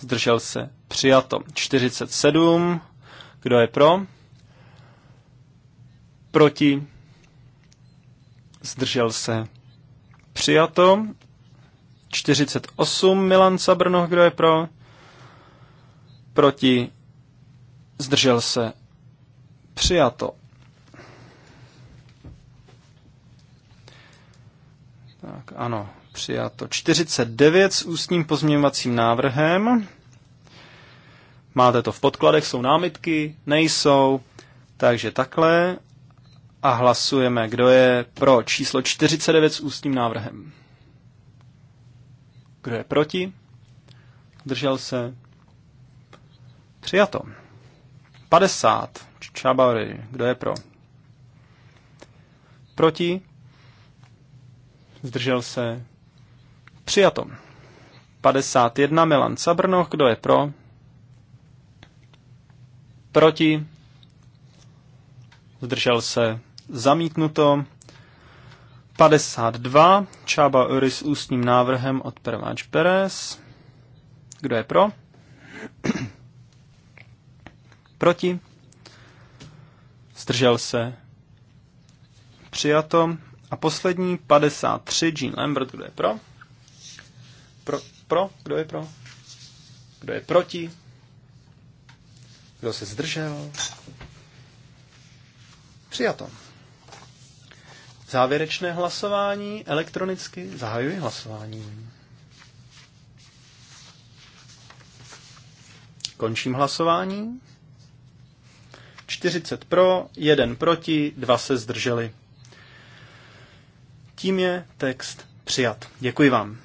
Zdržel se? Přijato. 47. Kdo je pro? Proti? Zdržel se? Přijato. 48. Milan Cabrnoch. Kdo je pro? Proti? Zdržel se? Přijato. Tak ano, přijato 49 s ústním pozměňovacím návrhem. Máte to v podkladech, jsou námitky? Nejsou. Takže takhle a hlasujeme, kdo je pro číslo 49 s ústním návrhem. Kdo je proti? Držel se? Přijato. 50. Čabary. Kdo je pro? Proti? zdržel se, přijato. 51 Milan Cabrnoch, kdo je pro? Proti? Zdržel se, zamítnuto. 52 Čába Uri s ústním návrhem od Perváč Perez. Kdo je pro? (clears throat) Proti? Zdržel se. Přijato. A poslední 53 Jean Lambert, kdo je pro? Pro, pro? Kdo je pro? Kdo je proti? Kdo se zdržel? Přijato. Závěrečné hlasování elektronicky zahajuji hlasování. Končím hlasování. 40 pro, 1 proti, 2 se zdrželi. Tím je text přijat. Děkuji vám.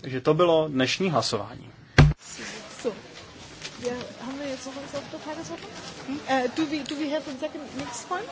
Takže to bylo dnešní hlasování. Hm? Äh, do, we, do we have a second next one?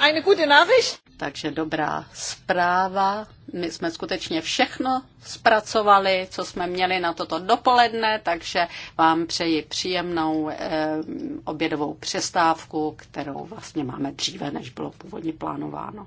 eine gute Nachricht. Takže dobrá zpráva. My jsme skutečně všechno zpracovali, co jsme měli na toto dopoledne, takže vám přeji příjemnou eh, obědovou přestávku, kterou vlastně máme dříve, než bylo původně plánováno.